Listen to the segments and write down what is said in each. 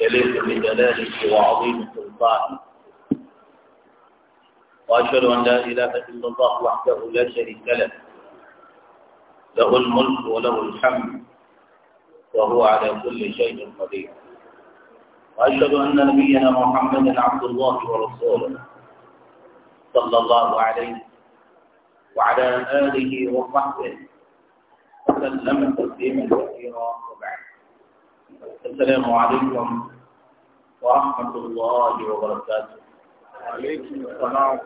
يليق بجلاله وعظيم سلطانه وأشهد أن لا إله إلا الله وحده لا شريك له له الملك وله الحمد وهو على كل شيء قدير وأشهد أن نبينا محمدا عبد الله ورسوله صلى الله عليه وعلى آله وصحبه وسلم تسليما كثيرا وبعد السلام عليكم ورحمة الله وبركاته وعليكم السلام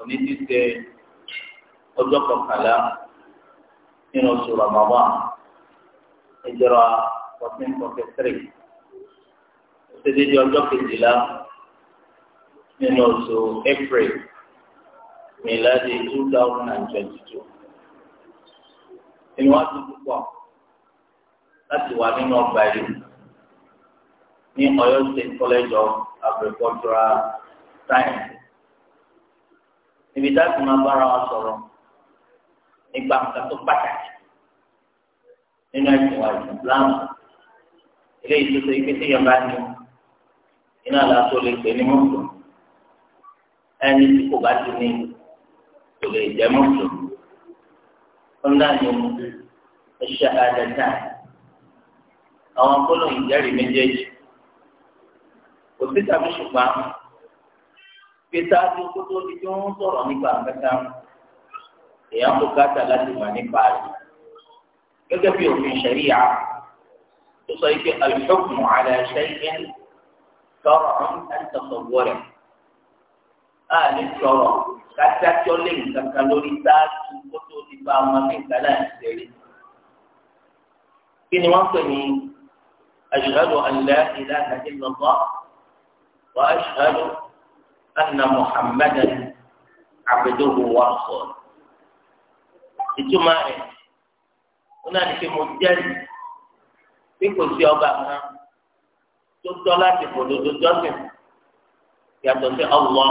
ونسيت أزق الكلام من رسول رمضان إجراء وسن وكسري سيدي أزق الجلاء من رسول إبريل ميلادي 2022 èyí wá tó púpọ̀ láti wà nínú ọgbà yìí ní Ọ̀yọ́ State College of Agricultural Science níbi táàkì máa bára wa sọ̀rọ̀ nípa nǹkan tó pàtàkì nínú ẹ̀sìn wa ìsìláàmù eléyìí tó so ike tí yẹn bá ní iná làásù lè pè ní mọ́tò ẹni tí kò bá ti ní kò lè jẹ́ mọ́tò ọ̀nàyẹ̀mú ẹ̀ṣẹ̀ àdàdà àwọn gbólóhùn ìjẹ́rìí méjèèjì kò sí tàbí ṣùgbọ́n pété àti kótó ni tí wọ́n sọ̀rọ̀ nípa àkàtà èèyàn kò káta láti wà nípa rẹ̀ gẹ́gẹ́ bí òfin ṣẹ̀ríyà tó sọ yìí pé alùpùpù àlẹ́ ṣẹ́yìn tọrọ ń tẹ̀sán wọlé a lè sọ̀rọ̀ kájájọ́ lè nǹkan kan lórí sáájú kó tó ti bá ọmọ mi nǹkan náà ṣẹlẹ̀. kí ni wọ́n pè ní ashhadu an la ilaha illallah wa ashhadu anna muhammadan abduhu wa rasuluhu. ìtumọ̀ rẹ̀ wọn náà ní kí mo jẹ́rìí bí kò sí ọba kan tó tọ́ láti fòdodo jọ́sìn yàtọ̀ sí Allah.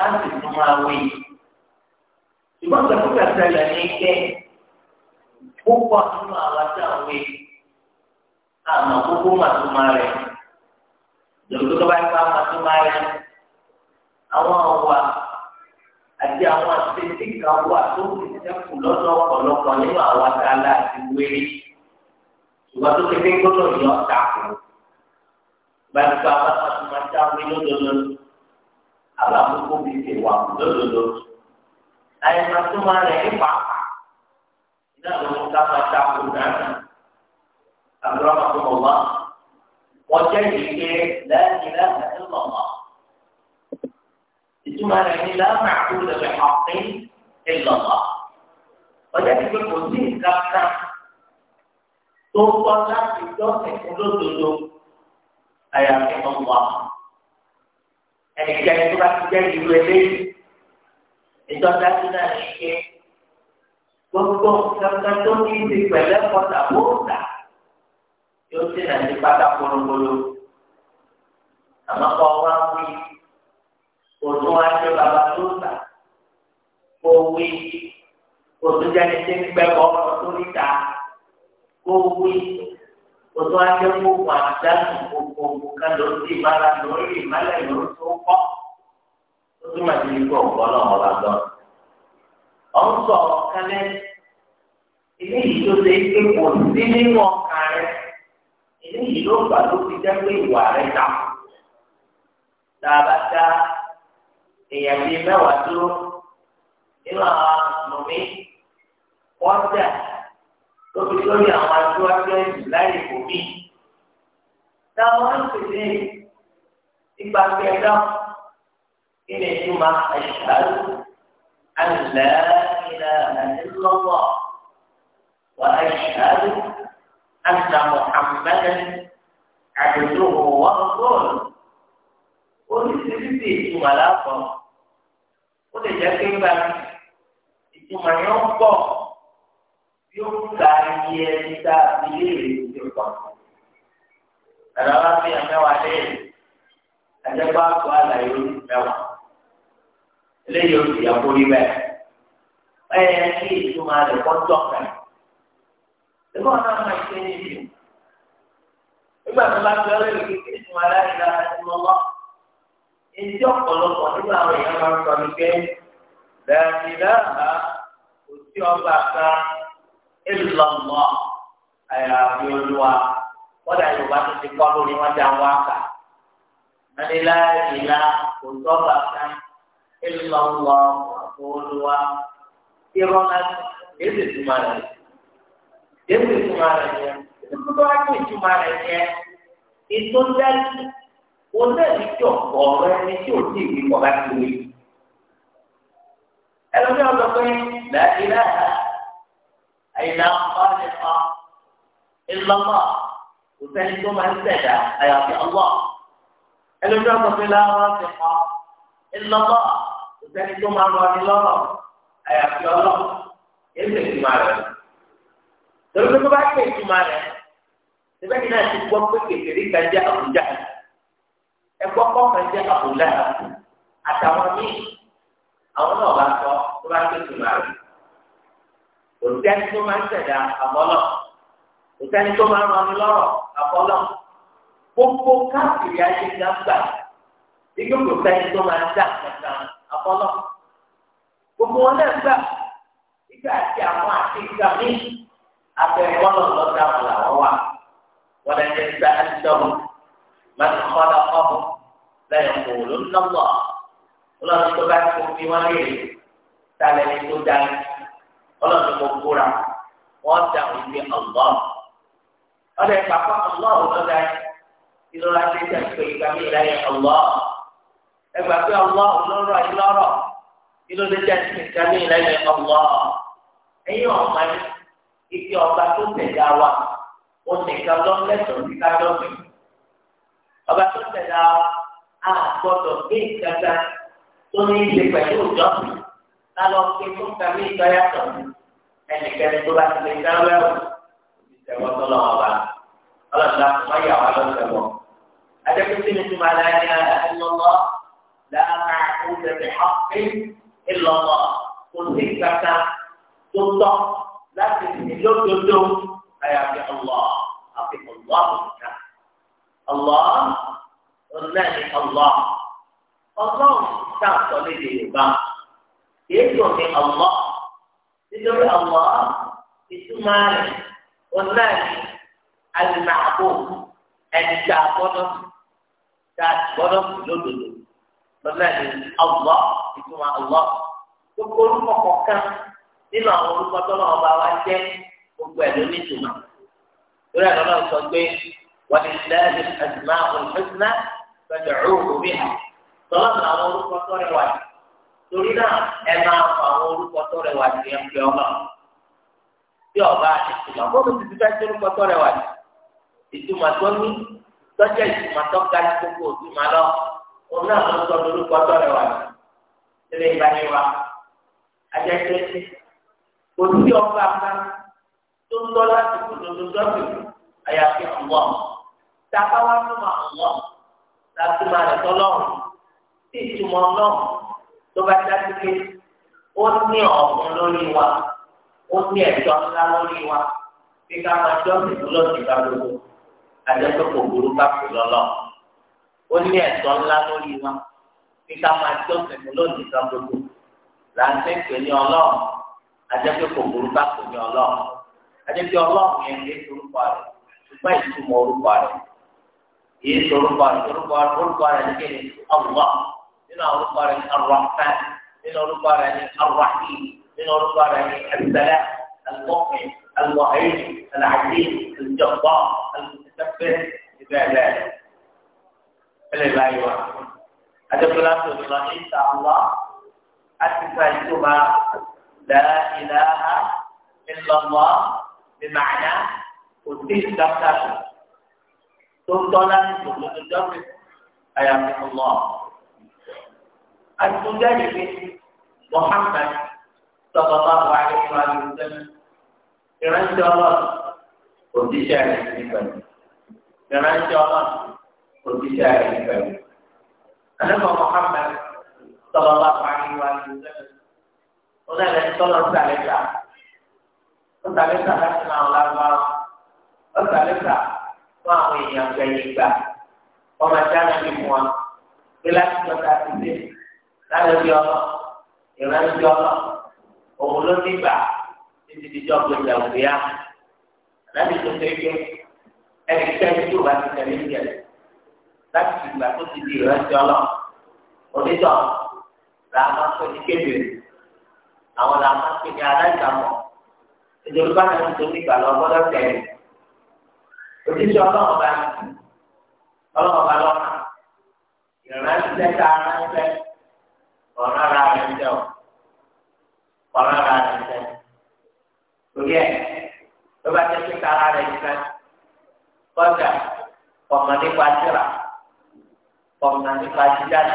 á sì tún máa wí. ṣùgbọ́n gbàgbọ́gbà sẹlẹ̀ ní kẹ́ púpọ̀ nínú àwọn tí àwọn wí àmọ́ gbogbo máa tún máa rẹ̀ lòdù tó bá ń bá máa tún máa rẹ̀ àwọn ọ̀wà àti àwọn àtẹ̀tẹ̀ kan wà tó ti sẹ́kù lọ́dọ̀ ọ̀pọ̀lọpọ̀ nínú àwọn àtàlà àti wéré ṣùgbọ́n tó ti gbọ́dọ̀ yọ ọ̀tà kù. bá àwọn àtúntò máa dá wí lọ́dọọdọ́ alákòókò bíi ṣe wà lódodo láyé máa tún máa rẹ̀ nípa iná ló ń ká máa ta kó dáná àbúrò máa tó mọ̀ wá wọ́n jẹ́ ìdíje lẹ́yìn lẹ́yìn tó mọ̀ wá ìtumọ̀ rẹ̀ ní lẹ́yìn àkúrò rẹ̀ ọ̀pẹ́ ìlọ̀wá ọjọ́ ti pé kò sí nǹkan kan tó kọ́ láti dọ́sẹ̀ fún lódodo àyàfi ọ̀pọ̀ àwọn ẹnikẹ́ni tó bá ti jẹ́ ìlú eléyìí ìjọba tó náà ní ṣe gbogbo nǹkan tó ní ti pẹ̀lẹ́ kọta bóòtà yóò ti nà ní pátá polongolo àmọ́ kọ́ wá wí òtún wá ṣe bàbá tó tà kó wí òtún jẹ́ni tí ń gbẹ́ kọ́ ọ̀rọ̀ tó níta kó wí kótó ajé gbogbo àdáni gbogbo òkúka lórí ìbára lórí ìmálẹ̀ lórí tó kọ́ ó tún máa ti kó ọ̀pọ̀ náà ọ̀la lọ. ọ̀ ń sọ ọ̀kálẹ̀ eléyìí tó ṣe é pé kò sí nínú ọkà rẹ eléyìí ló gbà ló fi jẹ́ pé ìwà rẹ ta. tààbà ta èèyàn bíi mẹ́wàá dúró nínú àwọn mọ̀mí wọ́n tẹ̀ tó fi lórí àwọn aṣíwájú ẹ̀sìn láyé kò mí. Táwọn ń pèsè nípa pé ẹ̀dá kí ni ìtumọ̀ àṣàlù àlẹ́ ìlà àdínlọ́wọ́ wà àṣàlù àṣà Mùhàmmẹ́dẹ́ àdúgbò wọ́n gbọ́ọ̀lù. Oríṣiríṣi ìtumọ̀ lápọ̀ ó lè jẹ́ pé ń ìtumọ̀ yẹn ń pọ̀ yóò ka iye ẹni tá a fi léèrè ìdíje kan. Ẹ̀rọ wa fi ẹ̀mẹ́wàá léèrè. Ẹ̀jẹ̀gbọ́n àpò àlàyé orí mẹ́wàá. Eléyìí oṣù yẹ kó rí bẹ́ẹ̀. Ẹ̀yẹ kí ìtumọ̀ rẹ̀ kọ́ tọ́ka. Ìgbọ́n náà máa ṣe ní ìlú. Nígbà tó bá fi ọlọ́run kí kí ìtumọ̀ aláìlá ti mọ́ wá. Ìdí ọ̀pọ̀lọpọ̀ nínú àwọn èèyàn máa ń sọ ní pé bẹ́ẹ̀ ni bẹ́ẹ̀ kò sí ọgbà kan ìlọ̀mọ́ àyàfi olúwa kọ́dà yorùbá tó ti kọ́ lórí wọn já wá kà nílá ìlà kò sọ́ba kan ìlọ̀mọ́ àfọ olúwa irọ́ láti èsì túmọ̀ rẹ̀ èsì túmọ̀ rẹ̀ yẹn èsì tó wá ní ìtumọ̀ rẹ̀ yẹn ètò dájú tí ọ̀pọ̀ ọ̀rọ̀ ẹni tí ò tí ì rí bá ti rí ẹlòmíràn lọ pé làdí لا خالق إلا الله وثاني ثم السادة أياتي الله الإجابة لا رازق إلا الله وثاني ثم الوالي الله أياتي الله إلا اجتماعنا تقول لكم بعد اجتماعنا تبقى هنا تقوم بكثير كان جاء أبو جهل أقوم كان جاء أبو لهب أتوامي أو نوبة أو نوبة òtítẹ́ni tó máa ń ṣẹ̀dá àbọ́lọ̀ òtítẹ́ni tó máa ń rọni lọ́rọ̀ àbọ́lọ̀ gbogbo káàkiri ayé ń gbà ibi kò sẹ́ni tó máa ń dá kankan àbọ́lọ̀ gbogbo wọn náà gbà ìgbà àti àwọn àti ìgbà mí abẹ́rẹ́wọ́lọ̀ lọ́dà fúlà wọ́n wà wọ́n lè ní ìgbà àtijọ́wò máa ti kọ́ lẹ́yìn kò ló ń tó bá ti fi wọ́n léèrè e, ọlọ́run mo kóra wọ́n da ìwé ọ̀gbọ́n ọlọ́ ẹ̀ pàpà ọlọ́run lọ́dà ìrora ti tẹ̀ pé ìgbà mi ìlà yẹ ọlọ́run ẹ gbà pé ọlọ́run lọ́rọ̀ ìlọ́rọ̀ ìlọ́dẹ tẹ̀ pé ìgbà mi ìlà yẹ ọlọ́run ẹ̀yin ọ̀ma ni ike ọba tó tẹ̀dá wa ó nìkan lọ́lẹ́sọ̀ọ́ sí kájọ́sìn ọba tó tẹ̀dá wa àgbọ̀dọ̀ gbé ìkàtà tó ní í pẹ̀lú ìjọsìn. kalau itu kami saya tahu. Enaknya itu lah kita lalu. Kita mau tolong apa? Kalau tidak saya akan kamu Ada kesini cuma la ilaha Allah la ma'bud bihaqqin illallah. Kuntik kata tutup لكن يجدهم حياة الله Allah الله Allah الله قلنا Allah Allah تعطى لدي البعض kìí dùn ní ọmọ nítorí ọmọ ìtumọ̀ rẹ̀ wọn náà ní alìmọ̀àbò ẹni tá a gbọ́dọ̀ tá a gbọ́dọ̀ lódodo wọn náà ní ọmọ ìtumọ̀ ọmọ gbogbo orúkọ kọ̀ọ̀kan nínú àwọn orúkọ tọ́lọ́ ọba wa jẹ́ gbogbo ẹ̀ ló ìtumọ̀ lórí ẹ̀ lọ́nà sọ pé wọ́n ti lẹ́yìn asmaa'ul husna fẹ́ẹ́ dẹ̀ ọ́ òbí hà tọ́lọ́ ní àwọn orúkọ tọ́lọ́ wà yìí torí náà ẹ máa fọ àwọn orúkọ tó rẹwà sí ẹ pé ọmọ bí ọba ìtumọ̀ bọ́ọ̀lù ti ti fẹ́ sí orúkọ tó rẹwà sí ìtumọ̀ tó ní tọ́jà ìtumọ̀ tó ga ní gbogbo òtúmọ̀ lọ òun náà ló ń sọ orúkọ tó rẹwà sí ilé ìbáyé wa ajẹ́pẹ́ kò sí ọba kan tó ń lọ láti kú lọ́dọọdún àyàfi ọ̀wọ́ tá wá fún ọ̀wọ́ tá máa rẹ̀ tọ́lọ́run tó bá dájú pé ó ní ọ̀gbun lórí wa ó ní ẹ̀tọ́ ńlá lórí wa bí ká máa jọ́ ìlú lọ́sìn bá gbogbo àjọṣe kò burú bá kù lọ́lọ́ ó ní ẹ̀tọ́ ńlá lórí wa bí ká máa jọ́ ìlú lọ́sìn bá gbogbo là ń ní ọlọ́run àjọṣe kò burú bá kù ní ọlọ́run àjọṣe ọlọ́run yẹn lé orúkọ rẹ̀ ṣùgbọ́n ìtumọ̀ orúkọ rẹ̀ yìí orúkọ rẹ̀ orúkọ rẹ̀ ní kéde ọ̀gbọ́n. إن أرقارني الرحمن إن أرقارني الرحيم إن أرقارني السلام المؤمن الوعيد العزيز الجبار المتكبر عبادات فلله وحده أدب الله سبحانه إن شاء الله أتفاجئها لا إله إلا الله بمعنى أتيت دفتر سلطنا بمجرد أيام الله التجارب محمد صلى الله عليه وسلم كمان شاء الله قلت شاعر الكفاية كمان شاء الله قلت شاعر الكفاية أنا محمد صلى الله عليه وسلم هنا لن تصلوا ثالثا ثالثا لكن الله الله ثالثا فأمين يمكن يبقى وما كان بمواه بلا تتاتي به lálẹ́ bí ọlọ́ ìran bí ọlọ́ òun ló ti gbà títí di jọ́ pé ìjà òkè yá láti tó ṣe pé ẹnì kẹ́ni tí o bá ti tẹ̀lé ń jẹ láti ìgbà tó ti di ìran bí ọlọ́ onítọ̀ là máa ń pè ní kébìrì àwọn là máa ń ní aláìsàmọ̀ ìjọba bá tẹ̀lé tó nígbà lọ gbọ́dọ̀ tẹ̀lé òṣìṣẹ́ ọlọ́run bá ọlọ́run bá lọ́kàn ìrìnàjò tẹ́ta ránṣẹ́. ọ̀rọ̀ ara rẹ̀ ń jẹ́ o ọ̀rọ̀ ara rẹ̀ ń jẹ́ torí ẹ̀ ló bá jẹ́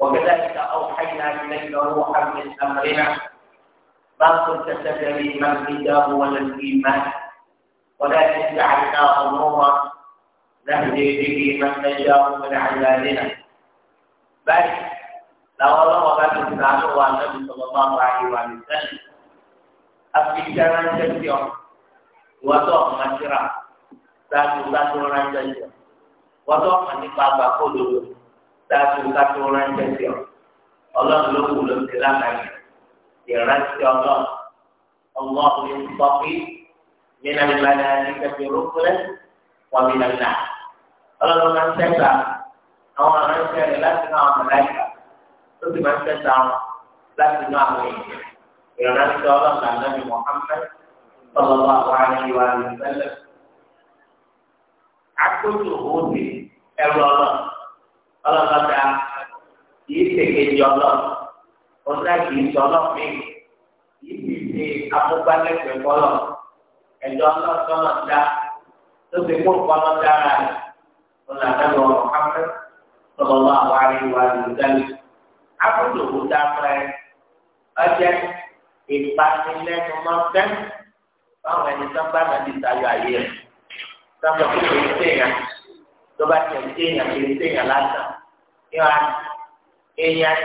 وكذلك أوحينا إليك روحا من أمرنا ما كنت تدري ما الكتاب ولا الإيمان ولكن جعلنا امورا نهدي به من نجاه من عبادنا báyìí làwọn ọlọ́wọ́ bá ti sàn án lọ́wọ́ anábì sọ̀rọ̀ máa wà ìwà nìsẹ́yìn àfihàn ránṣẹ́ sí ọ ìwọ́tọ̀ ọ̀mọ̀ṣẹ́ra sáájú sáájú ránṣẹ́ sí ọ ìwọ́tọ̀ ọ̀mọ̀ nípa àgbà kólódó sáájú sáájú ránṣẹ́ sí ọ ọlọ́run ló wù ló ti lákàyè ìrántí ọlọ́run ọlọ́run ní sọ́kí mìíràn ìbàdàn àti kẹfì rúkúrẹ́ wọ́n mìíràn náà ọlọ́run máa ń tẹ́ka àwọn aránṣẹ́ rẹ̀ láti náà àwọn mọ̀láyà tó sì máa ń tẹ̀sà wọn láti náà àwọn èèyàn ìrànlọ́sẹ̀ ọlọ́ọ̀gá nàbì Muhammad sọlọ́lá àwọn àríwá rẹ̀ sẹ́lẹ̀. àkójọ òde ẹrú ọlọ́ ọlọ́ọ̀gá kìí ṣèkejì ọlọ́ ọ̀sá kìí ṣe ọlọ́ọ̀mí kìí sì ṣe amúgbálẹ́gbẹ̀ẹ́ kọ́lọ̀ ẹ̀jọ̀ ọlọ́ọ̀tọ́lọ̀ dá tó ti kó nǹkan lọ́ dára rẹ̀ sọlọ lọ àwọn arìnrìn wa lè dálé akótòkò tá a fẹ ọjẹ ìpanilẹnumọfẹ báwọn ẹni tó bá nàbí tayọ ayé rẹ sọlọ kò tó ń sèyàn tó bá tẹ ń sèyàn tó ń sèyàn lásán yóò èèyàn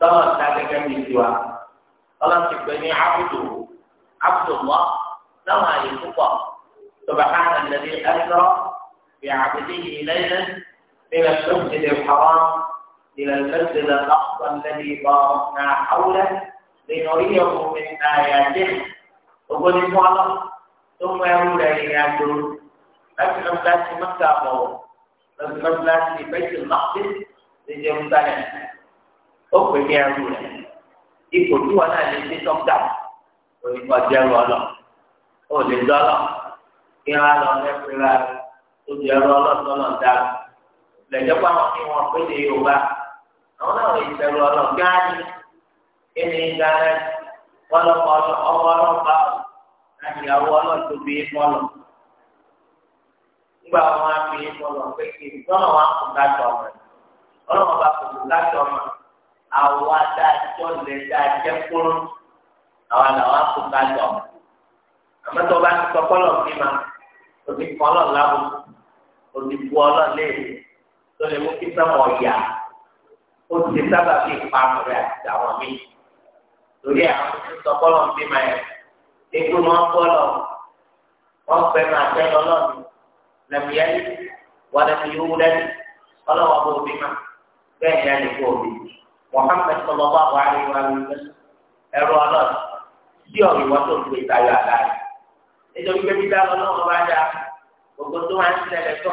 tọ́lọ̀ ta gẹ́gẹ́ bí tiwa ọlọ́run ti pè ní abudulu abudulọ́ láwọn àyè púpọ̀ tó bá ká nàlẹ́ bí ẹ̀rọ bí àbẹ̀dẹ́ yìí lẹ́yìn. إلى المسجد الحرام إلى المسجد الأقصى الذي باركنا حوله لنريه من آياته وقل الله ثم يقول إلى جنود لكن مثلات مكة أبوه لكن مثلات في بيت المقدس لجيروسالم أخوة يا رجل ipò tí wọn náà lè ṣe sọ́kà òyìnbó jẹ́rù ọlọ ó lè dọ́lọ̀ kí wọn lọ lẹ́kùnrin rẹ tó jẹ́rù lẹ́jọ́ pé àwọn tí wọ́n pé lè yorùbá àwọn náà lè sẹ̀rù ọ̀nà gáàdì kíni gánà wọ́n lọ kọ́ ọmọ ọlọ́pàá láti ìyàwó ọlọ́tò bí mọ́lọ̀ nígbà wọn á fi mọ́lọ̀ pé kí ìtọ́nà wọn kò dájọ́ ọmọ ọlọ́wọ́n bá kò dájọ́ ọmọ àwọn adájọ́ lè dájẹ́ kúrú àwọn làwọn kò dájọ́ ọmọ àmọ́tọ́ bá ti sọ kọ́lọ̀ bí ma òbí kọ́lọ̀ lábùkù òbí bu ọlọ́ léèrè lọ́lẹ̀ mú kí sọ́mọ ọ̀yà ó ti sábà fi ìpamọ́ rẹ̀ àti àwọn míì lórí àwọn sọ́kọ́lọ́ ń bímọ ẹ̀ ikú ni wọ́n kọ́ lọ wọ́n fẹ́ máa tẹ́ lọ lọ́nu lẹ́mìíyẹ́lì wọ́n lẹ́mí yóò lẹ́nu ọlọ́wọ́ bó bímọ bẹ́ẹ̀ ni ẹni kó bí Muhammad sọlọ́wọ́ àwọn àríwá rẹ̀ ẹ̀rọ ọlọ́ọ̀dù tí ọ̀rọ̀ ìwọ́n tó ń gbé tayọ àdáyé nítorí pé bí dáhùn náà wọ́n bá dáa gbogbo tó máa ń ṣẹlẹ̀ tó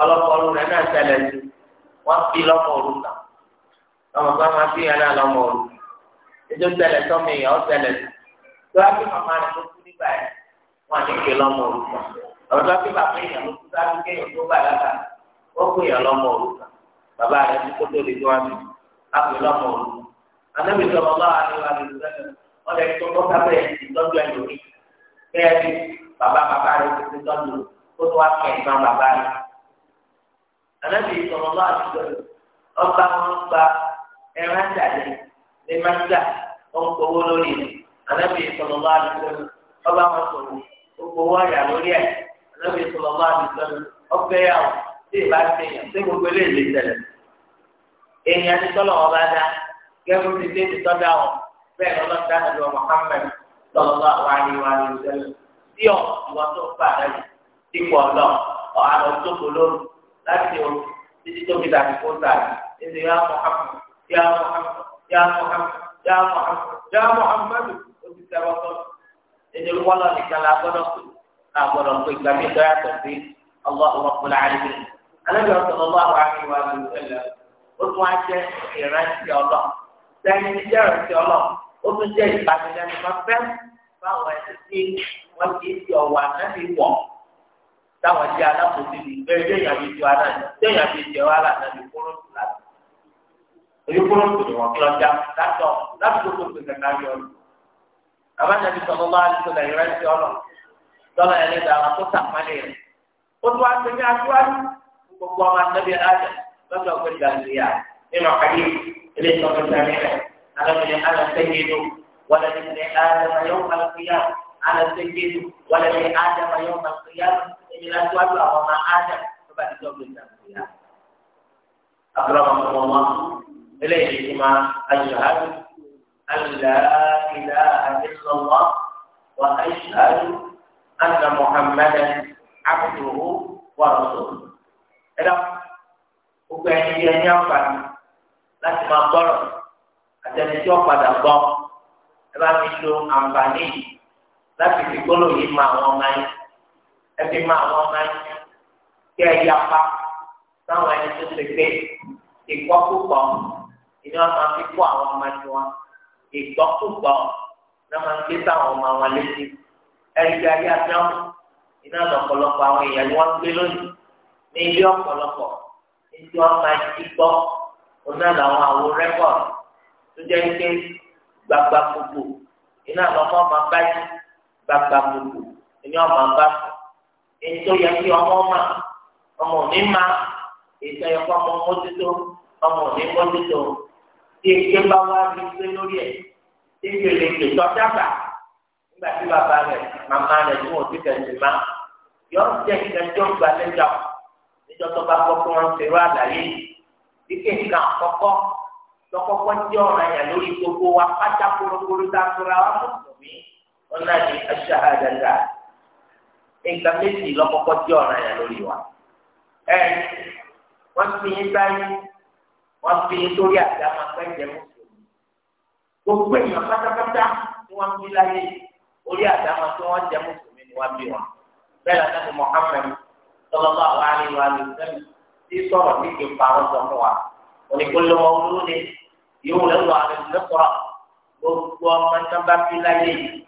ọ̀pọ̀lọpọ̀ ọ̀run rẹ̀ náà ṣẹlẹ̀ sí wọ́n fi lọ́mọ òru kà lọ́mọ bá máa fi yàn náà lọ́mọ òru ẹjọ́ ṣẹlẹ̀ sọ́mi ìyá ọ́ ṣẹlẹ̀ sí tó wá pé màmá rẹ̀ ló kú nígbà yẹn wọ́n á ní pé lọ́mọ òru kà ọ̀rọ̀ tó wá pé bàbá èèyàn ló kú sáájú kéèyàn tó bà lára ó kú èèyàn lọ́mọ òru kà bàbá rẹ̀ ti kótó lè wá mi á pè lọ́mọ òru anábì sọ̀rọ̀ ànábì sọ̀rọ̀ bá àtúntò ọba wọn gba ẹran jáde ní májà wọn gbowó lórí rẹ̀ ànábì sọ̀rọ̀ bá àtúntò ọba wọn sọ̀rọ̀ ó gbowó àyà lórí ẹ̀ ànábì sọ̀rọ̀ bá àtúntò ọbẹ̀ yà wọ́n tí ìbá ti yàn tí gbogbo eléyìí lè tẹ̀lé èèyàn ti tọ́lọ̀ wọn bá dá gẹ́gẹ́ bí ti ti tọ́jà wọn bẹ́ẹ̀ lọ́lọ́ ti dáná lọ Muhammad lọ́lọ́ àwọn àyèwà rẹ̀ tí ọ̀ ìwọ́n tó fà lẹ́yìn láti o títí tó fi dàbí kó sàrà ẹsẹ yà Muhammad yà Muhammad yà Muhammad yà Muhammad yà Muhammad o ti sẹ wọtọ ẹni wọlọ nìkan la gbọ́dọ̀ pé la gbọ́dọ̀ pé gbàmí lọyà tó fi Allahu Rabbul Alamin alẹ́ yọ sọ̀rọ̀ lọ́wọ́ àmì wa ló ẹlẹ́ o tún á jẹ́ ìrántí ọlọ́ sẹ́yìn ní jẹ́ ìrántí ọlọ́ o tún jẹ́ ìbànújẹ́ nípa fẹ́ báwọn ẹni tí wọ́n ti di ọ̀wà náà ti wọ̀ táwọn jẹ́ alákòóso ní bẹ́ẹ̀ lẹ́yìn àbíjọ aláà lẹ́yìn àbíjọ aláà náà ní kúrò tù láti. èyí kúrò tù ní wọn kí lọ já látọ̀ láti tó tó tó kẹta yọ ọ. àbájá ti sọ̀rọ̀ bá aṣọ náà ìrẹ́ ti ọ̀nà tọ́lá ẹ̀ lẹ́dà àwọn tó sàpálẹ̀ rẹ̀. ó tún wá sí ní aṣíwájú gbogbo ọmọ anábì aláàjẹ lọ́dọ̀ ọ̀gbẹ́ ìdàgbéyà nínú àkàdé ilé ìtọ́jú على السجن ولد آدم يوم القيامة إن لا تولى وما آدم فبعد يوم القيامة أكرمكم الله إليهما أشهد أن لا إله إلا الله وأشهد أن محمدا عبده ورسوله إذا gbogbo ẹni yẹn ní àǹfààní láti máa gbọ́rọ̀ àtẹnudí ọ̀padà gbọ́ ẹ bá mi lo àǹfààní yìí láti fi gbólóò yìí máa wọn máa yín ẹ fi máa wọn máa yín kí ẹ yapa táwọn ẹni tó ṣe pé ìkọkúkọ ìní wọn máa fi kó àwọn ọmọ ẹni wọn ìgbọkúgbọ náà máa ń gbé táwọn ọmọ wọn létí ẹni tí ayé àtẹwọn iná lọ́pọ̀lọpọ̀ àwọn èèyàn ni wọn gbé lónìí ní ilé ọ̀pọ̀lọpọ̀ ní tí wọn máa jí gbọ́ òun làwọn àwo rẹkọd tó jẹ pé gbagba gbogbo iná lọmọ máa bá yìí gbàgbà gbogbo ẹni ọmọ bá fún ẹni tó yẹ kí ọmọ mà ọmọ òní mà èyí tó yẹ kó ọmọ mójútó ọmọ òní mójútó tí eke bá wá rí pé lórí ẹ tí kele kètò dábà nígbà tí bàbá rẹ màmá rẹ tí wọn ti tẹsí má yọ jẹ ìdájọ́ gba lẹjọ níjọ́ tó bá gbọ́ pé wọn ti rú àlàyé ike nǹkan àkọ́kọ́ lọkọkọ jẹ ọ̀ràn yà lórí gbogbo wa pátá wọn náà ní aṣáájáda nǹkan méjì lọ́kọ́kọ́ tí ọ̀ràn yẹn lórí wa ẹ wọ́n fi yín sáyé wọ́n fi yín sórí àdámọ́ pẹ́jẹ mùsùlùmí gbogbo èèyàn pátápátá tí wọ́n fi láyé orí àdámọ́ tí wọ́n jẹ mùsùlùmí ni wọ́n bí wọn bẹ́ẹ̀ lọ́dọ̀ ní Muhammad sọlọ́lá àwọn àríwá lè sẹ́mi tí sọ̀rọ̀ tí kì í pa àwọn sọ fún wa onígbólóhùn olóde yóò gbogbo ọmọ nígbà bá fi láyé yìí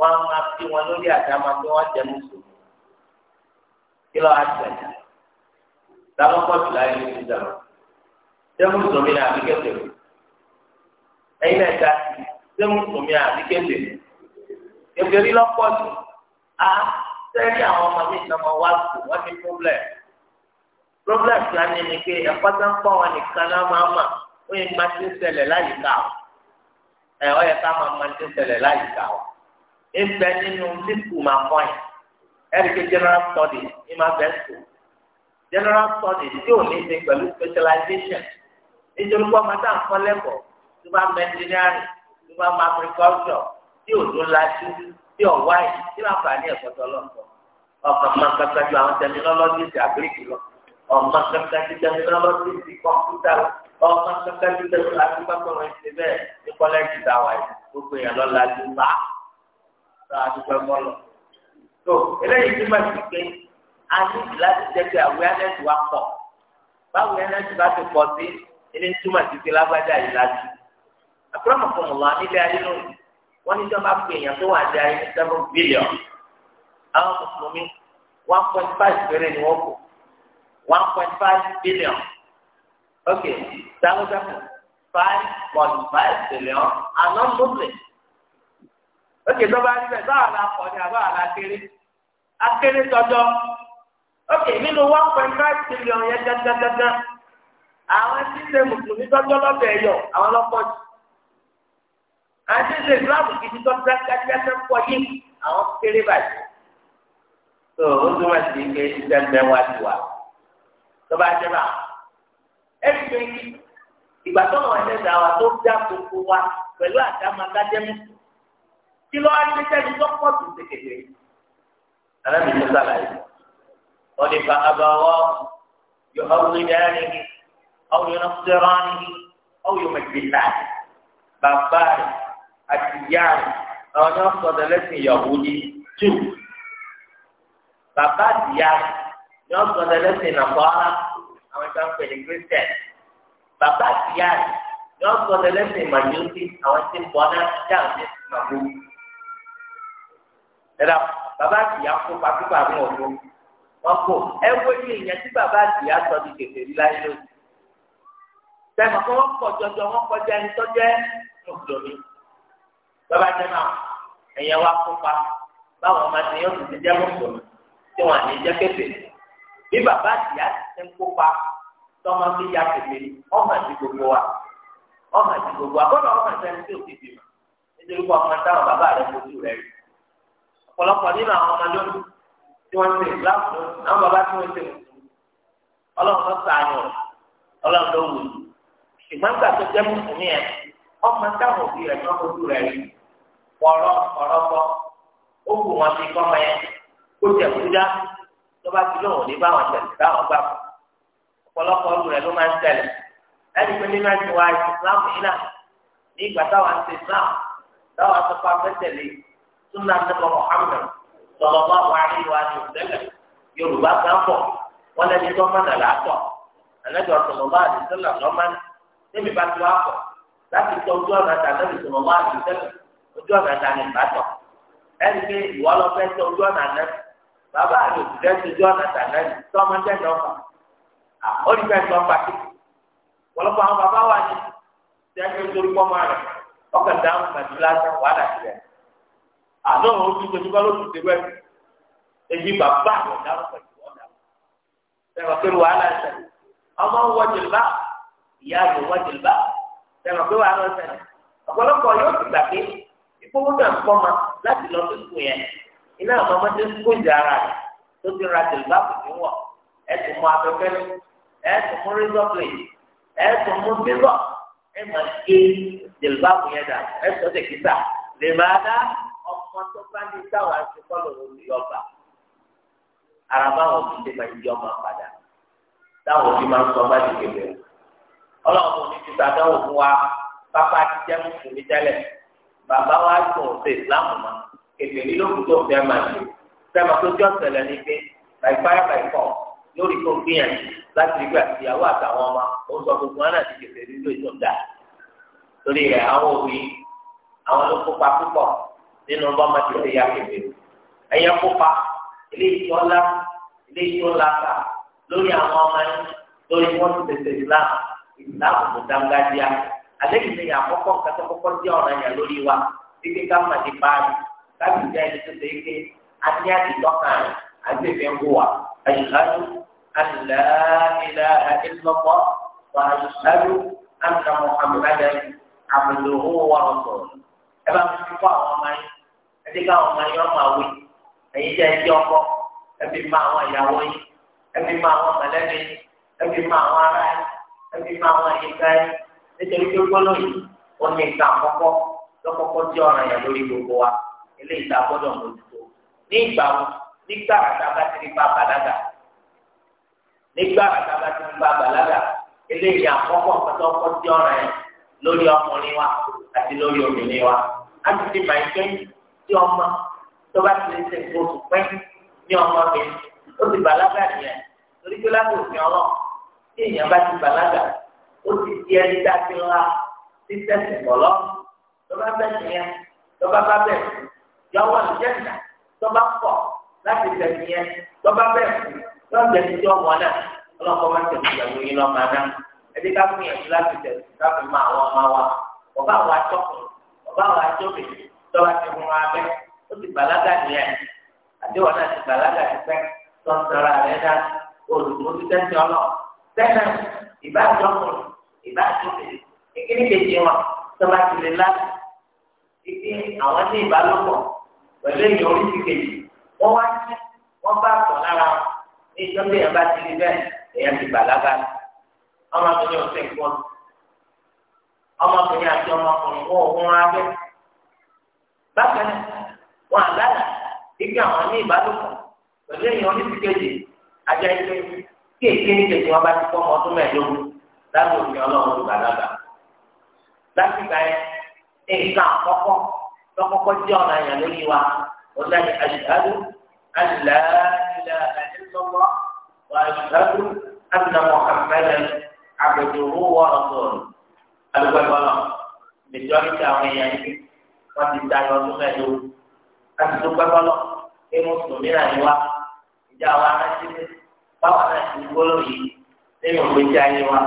wọn á máa fi wọn lórí àdámà pé wọn jẹ mùsùlùmí kí lọ á jẹ lábọ́kọ́ jù láyé ní ti dàrú jẹ mùsùlùmí náà àbí kẹfẹ ẹyin náà dá jẹ mùsùlùmí àbí kẹfẹ kẹfẹ rí lọ́pọ̀ jù á àwọn ọmọ mi sọ wá sùn wọ́n ní problem problem ti á ni pé ẹ̀kọ́ tó ń pọ̀ wọn nìkan náà máa mà ó yẹ máa ti ń ṣẹlẹ̀ láyìíká ọ ọ yẹ ká máa máa ti ń ṣẹlẹ̀ láyìíká ọ ìgbẹ nínú tí kù máa kọ yẹn ẹrìkẹ general studies, ní máa bẹ sùn general studies tí ò ní ṣe pẹ̀lú specialization nítorí pé ọmọ táà ń kọ́ lẹ́kọ̀ọ́ tó bá mọ engineering tó bá mọ agriculture tí ò tó lajú tí ò wáyé tí wàá fà ní ẹ̀kọ́ tó lọ́sọ̀ọ́ ọkàn máa kankan ju àwọn terminology ti àgbéríkì lọ ọkàn kankan ju terminology ti kọ̀mpútà lọ ọkàn kankan ju terminology ti pàtó wọn ti bẹ́ẹ̀ ní kọ́lẹ́jì dáwà yìí gbogbo èèyàn lọ́la ju báà tó àdúgbò mọ́lọ̀. tó eléyìí ti máa ti pé a láti jẹ́ pé awareness wa pọ̀ báwo awareness bá ti pọ̀ sí ilé túmọ̀ sí pé lágbájá yìí láti. àkúrọ̀mọ̀ fún mi wá nílé ayé lónìí wọ́n ní sọ́ba pé èèyàn tó wà dáa ní seven billion àwọn mùsùlùmí one point five péré ni wọ́n kù one point five billion ok sáwọ́sàkùn five point five billion are not muslims ókè tó bá níbẹ̀ báwa la kọ̀ ní àbáwa la kéré akéré tọjọ́ ókè nínú one point five million yẹn gángangangan àwọn ṣíṣe mùsùlùmí tọjọ́ lọ́bẹ̀ ẹ̀yọ̀ àwọn lọ́pọ̀ jù àwọn ṣíṣe ìsìláàmù kìí tọ́ gángangangan pọ̀ yìí àwọn kéré báyìí tó o túmọ̀ sí pé iṣẹ́ mẹ́wàá ti wà tó bá jẹ́ bá ẹ̀rí pé ìgbà tó wọn ẹ̀dá wa tó dá gbogbo wa pẹ̀lú àdámadájẹ́mùsù kí ló wá ní sẹ́ni tó pọ̀ tó ṣe kéde alábi ní sàlàyé wọ́n fa abawọ́ yóò hàn ní dáhùn ní àwọn yóò náà sẹ́rọ̀ ní àwọn yóò mẹ̀tì náà bàbá rẹ̀ àti ìyá rẹ̀ àwọn yóò sọ̀dọ̀ lẹ́sìn ìyàwó ní tù bàbá àti ìyá rẹ̀ yóò sọ̀dọ̀ lẹ́sìn nàfọ́ra àwọn ìgbà ń pè ní christian bàbá àti ìyá rẹ̀ yóò sọ̀dọ̀ lẹ́sìn màjúsí àwọn tí ń bọ̀ náà dáhùn ní ẹ̀dá bàbá àtìyá kó pàtúkọ̀ àwọn ọ̀dọ́ wọn kò ẹ wo ilé ìyẹn tí bàbá àtìyá sọ di kẹfẹ́ rí láyé lónìí. sẹ́mi kọ́ wọ́n pọ̀ jọjọ wọ́n kọjá ẹni tó jẹ́ mùsùlùmí. bàbá jẹ́ náà ẹ̀yẹ wa kópa báwọn ọmọ ti yóò ti jẹ́ mùsùlùmí tí wọ́n àní jẹ́ kẹfẹ́. bí bàbá àtìyá ti ń kópa tọ́mọ fi ya kẹfẹ́ ọmọ àti gbogbo wa ọmọ àti gbogbo wa kọ́ ọ̀pọ̀lọpọ̀ nínú àwọn ọmọ lónìí tí wọ́n ṣe ìsìlámù lónìí àwọn bàbá tí wọ́n ṣe mùsùlùmí ọlọ́run ló sàánù ọlọ́run ló wù ṣùgbọ́n gbà tó jẹ́ mùsùlùmí ẹ̀ ọmọ táwọn òbí rẹ̀ tó kojú rẹ̀ rí pọ̀rọ̀ pọ̀rọ̀pọ̀ ó wù wọn fi kọ́ mẹ́ẹ̀ kó jẹ́ kúdá tó bá ti lóhùn ní báwọn tẹ̀lé báwọn gbà ọ̀pọ̀lọpọ̀ ọdún rẹ̀ ló máa ń tẹ̀lé ẹni pé nínú àti wa ìsìlámù yìí náà ní ìgbà táwọn ti ìsìlámù táwọn tó pa súnà nípa Muhammad sọlọ́wọ́ wàhálì wàhálì òtẹ́lẹ̀ Yorùbá kan pọ̀ wọ́n lẹ́ni tó mọ̀nà làápọ̀ àlẹ́jọ́ sọlọ́wọ́ àdìsẹ́lẹ̀ lọ́mọ́ni níbi bá tó àpọ̀ láti tọ́ ojú ọ̀nà tàbí sọlọ́wọ́ àdìsẹ́lẹ̀ ojú ọ̀nà tàbí ìbátọ̀ ẹni pé ìwọ lọ fẹ́ tọ́ ojú ọ̀nà náà bàbá àlè òtítẹ́ tó ojú ọ̀nà tàbí tọ́mọdé lọ́kàn ó ní fẹ́ẹ́ tọ́ pàtó ọ̀pọ̀lọpọ̀ àwọn bàbá wa ni ṣẹ́ẹ́ àlọ́ òun ti tóbi bá lóṣù tẹ́wẹ́ èyí bàbá àwọn ọ̀daràn pẹ̀lú ọ̀daràn sẹ́wọ̀n pé wàhálà ìṣẹ̀lẹ̀ ọmọ ń wọ jìlbá ìyá àgbò wọ jìlbá sẹ́wọ̀n pé wàhálà ìṣẹ̀lẹ̀ ọ̀pọ̀lọpọ̀ yóò ti gbàgbé ìfowó náà kọ́ ma láti lọ sí sùn yẹn iná àwọn ọmọdé ń kó ìjà ara rẹ̀ tó ti ra jìlbá kò ní gé jìlbá kò yẹn dà ẹ̀sùn ọ̀sẹ̀ kìtà lè máa dá ọmọ tó bá ní táwa ṣe kọ́lọ̀ òní ọba ara báwọn ti ṣe máa ń yọ ọmọ padà táwọn òbí máa ń sọ ọmọ ti kébè ọlọ́run òní ti sàdánwò fún wa pápá ti jẹ́ mùsùlùmí tẹ́lẹ̀ bàbá wa sùn ṣe ìsìláàmù mọ́ kébè ní lókùn tó fẹ́ máa ṣe sẹ́mi tó jọ́ sẹ̀lẹ̀ ní pé by fire by force lórí tó gbìyànjú láti rí gbà ìyàwó àtàwọn ọmọ ó sọ gbogbo wọn náà ti kébè nílò ìtúndà torí rẹ̀ àwọn òbí àwọn ló kópa púpọ̀ nínú ọba máa ti ya kébé ẹ̀yẹ kópa ilé iṣẹ́ ọlá ilé iṣẹ́ ọlá ta lórí àwọn ọmọ yẹn lórí wọn ti tẹ̀sẹ̀ islam islam kò dáńgájíá àlejò ni àkọ́kọ́ kátó kọ́kọ́ sí ọ̀ràn yẹn lórí wa títí ká máa ti báyìí káàbì jẹ́ ẹni tó ṣe é ké àti àtìtọ́kàn rẹ̀ àti ìfẹ́ ń wà àyíkájú àlàáfíà àìlọ́pọ̀ wà àyíkájú àmì Muhammadan àmì lòun wà ọ̀sọ̀ ẹ bá mi kọ́ àwọn ọmọ yẹn ẹdí káwọn ọmọ yẹn máa wí ẹ̀yin jẹ́ ẹdí ọkọ ẹbí máa àwọn ìyàwó yín ẹbí máa àwọn mọ̀lẹ́bí yín ẹbí máa àwọn ará yín ẹbí máa àwọn ìyíká yín nítorí pé gbọ́dọ̀ yìí ó ní ìta àkọ́kọ́ lọ́kọ́kọ́ tí ọ̀ràn yẹn lórí gbogbo wa eléyìí tá a gbọ́dọ̀ mójútó ní ìgbà wo nígbà tá a bá ti rí bá bàlágà nígbà tá a bá ti rí bá bàlágà eléyìí àkọ́kọ́ kọ́tọ́kọ́ tí ọ̀ràn yẹn lórí ọkùnrin wa àti lórí obìnrin wa á ti ti máa kẹ́yìn tí ọmọ tó bá ti lè ṣe nǹkan oṣù pẹ́ ní ọmọ mi ó ti bàlágà nìyẹn torí pé láti òfin ọlọ́ tí èèyàn bá ti bàlágà ó ti di ẹni tá a ti ńlá tí tẹ̀sí bọ̀lọ́ tó bá bẹ̀ nìyẹn tó bá bá bẹ̀ yọwọ́ ìjẹ́nà tó bá pọ̀ láti bẹ̀ nìyẹn tó bá bẹ̀ lọ́ọ̀dẹ̀ ti jọ wọn náà ọlọ́kọ́ máa tẹ̀sí ìyàwó yín lọ́ọ́ máa ẹbí ká fún yẹn láti tẹ̀sí ká fi àwọn atọ́kùn ọba àwọn tọ́ba ti mú abẹ́ ó ti bàlágà nìyẹn àdéhùn náà ti bàlágà ti pẹ́ tó ń tọ́ra rẹ̀ dá olùdókòtò tẹ́sí ọlọ́ tẹ́sán ìbájọ́ ọkùnrin ìbájọ́ obìnrin ìkíní kejì wọn tọ́ba ti lè lá ìdí àwọn ní ìbálòpọ̀ pẹ̀lú èyí oríṣi kejì wọ́n wá sí wọ́n bá sọ̀ lára wọn ní ìjọba èèyàn bá ti rí bẹ́ẹ̀ èèyàn ti bàlágà ọmọkùnrin ọ̀sẹ̀ ìfọ́n ọmọkùnrin àti ọmọkùnrin wọn ò bákan náà wọn àgbàlá igi àwọn ní ìbálòpọ̀ pẹ̀lú èèyàn oníṣìkejì ajá ike kí èké ní kejì wọn bá ti fọmọ ọdún mẹ́ẹ̀ẹ́dógún lábẹ́ òfin ọlọ́run olùbàdàgbà lásìkò yẹn nǹkan àkọ́kọ́ lọ́kọ́kọ́ jẹ́ ọ̀nà àyàn lórí wa ọ̀nà àṣìṣàdó àlìlá ìlà àdìsọ́wọ́ wà àṣìṣàdó àdìnà mọ̀hàmẹ́lẹ̀ àgbẹ̀dòwò wọ́ọ̀rọ̀ sọ̀rọ̀ alùpàgbọ́n náà mẹjọ́rìtì àwọn èèyàn yìí wọ́n ti da yọ ọdún mẹ́lò láti tó pẹ́ bọ́lọ̀ pé mùsùlùmí náà ni wá ìjà wa rántí báwa náà ti gbóló yìí nínú ìgbésí ayé wa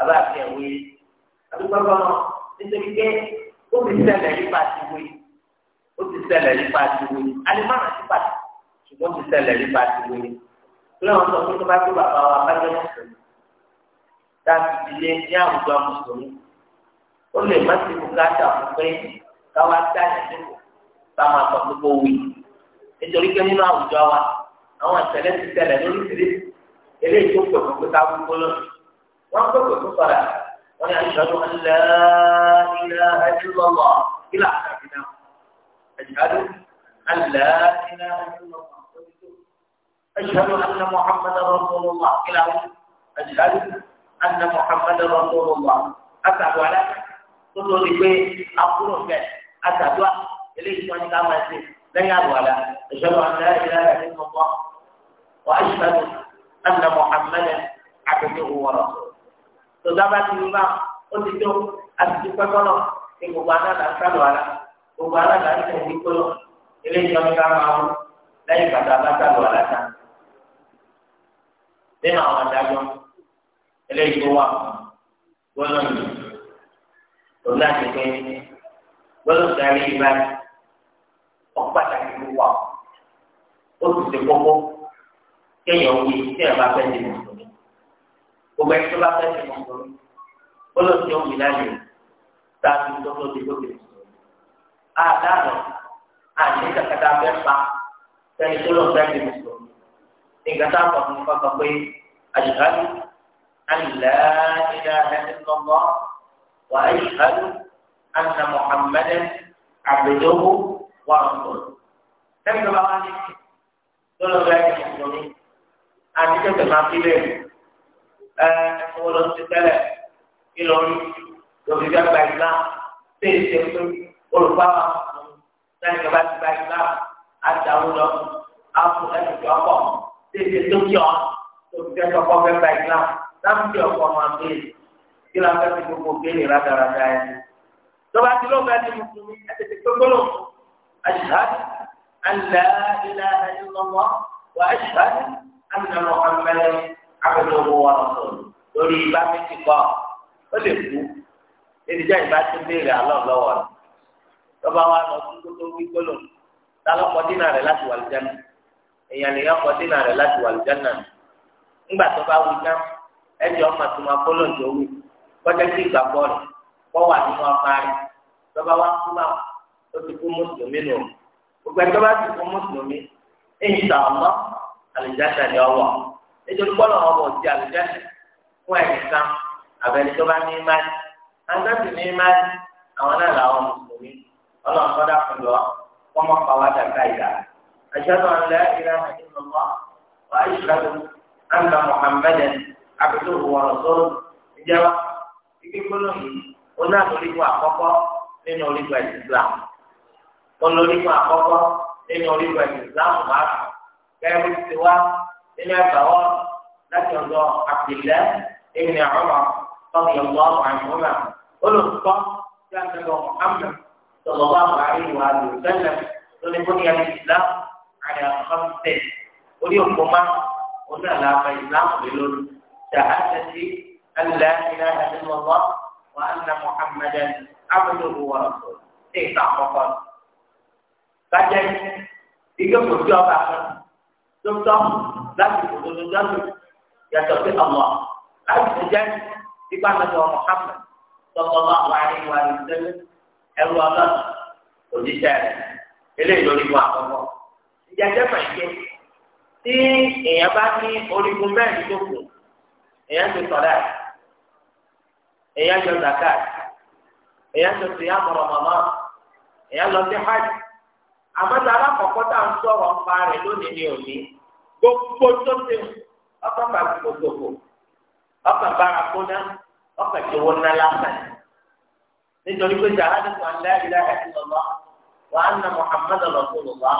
abá àti ẹ̀wé àdúgbò bọ́lọ̀ nítorí pé ó ti ṣẹlẹ̀ nípa ti wé ó ti ṣẹlẹ̀ nípa ti wé alimọ́nà ti pàtó ṣùgbọ́n ti ṣẹlẹ̀ nípa ti wé lọ́wọ́ sọ pé tó bá tó bàbá wa bá mùsùlùmí tá ti di lé ní àwùjọ mùsùlùmí ó lè má ti bùkátà fún pé. táwa ta káwá dáná nípò kọ àpapọ̀ wí nítorí pé nínú àwùjọ wa àwọn ìṣẹ̀lẹ̀ ti tẹlẹ ṣẹlẹ̀ lóríṣiríṣi eléyìí tó pè fún pé ká wúkọ́ lọ́nà wọ́n pè pè fún padà wọ́n ní àṣàlù ńlá ilá ẹ̀dínlọ́lọ́ kílà àkàtúndà àṣàlù ńlá ilá ẹ̀dínlọ́lọ́ أشهد أن محمد رسول الله إلى أشهد أن محمد رسول الله أتعب على tó tó di pé akúrò fẹ́ àtàdúrà eléyìí tí wọ́n ti ká máa ṣe lẹ́yìn àbọ̀là ìṣẹ́wọ̀n àgbẹ̀rẹ̀ ìlànà nínú ọkọ̀ wà á ṣùgbọ́n anna muhammed àtẹ̀jẹ́ òwúrọ̀ tó dábàá ti wíwá ó ti tó àtijọ́ pẹ́kọ́lọ̀ ní gbogbo anáda sálọ̀ ara gbogbo anáda ń tẹ̀lé kóló eléyìí tí wọ́n ti máa wọ lẹ́yìn bàtà bá sálọ̀ ara ta nínú àwọn adájọ́ eléyìí tó wà gbọ́dọ̀ nìyí òun náà ti pé gbọ́dọ̀ darí ibà ọ̀pàtàkì wà ó sì ṣe kókó kéèyàn wí tí ẹ̀ bá fẹ́ di mùsùlùmí gbogbo ẹni tó bá fẹ́ di mùsùlùmí gbọ́dọ̀ tí ó wí láyè dáadé tó tó di lóde mùsùlùmí àdáàlọ́ àti kàkàtà fẹ́ pa sẹ́ni tó lọ fẹ́ di mùsùlùmí nígbà tá a kọ̀ fún fọ́fọ́ pé àṣìkáyé àlùlá ìlà ẹni lọ́gbọ́n. وأشهد أن محمدا عبده ورسوله sẹ́yìn tó bá wá ní lọ́lọ́ bá yẹ kí n àti tẹ̀sẹ̀ máa fi lè ẹ owó lọ sí tẹ́lẹ̀ kí lọ rí lórí bí ọgbà ìlà ṣe é ṣe pé olùkọ́ àwọn ọmọkùnrin sẹ́yìn tó bá ti gba ìlà àtàwọn lọ àpò ẹ̀sìn tó ọkọ̀ ṣe é ṣe tó kí ọ tó fi tẹ́sọ̀ kọ́ fẹ́ gba ìlà láti fi ọkọ̀ máa bèèrè kí ló ń fẹ́ fi gbogbo béèrè rádaràdà yẹn. tọ́ba tí ló ń bá ní mùsùlùmí ẹ tètè gbogbo أشهد أن لا إله إلا الله وأشهد أن محمدا عبده lórí ibà méjì kọ́ ó lè kú ènìjẹ́ ìbá ti béèrè àlọ́ lọ́wọ́ rẹ̀ tọ́ba wa lọ sí kótó wíkólò ta ló kọ́ dínà rẹ̀ láti wà lùjánà èèyàn lè yọ kọ́ dínà rẹ̀ láti wà lùjánà ńgbà tó bá wí tán ẹ̀jẹ̀ ọmọ tó máa kóló ń tó wí kọjá sí ìgbàgbọ́ rẹ̀ kọ́ wà nínú ọba rẹ̀ lọ́ba wá kú bá ó ti kú mùsùlùmí nù gbogbo ẹjọ́ bá ti kú mùsùlùmí èyí tà ọ̀nà àlùjáṣà ni ọwọ́ nítorí pọ́lọ̀ ọmọ òsì àlùjáṣà fún ẹ̀nìkan àbẹ̀ni tó bá ní imáni àgbẹ̀sì ní imáni àwọn náà làwọn mùsùlùmí ọlọ́run kọ́dá fún lọ kọ́mọ pàwádà káyà أشهد أن لا إله إلا الله وأشهد أن محمدا عبده ورسوله ike gbọ́dọ̀ yìí ó náà lórígun àkọ́kọ́ nínú orígun ẹ̀sìn Islam ó lórígun àkọ́kọ́ nínú orígun ẹ̀sìn Islam wá kẹ́rù ti wá nínú ẹ̀fà wọ́n láti ọ̀dọ̀ àpìlẹ́ ìrìn àrọ́mọ tọ́kì ọ̀gbọ́n àìmọ́nà olùkọ́ tí a ti lọ Muhammad sọ̀rọ̀ wá àbáyé wa lò sẹ́lẹ̀ lórí bóni ẹ̀mí Islam àyà kọ́ńtẹ̀ orí òkú máa ó náà la lé lórí أن لا إله إلا الله وأن محمدا عبده ورسوله ṣe ìta àkọ́kọ́ ni. Bájẹ́ ìgbé kò sí ọba kan tó tọ́ láti òdodo dáhùn yàtọ̀ sí ọmọ láti tó jẹ́ ipa mẹ́tọ̀ Mùhàmmad tọ́kọ́lá wàhálì wàhálì sẹ́lẹ̀ ẹ̀rù ọlọ́run òjíṣẹ́ rẹ̀ eléyìí lórí wa àkọ́kọ́. Ìjàjẹ́ pàṣẹ tí èèyàn bá ní orígun mẹ́rin tó kù èèyàn ti sọ̀rọ̀ ẹ̀ èèyàn yọ zakat èèyàn yọ sèyàn mọ̀rọ̀mọ̀mọ́ èèyàn lọ sí hajj àmọ́tà alákọ̀ọ́kọ́ tá à ń sọ̀rọ̀ ń pa rẹ̀ lónìí ní òní gbogbo tó ti ọkọ̀ bá gbogbo ọkọ̀ bára kóná ọkọ̀ tí wọ́n ná lásán nítorí pé jàhánù kan láìlá ẹ̀sìn lọ́wọ́ wà á na Muhammad rasulullah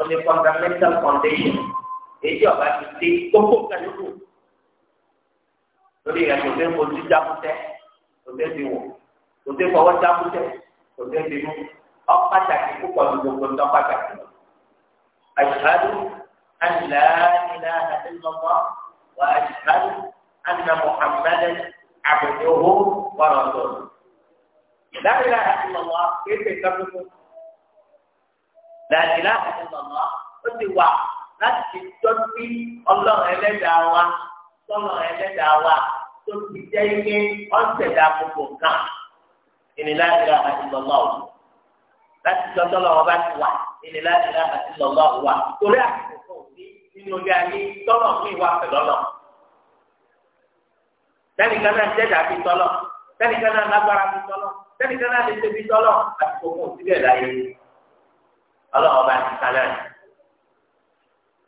on the fundamental foundation èyí ọba ti dé gbogbo kẹlẹ́kù lórí ìrẹsì òfin kò ti dákútẹ́ kò tẹ́ ti wọ̀ kò tẹ́ fọwọ́ sáfúnṣẹ́ kò tẹ́ ti mú ọ pàtàkì púpọ̀ ní gbogbo ń tọ́ pàtàkì lọ. àṣìṣàlù àṣìlá ìlà àdínlọ́mọ́ wà àṣìṣàlù àná muhammadan àbùdóhó wàrọ̀tọ̀. ìdáhìlá àdínlọ́mọ́ kéèké kápẹ́kọ̀. làdìlá àdínlọ́mọ́ ó ti wà láti tọ́jú ọlọ́run ẹlẹ́dàá wa sọ́lọ́run ẹlẹ́dàá wa tó ti jẹ́ ike ọ̀sẹ̀dá gbogbo kan ìnìlá ìlà àti lọ́lá òwò láti lọ́tọ́ lọ́wọ́ bá ti wà ìnìlá ìlà àti lọ́lá òwò wà torí àkókò òbí nínú ilé ayé tọ́lọ̀ mi wà pẹ̀lọ́lọ̀ sẹ́nìkan náà jẹ́jà fi tọ́lọ̀ sẹ́nìkan náà lágbára fi tọ́lọ̀ sẹ́nìkan náà lè ṣe fi tọ́lọ̀ àti gbogbo láyé ọlọ́wọ́ bá ti kan náà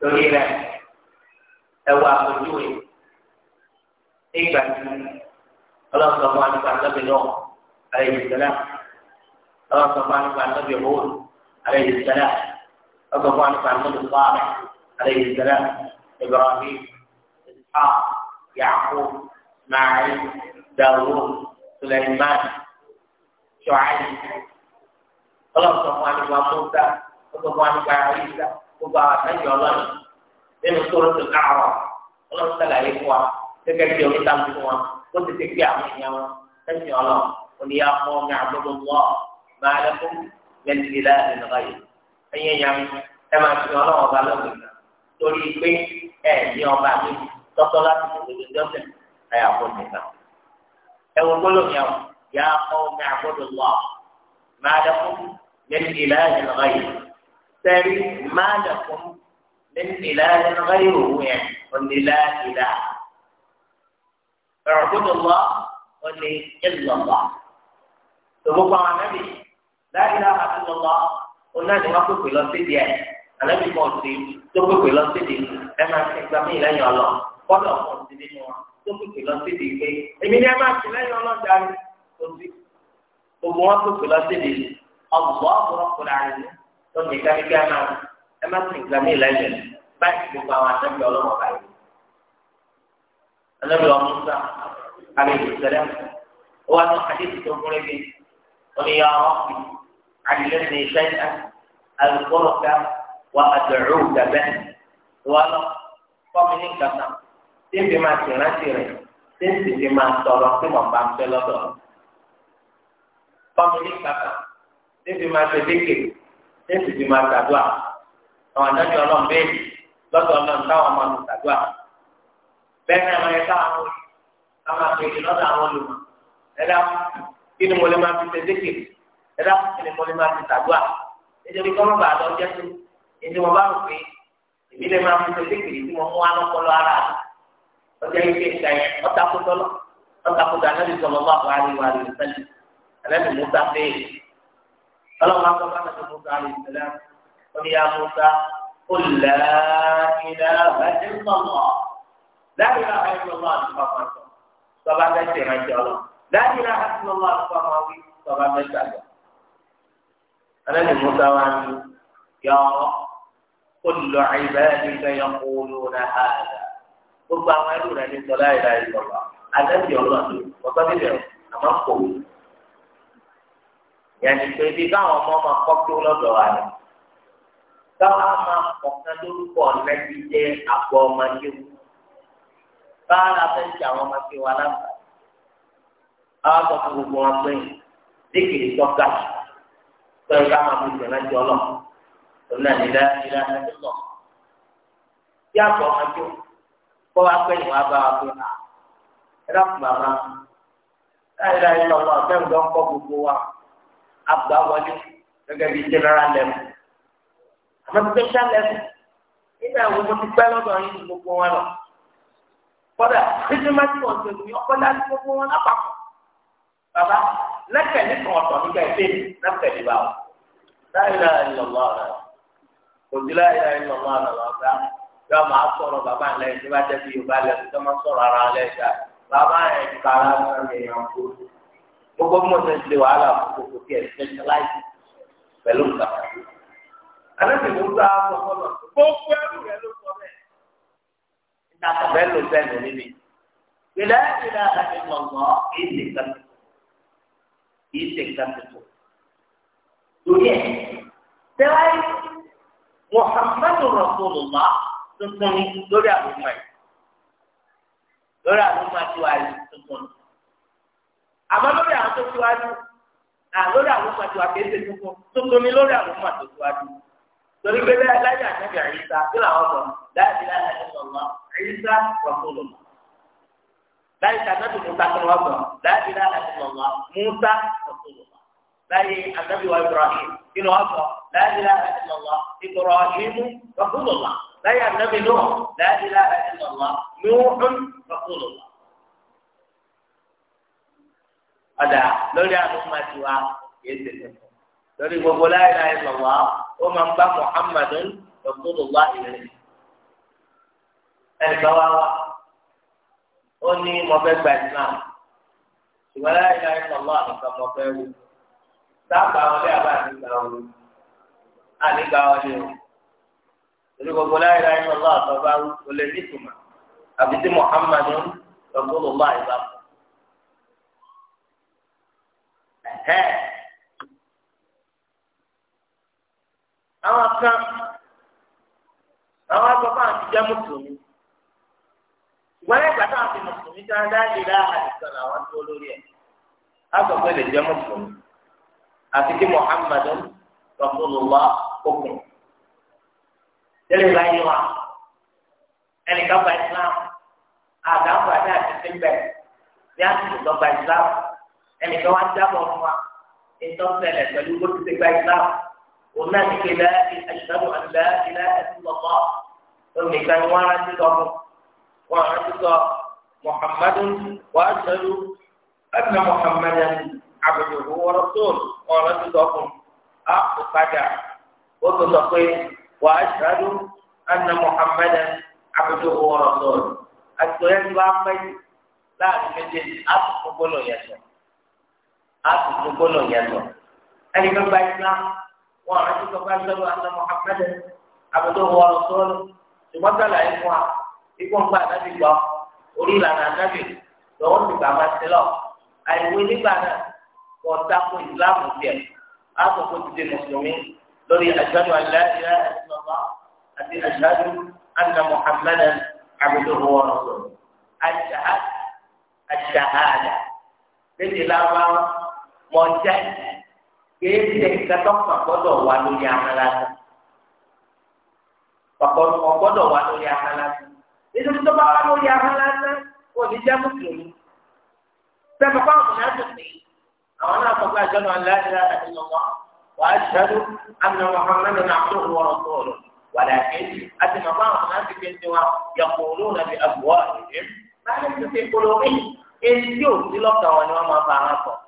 torí rẹ̀ ẹ̀wọ̀ àpòjúwe. إيبا الله سبحانه وتعالى بنوح عليه السلام الله سبحانه وتعالى بهود عليه السلام الله سبحانه وتعالى بالصالح عليه السلام إبراهيم إسحاق يعقوب إسماعيل داوود سليمان شعيب الله سبحانه وتعالى موسى الله سبحانه وتعالى عيسى وبارك الله في سورة الأعراف الله سبحانه وتعالى gẹ́gẹ́ bí omi ta fún wọn ó ti ti gbé àwọn èèyàn wọn lẹ́sìn ọlọ́ oníyà fún ọmọ àgbọ̀dọ̀ wọn máa lẹ́kún lẹ́sìn ilá ìlọ́gà yìí ẹ̀yìn èèyàn mi ẹ máa fi ọlọ́wọ́ ọba lọ́gbìn náà torí pé ẹ ní ọba mi tọ́tọ́ láti ìdòdò jọ́sẹ̀ ẹ̀yà fún mi náà. ẹ wọ gbọ́dọ̀ yẹn o yà fún ọmọ àgbọ̀dọ̀ wọn máa lẹ́kún lẹ́sìn ilá ìlọ́gà yìí sẹ́rí máa lẹ́kún lẹ́sìn ilá ìlọ́gà yìí òwú yẹn ò اعبد الله ولا إلا الله تبقى على النبي لا إله إلا الله قلنا لما كنت في لصيد يعني النبي موسي تبقى في لصيد أما تكلمي لا يعلم قال موسي لنوا تبقى في لصيد إمين أما لا يعلم جاري موسي وموافق في لصيد الله رب العالمين تبقى كامي كامي أما تكلمي لا يعلم بس تبقى على النبي الله النبي موسى عليه السلام هو أن حديث تقول قل يا ربي علمني شيئا أذكرك وأدعوك به وأنا فمن كذا تبي ما تنتظر تبي ما ترى تبي ما بعمل fọmùlì kàkà níbi máa ṣe dékè níbi máa ṣàdúà àwọn àdájọ ọlọ́run bẹ́ẹ̀ lọ́dọ̀ ọlọ́run táwọn bẹ́ẹ̀ ni àwọn ẹ̀ka àwọn àwọn àpèjì lọ́dọ̀ àwọn olùmọ̀ ẹ̀dá kí ni mo lè máa fi ṣe dékè ẹ̀dá kí ni mo lè máa fi tàdúà nítorí kọ́mọ́ bàá lọ jẹ́ tó èdè wọn bá rò pé èmi lè máa fi ṣe dékè tí wọ́n mú alọ́pọ̀lọ ara rẹ̀ ọjọ́ ìṣe ìṣe ọ̀tàkùtọ̀ lọ ọ̀tàkùtọ̀ anábì sọ̀rọ̀ bá wà ní wà ní sẹ́lẹ̀ láyé náà ayé lọ́wọ́ àdúgbò máa sọ tọ́ba fẹ́ tẹ̀ máa jẹ́ ọlọ́ láyé náà ayé lọ́wọ́ àdúgbò máa wí tọ́ba fẹ́ gbàgbọ́. alẹ́ musa wa ni yọ kullu ibadika yaquluna hada gbogbo àwọn ẹlú rẹ ní sọ láyé láyé lọ́wọ́ adẹ́sí ọlọ́ọ̀dún ọ̀tọ́ bíbẹ̀ àmọ́ kò wí. yàtì pé bí káwọn ọmọ máa kọ́ kí ó lọ́dọ̀ wa ni káwọn máa kọ̀ọ̀kan lórúkọ ọ̀nà jíjẹ́ àpò ọmọdé wù sáárà fẹ́ ti àwọn ọmọ sí wa láǹfà àwọn sọ fún gbogbo wọn pé díkìrì tọ́ka tó ẹ bá máa fi tẹ̀lé jọ lọ òun náà nílẹ̀ nílẹ̀ nílẹ̀ lọ. kí àpò ọmọ jó kó wá pé ìwà bá wa pé à ẹ dákun bàbá láì láì lọ lọ ọ̀fẹ́ ń dán kọ́ gbogbo wa àgbà wọlé gẹ́gẹ́ bí general level àmọ́ special level nígbà wo mo ti pẹ́ lọ́dọ̀ yín gbogbo wọn lọ kọ́dà títí má ti wọ̀n tẹ̀lé ní ọkọ̀ láti gbogbo wọn lápapọ̀. bàbá lẹ́kẹ̀ nìkan ọ̀tọ̀ nígbà ìpè lẹ́kẹ̀ ní báwò. láìla ìlọ̀lọ́ ọ̀nà kò sí láìla ìlọ̀lọ́ ọ̀nà lọ́gbà yóò máa sọ̀rọ̀ bàbá lẹ́yìn tí wọ́n tẹ́sí yorùbá lẹ́yìn tó máa sọ̀rọ̀ ara lẹ́yìn bàbá yẹn ti kàrà ń ṣe wàhálà ń gbà á gbogbo tàbí bẹ́ẹ̀ ló bẹ́ẹ̀ ló níbi. Ìlà ìlà àti mọ̀mọ́ kìí ṣe nǹkan tuntun. Kìí ṣe nǹkan tuntun. ẹ̀ tẹ́wáyé Mùhàmmadu Rasulullah tuntun ni lórí àbúmọ̀ ẹ̀. Lórí àbúmọ̀ àti wàhálì tuntun ni. Àmọ́ lórí àwọn tó tiwájú, lórí àbúmọ̀ àti wàhálì tuntun ni lórí àbúmọ̀ àti wàhálì tuntun. torí pé bẹ́ẹ̀ láyé àtẹ́bí àyíṣà kí làwọn sọ láti láyé àtẹ́sọ̀lá àyíṣà rọ̀tòlù. láyé àtẹ́bí musa kí wọ́n sọ láti láyé àtẹ́sọ̀lá musa rọ̀tòlù. láyé àtẹ́bí wa ibrahim kí wọ́n sọ láti láyé àtẹ́sọ̀lá ibrahim rọ̀tòlù. láyé àtẹ́bí nuh láti láyé àtẹ́sọ̀lá nuhun rọ̀tòlù. ọ̀dà lórí àlùmọ́ àti wa kì í ṣe tuntun. lórí gbogbo láìláì ìlọ̀wá ó máa ń bá muhammadu lọ́kùnrùnwá ìrìn. ẹ̀ka wá wá ó ní mo fẹ́ gba islam ṣùgbọ́n láìláì ìlọ̀wá nìkan mo fẹ́ wò sáàpà wọlé àbá nígbà wọlé ànígbà wọlé o lórí gbogbo láìláì ìlọ̀wá àtọ́gbà wọlé nítumọ̀ àbí tí muhammadu lọ́kùnrùnwá ìbá fún. àwọn kan àwọn akọ fún àti jẹ́ mùsùlùmí ìwọ́n ẹ̀gbà táwọn ti mùsùlùmí tí wọ́n dá ìlera àdìsọ làwọn tó lórí ẹ̀ azọ pé lè jẹ́ mùsùlùmí àti kí muhammadu rasulullah okùn tẹ́lẹ̀ láyé wa ẹnìkan gba islam àgbàgbà náà ti fi bẹ́ẹ̀ bí a ti sọ gba islam ẹnìkan wá jábọ̀ fún wa ìtọ́sẹ̀lẹ̀ pẹ̀lú bó ti ti gba islam. هناك لا أشهد أن لا إله إلا الله أمي كان وانا تضم محمد وأشهد أن محمدا عبده ورسوله وانا تضم أقصد وتصفي وأشهد أن محمدا عبده ورسوله أتوين بامي لا أمجد أتقبل يسوع أتقبل يسوع أنا من بعد وعشت فاشهد ان محمدا عبده ورسوله ثم تلا يكون يكون بعد ذلك orí ìlànà anábì lọ́wọ́ ti gbà máa ti lọ. àìwé nígbà náà wọ́n tako ìsìláàmù tiẹ̀ àkókò ti di mùsùlùmí lórí ashhadu an la ilaha illallah àti ashhadu anna muhammadan abduhu wa rasuluhu. àṣàhàdà àṣàhàdà lẹ́yìn lábá mọ̀já ìsìn kìí ṣe ìkatọ́kàn gbọ́dọ̀ wà lórí amalasa ọ̀gbọ́dọ̀ wà lórí amalasa nítorí tó bá wà lórí amalasa wọ́n ní jẹ́ mùsùlùmí sẹ́mi fáwọn ọ̀nà àtúntì àwọn náà sọ pé àjọyọ̀ aláìlá àti ọmọ wà á ṣàdó àmì Muhammad náà tó ń wọ̀rọ̀ tó rọ̀ wàlá kejì àti màmá àwọn náà ti kéde wa yàkùnrin náà bí àbúwá ìdí láti fi polówó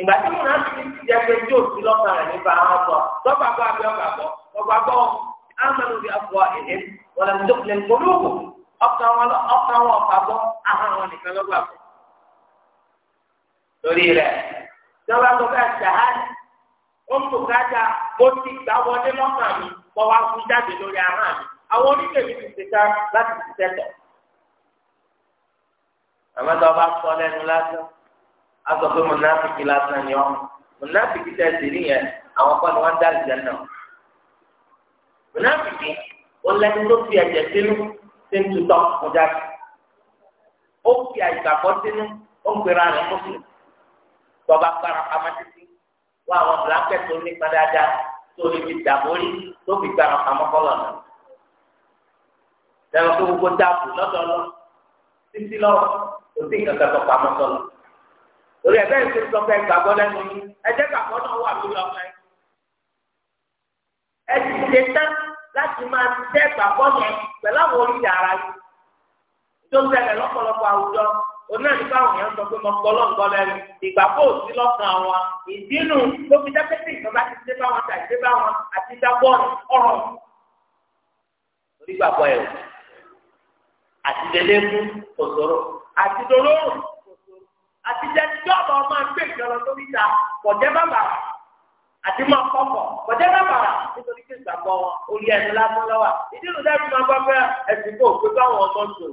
ìgbà tí mo náà ti ti jẹ pé yóò fi lọ́kàn rẹ̀ nípa àwọn ọkọ̀ lọ́gbà gbọ́ àbí ọgbà gbọ́ ọgbà gbọ́ ámàlú bí ọkọ̀ èdè wọn lè tó lè polówó ọkàn wọn ọkàn wọn ọkà gbọ́ ahọ́n wọn nìkan lọ́gbà gbọ́. torí rẹ̀ ìjọba tó bá ṣàhádì ó ń bùkátà bó ti gbà wọlé lọ́kàn mi kọ́ wá fún jáde lórí ahọ́n mi àwọn oníkèmí ti ṣèkà asọ pé mọnàfíkì lásán ni ọ mọnàfíkì tẹ ẹsẹ nìyẹn àwọn kan ni wọn dá ìjà náà mọnàfíkì ó lẹni tó fi ẹ̀jẹ̀ sínú tí ń tutọ́ kọjá sí ó fi àìgbàgbọ́ sínú ó ń pera rẹ̀ mọsùn tọba para pamọ́ títí wọn àwọn blanket tó nípa dáadáa tó lè fi dàbórí tó fi gbàrà pamọ́ kọlọ náà lẹ́nu tó gbogbo dáàbò lọ́dọọlọ títí lọ́wọ́ òsì kankan tó pamọ́ sọlọ torí ẹ bẹ́ẹ̀ ṣe sọ pé gbàgbọ́ lẹ́nu yín ẹ jẹ́ gbàgbọ́ náà wà lórí ọkàn yín. ẹ ti ṣe tán láti máa ti tẹ́ gbàgbọ́ yẹn pẹ̀lú àwọn oríṣi ara yìí. tó ń ṣẹlẹ̀ lọ́pọ̀lọpọ̀ àwùjọ oní ẹ̀ka àwọn èèyàn sọ pé mo kọ́ lọ́nkọ́ lẹ́nu ìgbàgbọ́ òsì lọ́kàn wọn ìdínú ló fi jẹ́ pẹ́sì ìjọba ti dé bá wọn tà dé bá wọn àti dábọ́ ọ̀rọ̀. onígbàgbọ́ ẹ̀ àti délé òṣòro àti dolórùn àti jẹ́jọ́ ọ̀bọ̀ ọmọ ẹgbẹ́ ìjọba tó ní ta kọ̀jẹ́ bàbàrà àti máa kọ́kọ̀ kọ̀jẹ́ bàbàrà nítorí pé ìgbàgbọ́ wọn orí ẹnu lábọ́ lọ́wọ́ ìdílù dẹ́rù máa gbọ́ pé ẹ̀sìn kò pé báwọn ọmọ ń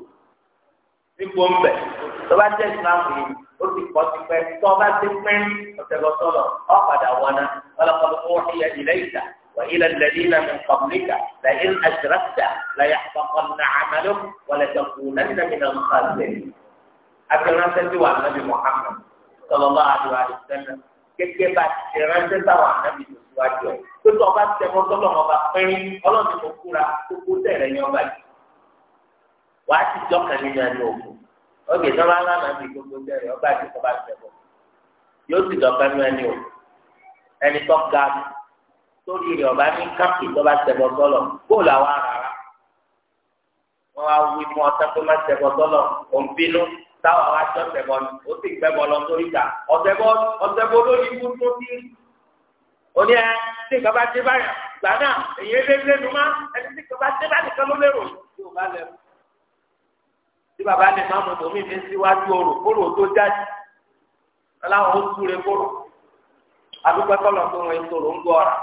nípò ń bẹ̀ tó bá jẹ́ ìsìláàmù yìí ó ti pọ̀ ti pẹ́ tó bá ti pẹ́ ọ̀tẹ̀lọ́sọ̀lọ̀ ọ̀padà wọná ọlọ́kọ̀ọ́ وإلى الذين من قبلك لئن أشركت ليحبطن عملك ولتكونن من الخاسرين akẹ́ránṣẹ́ tí wà nábì Muhammad sọlọ́lá àdúrà ìṣẹ́nà gẹ́gẹ́ bá ti ránṣẹ́ táwọn ànábì tó síwájú ẹ̀ tó tó ọba tẹ̀wọ́ sọ́lọ́ ọba pẹ́rín ọlọ́ọ̀ni kò kúra kókó tẹ̀rẹ̀ ní ọba yìí wàá ti jọ́kàn nínú ẹni òkú ọ̀gẹ̀ tó bá lánàá bí gbogbo tẹ̀rẹ̀ ọba yìí kọ́ bá tẹ̀wọ́ yóò ti jọ́kàn nínú ẹni òkú ẹni tó ga tó táwọn àwọn aṣọ ọ̀sẹ̀ bọ̀ ni ó sì gbẹ́ bọ̀ lọ sórí ìjà ọ̀sẹ̀ bọ̀ ọ̀sẹ̀ bọ̀ lórí ikú tó ti ó ní ẹ tí nǹkan bá dé báyà gbà náà èyí lé lẹ́nu má ẹni tí nǹkan bá dé bá nìkan ló lérò tí ò bá lẹ́nu. tí bàbá lè má mọ̀tò mi fi ń síwájú orò kóró tó jáde aláwọ̀ ó súre kóró àdúgbò kọ́lọ̀ tó wọn ètò ló ń gbọ́ ọ̀rà.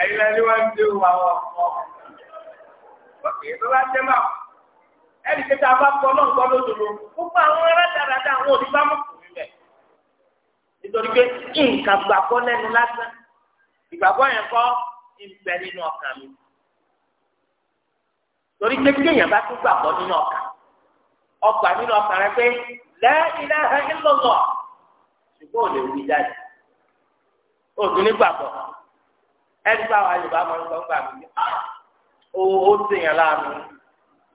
ẹ̀yin lẹ́ni wọ́n ń dé òun àwọn ọ̀pọ̀ èyí tó bá jẹ́ bá ẹnì kẹta bá kọ́ náà gbọ́ lódodo gbogbo àwọn aládàradà àwọn oníbàmọ̀ kò rí bẹ̀. nítorí pé nǹkan gbàgbọ́ lẹ́nu lásán ìgbàgbọ́ yẹn kọ́ ìbẹ̀ nínú ọkàn mi. torí pé kéèyàn bá tún gbàgbọ́ nínú ọkàn ọgbà nínú ọkàn rẹ pé la ilaha illallah ṣùgbọ́n ò lè wí jáde. òògùn nígbàgbọ́ ẹni bá wà Yorùbá máa ń sọ gbàgbọ́ owó ó sèyàn láàánú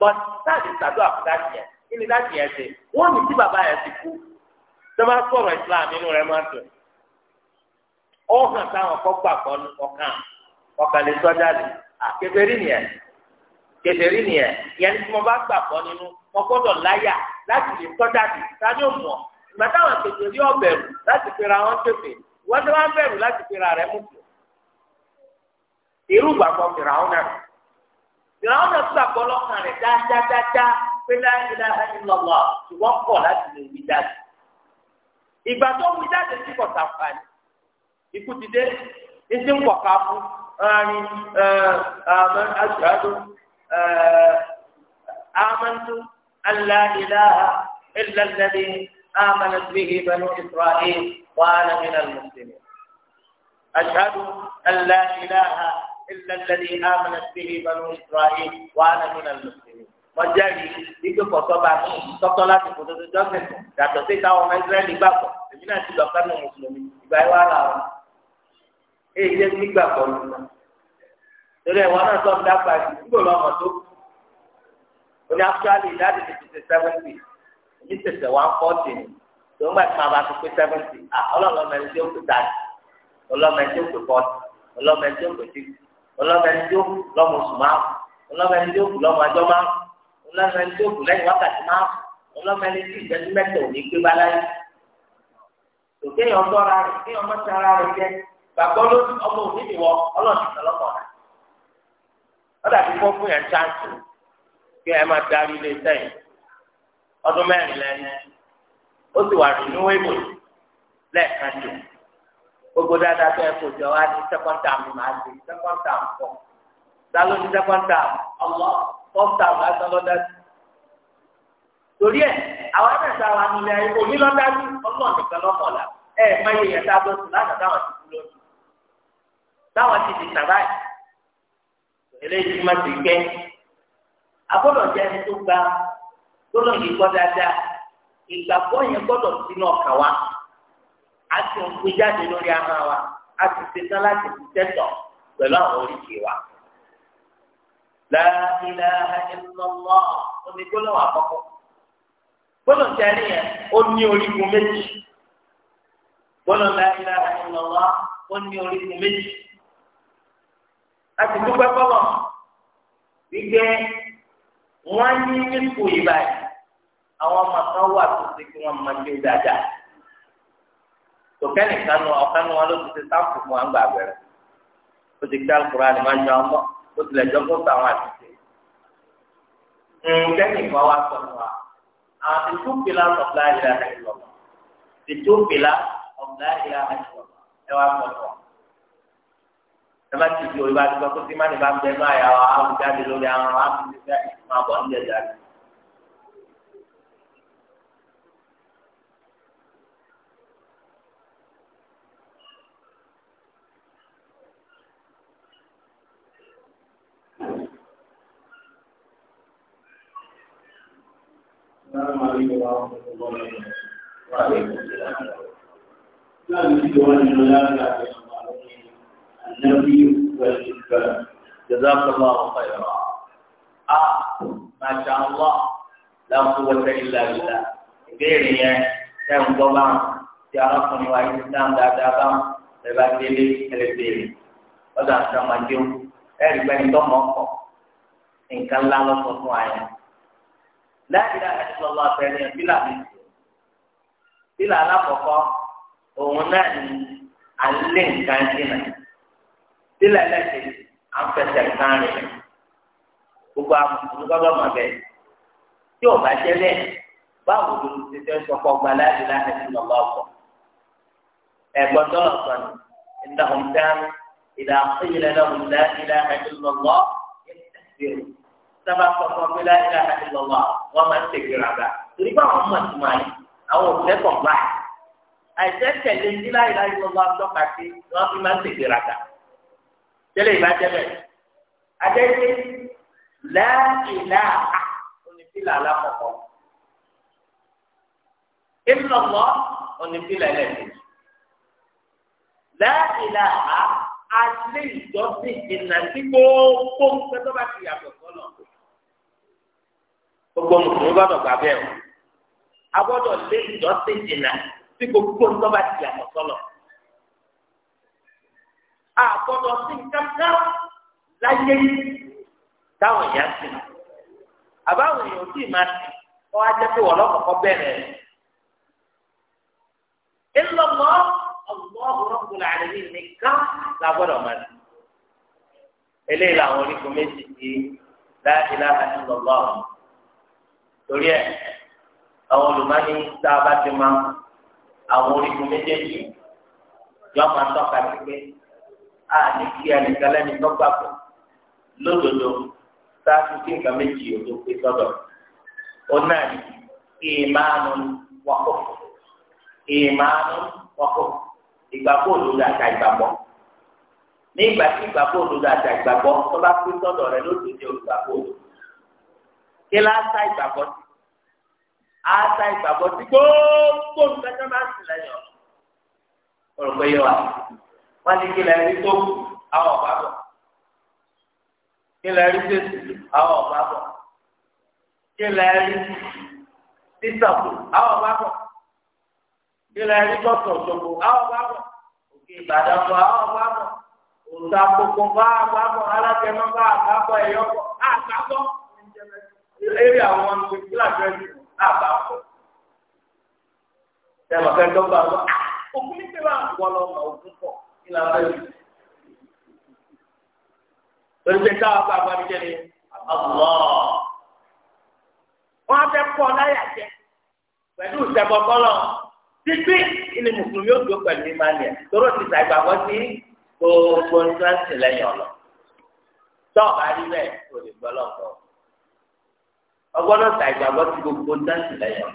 but sáàdì sàdó àfúdájì yẹn kí ni dájì yẹn ṣe wọ́n ní tí bàbá yẹn ti kú tó bá sọ̀rọ̀ Islam nínú rẹ̀ máa dùn ó hàn táwọn kọ́ gbà kọ́ ọkàn ọkàn lè sọ́jà lè àkébérí nìyẹn kẹsẹrí nìyẹn ìyẹn tí mo bá gbà kọ nínú mo gbọ́dọ̀ láyà láti lè tọjáde sani òmùọ ìgbà táwọn kẹsẹrí ọbẹrù láti fira wọn tẹfẹ wọn tí wọn bẹ̀rù láti fira rẹ mú tù irú gbàgbọ́ fira wọn náà ìrànwọ́ náà tún àpọ̀lọ́ kan rẹ̀ dáadáa pé láyé láyé lọ́wọ́ ṣùgbọ́n pọ̀ láti lè wí jáde. ìgbà tó wí jáde sí kọ̀tà fàlẹ̀ ikú ti dé ìdí ń wọ̀ká fún ẹni aṣáájú amantu alla ilaha illa alladhi amanat bihi banu isra'il wa ana minal muslimin. ashhadu alla ilaha. إلا الذي آمنت به بنو إسرائيل وأنا من المسلمين wọ́n jẹ́rìí wípé kọ̀sọ́ba tọ́tọ́ láti kó tótó jọ́sìn yàtọ̀ sí táwọn ọmọ ìsírẹ́lì gbàgbọ́ èmi náà ti lọ́ọ́ fẹ́ràn mùsùlùmí ìgbà yìí wà láwọn. èyí jẹ́ gbígbàgbọ́ ló ná. torí ẹ̀wọ̀n náà sọ̀rọ̀ dápà sí kúrò lọ́mọ tó kù. ó ní actually ìdáàdì ti ṣe seventy èmi ṣẹ̀ṣẹ̀ one forty ni tó ń gbà tí màá bá tó pé seventy ah, ọlọ́mọ ẹni tí ó pè ọlọ́mọdé tó kù lọ́mọ oṣù márùn ọlọ́mọdé tó kù lọ́mọ ọjọ́ márùn ọlọ́mọdé tó kù lẹ́yìn wákàtí márùn ọlọ́mọdé tó ìjẹ́jú mẹ́ta ò ní gbé bá láyé òkè yẹn ọtọ́ ara rẹ̀ kí ọmọ ti ara rẹ̀ jẹ gbàgbọ́ ló ọmọ òní mi wọ ọlọ́ọ̀dì sọlọ́mọ rẹ̀ ọ̀dàbí kó fún yẹn chance kí ẹ máa darí ilé sẹ́yìn ọdún mẹ́rin lẹ́nu ó sì wà nínú ìbò lẹ́ẹ̀kan jù gbogbo dáadáa tó yẹ kó jọ wá ní second term ní màá di second term pọ sálọ ní second term ọmọ first term máa sọ lọ́dá sí. torí ẹ àwọn ẹ̀sà wa nílẹ̀ ayé òní lọ́dá sí ọlọ́run nìkan lọ́kọ̀ọ̀la ẹ ẹ̀ má yẹ yẹn tá a bọ́ sùn lánàá táwọn ti kú lójú táwọn ti di sàbáì eléyìí ti má ti gbẹ. agbọ́dọ̀ jẹ́ ẹni tó gba gbọ́dọ̀ yìí gbọ́ dáadáa ìgbàgbọ́ yẹn gbọ́dọ̀ sínú ọkà wa a ti ń gbé jáde lórí ama wa a ti ṣetán láti fi tẹ́tọ̀ pẹ̀lú àwọn oríṣi wa. La ilaha illallah omi gbólóhùn àkọ́kọ́ gbólóhùn tẹ́lẹ̀ yẹn ó ní orígun méjì gbólóhùn la ilaha illallah ó ní orígun méjì a ti dúpẹ́ fọlọ́ wípé wọ́n ní nípò ìbàdí àwọn ọmọ kan wà tó ṣe kí wọ́n máa ṣe dáadáa tòkẹ́ nìkan nu ọ̀kan nu wọn ló ti ti sáfù fún wa ń gbà bẹ̀rẹ̀ ó ti gbé alukóra ni máa ń jọ ọmọ ó tilẹ̀ jọ kó sàwọn àtìsí. ǹjẹ́ nìkan wá sọ fún wa àwọn the two pillars of life are in love the two pillars of life are in love ẹ wá sọ fún wa. ẹ má ti di orí bá ti sọ pé tí má bá ń bẹ náà yà wá á wù jáde lórí àwọn á ti fẹ́ máa bọ̀ ní ẹ̀dá rẹ̀. ورحمة الله وعليكم السلام النبي والإسلام جزاك الله خيرا آه ما شاء الله لا قوة إلا بالله غير يعني كان طبعا tí arákùnrin wa yìí dáhùn dáadáa bá ẹ bá délé ẹlẹgbẹrẹ lọ́dọ̀ àti ọmọdéwò ẹrí gbẹni tọmọ ọkọ nǹkan ńlá lọsọ fún àyà láìlá ẹ̀sìnlọ́lá àtẹ̀lẹ́ fílà méjì fílà alákọ̀ọ́kọ́ òun náà ní alẹ́ nǹkan jìnnà fílà ẹlẹ́sìn àǹfẹ̀sẹ̀ nǹkan rẹ̀ gbogbo àmùsùn gbọ́dọ̀ mọ̀ bẹ́ẹ̀ tí ò bá jẹ́ bẹ́ẹ̀ báwo ló ti fẹ́ sọ́kọ́ gba láìlá ẹ̀sìnlọ́lá ọ̀pọ̀ ẹ̀gbọ́n tọ́lọ̀ sọ̀nù ìdáhùn dáhùn ìdáhùn ìlẹ̀ sábà kọ̀ọ̀kan pé láyé àti lọ́wọ́ wọn máa ń tẹ̀lé rárá torí bá àwọn mọ̀tì máa ní àwọn òṣìṣẹ́ kọ̀ọ̀kan àìsẹ́ tẹ̀lé ní láyé láyé lọ́wọ́ tọ́ka sí wọn fi máa ń tẹ̀lé rárá tẹ́lẹ̀ ìbájẹ́ bẹ̀ adẹ́gbẹ́ láìlá onífìlà alákọ̀ọ́kọ́ ìlọ́lọ́ onífìlà ẹlẹ́gbẹ̀ẹ́ láìlá àti ilé ìjọsìn ìnà gbogbo ń tó bá ti yàtọ̀ gbogbo mùsùlùmí gbọ́dọ̀ gbà bẹ́ẹ̀ o agbọ́dọ̀ lé ìjọsìn jìnnà tí gbogbo ń tọ́ba ti yàtọ̀ sọ́lọ̀ àgbọ́dọ̀ sí kankan láyé táwọn èèyàn sì àbáwọn èèyàn ò tí ì máa sì kọ́ ajẹ́ pé wọ́n lọ́kọ̀ọ́kọ́ bẹ̀rẹ̀ ẹ̀ ńlọ́mọ́ ọ̀gbọ́n ọ̀gbọ́n àrẹ̀mí nìkan làgbọ́dọ̀ máa sì eléyìí làwọn orígun méjì tí láìláha ní lọ́lọ́run torí ẹ àwọn olùmọ́ni tá a bá ti mọ àwọn orígun méjèèjì yọ máa tọ́ka sí pé a ní kí ẹnìkan lẹ́ni tó gbàgbọ́ lódodo sáájú kí nǹkan méjì òdo pé sọ́dọ̀ ó náà ní ìmánu wọ́pọ̀ ìmánu wọ́pọ̀ ìgbàgbọ́ òdodo àti àgbàgbọ́ ní ìgbà tí ìgbàgbọ́ òdodo àti àgbàgbọ́ tó bá pé sọ́dọ̀ rẹ lódodo ìgbàgbọ́ òdodo kí lásà ìgbàgbọ́ sí ata ìgbàgbọ́ sí gbogbo nǹkan máa ń sì lẹ́yìn ọ̀rọ̀. Olùkọ́ yẹ wa, wọ́n ti kí lẹ́rí tó àwọn ọ̀gá bọ̀. Kí lẹ́rí tètè àwọn ọ̀gá bọ̀. Kí lẹ́rí sísàpò àwọn ọ̀gá bọ̀. Kí lẹ́rí tọ̀tọ̀ ṣòfò àwọn ọ̀gá bọ̀. Òkè Ìbàdàn bọ̀ àwọn ọ̀gá bọ̀. Òǹtà gbogbo bá àgbà bọ̀ alájẹmọ́ bá àgbà bọ̀ ẹ̀yọ́ bọ̀ àgbà bọ̀ àbá kọ. Sẹ́wọ̀n fẹ́ dọ́gba wọn. Òkú ní pé máa wọ lọ mà òkú pọ̀ kí la fẹ́ yìí. Lórí pé káwọn bá bá mi jẹ́ ni àbọ̀. Wọ́n á fẹ́ pọ̀ láyà jẹ pẹ̀lú ìṣẹ̀bọ̀ bọ́lọ̀. Títí ilé Mùsùlùmí yóò dúró pẹ̀lú ìmánì ẹ̀. Toró ti ta ìgbàgbọ́ sí gbogbo ní kíláàsì lẹ́yìn ọ̀lọ́. Tọ́ọ̀ bá rí bẹ́ẹ̀ kò lè gbọ́ lọ́kọ̀ọ́. ọgbọ́dọ̀ ta ìgbàgbọ́ ti gbogbo dáńtì lẹ́yìn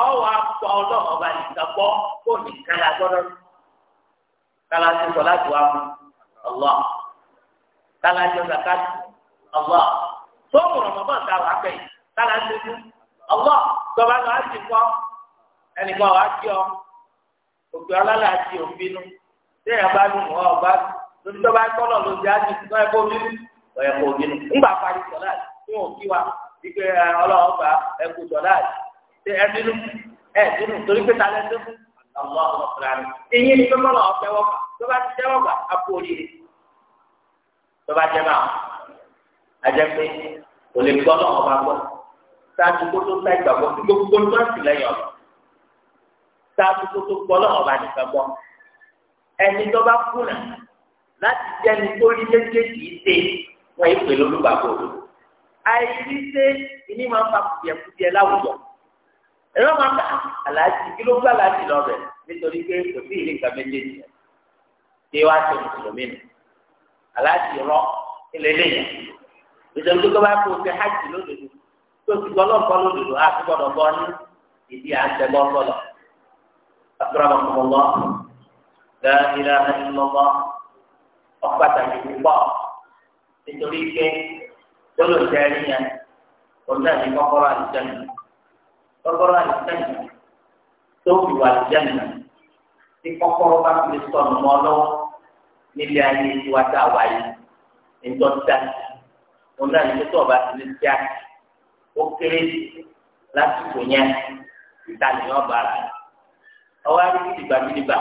ọwọ́ akpọ ọlọ́run ọba nìkan kó nìkan kala ti sọ láti wá kala ti ọjà ká ọlọ́ tó mọ̀rọ̀ mọ́ ta wà kala ti fún tọba á ti wà á ti ọ òkè ọlọ́lá fún òkí wa wípé ọlọ́run gba ẹkú jọ̀dá ṣe ẹdínú ẹdínú torí pé talẹ́ tó fún àwọn ọmọ ọ̀sán rẹ̀. èyí ni pẹ́ẹ́mọ́ náà ọ̀fẹ́ wọ́pà tó bá ti tẹ́wọ́ gbà á kú oríire tó bá jẹ́ máa ajẹ́ pé kò lè gbọ́ náà ọba gbọ́ sáájú kó tó sá ìgbàgbọ́ tí gbogbo tó ń sì lẹ́yìn sáájú kó tó gbọ́ náà ọba nìkan gbọ́ ẹni tó bá kùnà láti jẹ́ni tó rí méjèèjì í ṣe wọ́n ìpè lólùgbàgbọ́ òdòdó àìríṣe ìní máa ń fa kùdìẹ̀kùdìẹ̀ láwùjọ ẹ̀rọ máa ń bá aláàjì kí ló gbá aláàjì lọ rẹ̀ nítorí pé kò sí ìlé nǹkan méjèèjì rẹ̀ ṣé wàá ṣe mùsùlùmí nù aláàjì rọ ìlélẹ̀ yẹn nítorí tó bá kó ṣe hajj lódodo tó ti gbọ́ lọ́kọ́ lódodo á ti gbọ́dọ̀ bọ́ ní ìdí àtẹ̀gbọ́ sọ̀lọ̀ àtúrọ̀mọ̀kọ̀mọ̀lọ́ dáadáa ní lọ́wọ́ ọ̀pá tàbí púpọ̀ nítorí pé gbọ́dọ̀ jẹ́ ẹni yẹn ọ̀dà ní kọ́kọ́rọ́ àlùjáde kọ́kọ́rọ́ àlùjáde tó fi wà àlùjáde tí kọ́kọ́rọ́ bá fi sọnù mọ́ lọ́wọ́ nílé ayé wa tá a wà yìí ńjọ́ dá ọ̀dà ní kótó ọba ti ní tíá ó kéré lásìkò yẹn ìta ni wọ́n bá rà ọwọ́ àti gidigba gidigba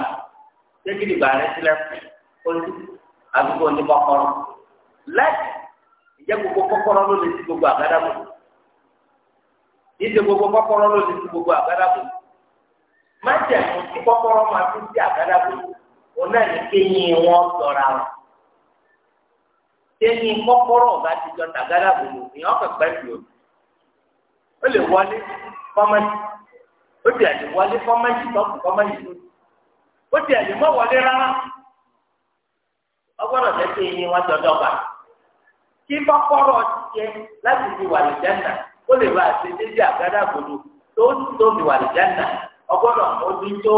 gidigba rẹ sílẹ̀ kó àdúgbò ní kọ́kọ́rọ́ láti. jẹ́ gbogbo kọ́kọ́rọ́ ló lè ti gbogbo àgádágò ìdè gbogbo kọ́kọ́rọ́ ló lè ti gbogbo àgádágò má jẹ́ mú kí kọ́kọ́rọ́ máa tún sí àgádágò òun náà ní kéyìn wọn sọ̀rọ̀ àwọn kéyìn ti jọ ní o ó lè wọlé ó ti kí bọ́kọ́rọ̀ jẹ láti fi wà lìjánà ó lè bá àti dédé àgádà gbòdo tó tó fi wà lìjánà ọgbọ́dọ̀ mójútó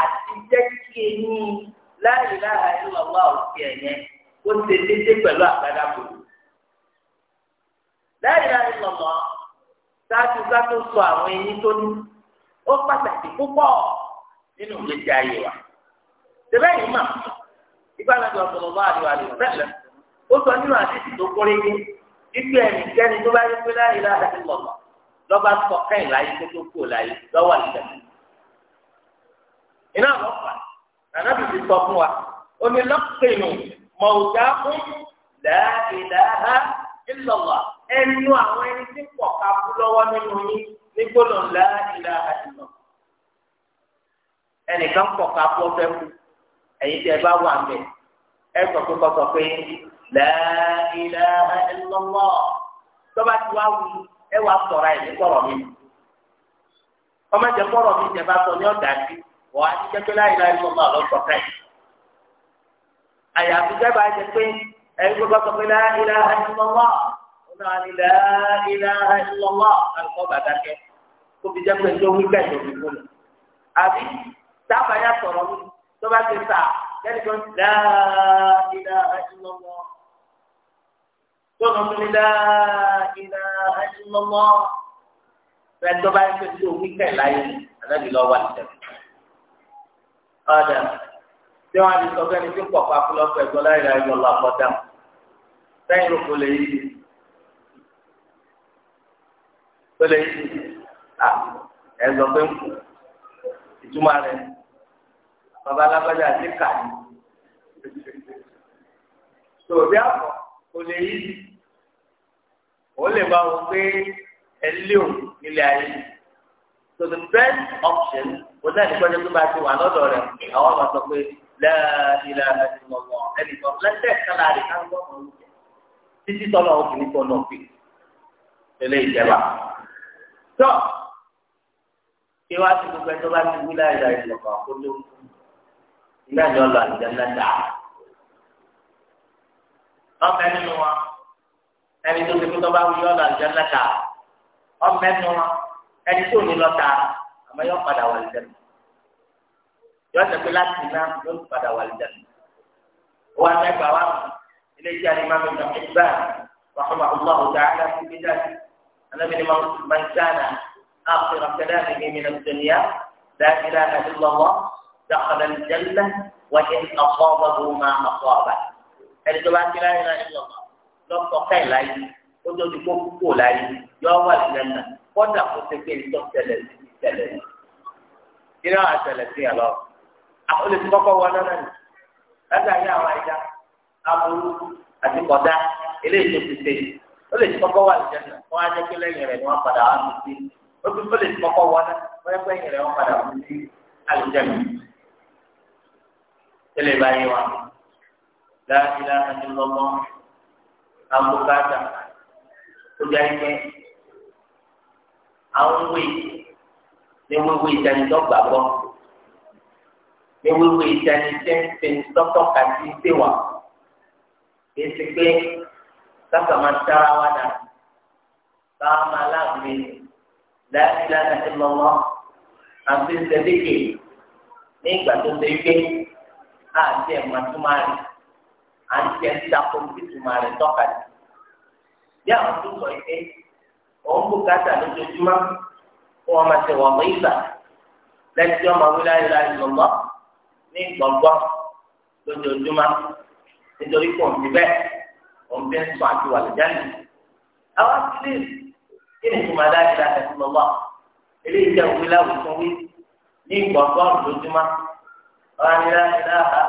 àti jẹ́ kí eyín láàyè láàyè lọ́wọ́ òsì ẹ̀yẹ ó ṣe dédé pẹ̀lú àgádà gbòdo. láàyè láàyè lọ́wọ́ sáájú ká tó sọ àwọn eyín tó ní ó pàtàkì púpọ̀ nínú ìgbésí ayé wa. ṣé yìí mà ìgbà náà ti wà sọ̀rọ̀ bá àdìwà àdìwà bẹ́ẹ̀ lẹ́nu ó sọ nínú àdìsí tó kún léyé ipe ẹnikẹ́ni tó bá yẹ pé láyé láyé ti lọlọ lọba sọ kẹ́yìn láyé tó tó kú láyé lọ́wọ́ àlùjẹmí iná lọfà nànàbì ti sọ fún wa ó ní lọkìnù mọ̀ọ́dá fún láyé láyé ìlọlọ ẹnu àwọn ẹni tí pọ̀ ká kú lọ́wọ́ nínú yín nígbónà láyé láyé ìlọ ẹnìkan pọ̀ ká kú ọ̀fẹ́ kú ẹ̀yin tí ẹ bá wà mẹ́ ẹ sọ pé kọ́ sọ pé. La ilaha illallah tọ́ba tí wàá wí ẹ wàá sọ̀rọ̀ ẹ̀ ní sọ̀rọ̀ mi ọmọ jẹ kọ́rọ̀ mi jẹ bá sọ ní ọ̀dà sí wọ́n á ti jẹ́ pé la ilaha illallah lọ sọ fẹ́ àyàfi jẹ́ bá jẹ pé ẹni tó sọ pé la ilaha illallah wọn náà ní la ilaha illallah àlùkò bàtà kó fi jẹ́ tó wí bẹ́ẹ̀ tó fi kú lọ àbí dábàá yà sọ̀rọ̀ mi tọ́ba ti sà kẹ́ni tọ́nà tó ní láàyè ẹ̀dínlọ́mọ́ fẹ́tọ́ bá ń pè sí òwú kẹ̀ láyé àdábì di sọ́kẹ́ ni tí ń pọ̀pọ̀ akúlọ́pọ̀ ẹ̀gbọ́n láyé láyé lọ́lọ́ àkọ́dà sẹ́yìn ló kò lè yí kò lè yí à ẹ̀ sọ ó lè bá wọn pé ẹ léwu nílé ayé so the best option ó náà ní pẹ́ẹ́lẹ́ tó bá ti wà lọ́dọ̀ rẹ̀ àwọn ọmọ sọ pé láàbílà ẹ̀dínlọ́wọ́ ẹnìkan lẹ́sẹ̀ kálá rẹ̀ ká lọ́wọ́ ọ̀hún jẹ títí tọ́lọ́ òkùnrin kan náà fi tẹ̀lé ìjẹba. tọ́ kí wàá ti gbogbo ẹ tó bá ti wí láìla ìlọ̀kọ̀ àkójọ ìgbà ni ọlọ́ àdìjẹ́ ńlá dáa. ọkẹ́ ẹni tó ti kú tó bá wù yọ wí àlùjọ lọta ọmọ ẹnu ẹni tó ní lọta àmọ́ yọ padà wà lùjẹ yọ sẹpẹ láti iná yọ padà wà lùjẹ wọn mẹgbàá wa luje yo pé lati ina yo pada iṣẹ́ alimá mi nà alimami ibn Hibban rahma allah ta'ala fi bi dadi anabi ni ní man kana akhir kalamihi min ad-dunya la ilaha illa allah دخل الجنة وإن أصابه ما أصابه. الجواب لا إله إلا الله. lọ́kọ̀ káì láyé ó tó ti kó kúkú láyé yọ wà lẹ́nà kọ́dà kó ṣe pé ìtọ́ tẹ̀lẹ̀ sí tẹ̀lẹ̀ sí. kí ló wà tẹ̀lẹ̀ sí àlọ́ àwọn olè ti kọ́kọ́ wọ lọ́nà nì látàrí àwọn àìdá aburú àti kọ̀dá eléyìí tó ti ṣe ó lè ti kọ́kọ́ wà lẹ́nà wọ́n á jẹ́ pé lẹ́yìn rẹ̀ ni wọ́n padà wá sí ó ti ó lè àbùkátà ó jẹ́ ike àwọn wé ní wíwé ìdánidọ́gba gbọ́ ní wíwé ìdánidọ́gba kàti ṣèwà kìí ṣe pé sábà máa dára wá dà báwa máa láàbùrè láìpẹ́ láti lọ́wọ́ àti ṣẹ́díkì ní à ń tẹ̀ ń dako ní ìtumọ̀ rẹ̀ tọ́ka jù. bí àwọn tó sọ pé òun kò káta lójoojúmọ́ kó wọn máa ṣe wọ̀ mọ́ ìgbà lẹ́yìn tí wọ́n máa wí láyé láyé lọ́gbọ́ ní gbọ̀ngbọ́n lójoojúmọ́ nítorí kò ń fi bẹ́ẹ̀ òun fi ń sọ àti wà lẹ́jáde. àwọn akílè kí ni ìtumọ̀ láyé láyé lọ́gbọ́ eléyìí jẹ́ òwe láwùjọ wí ní gbọ̀ngbọ́n lójoojúmọ́ ọ̀rọ̀ ni láyé láyé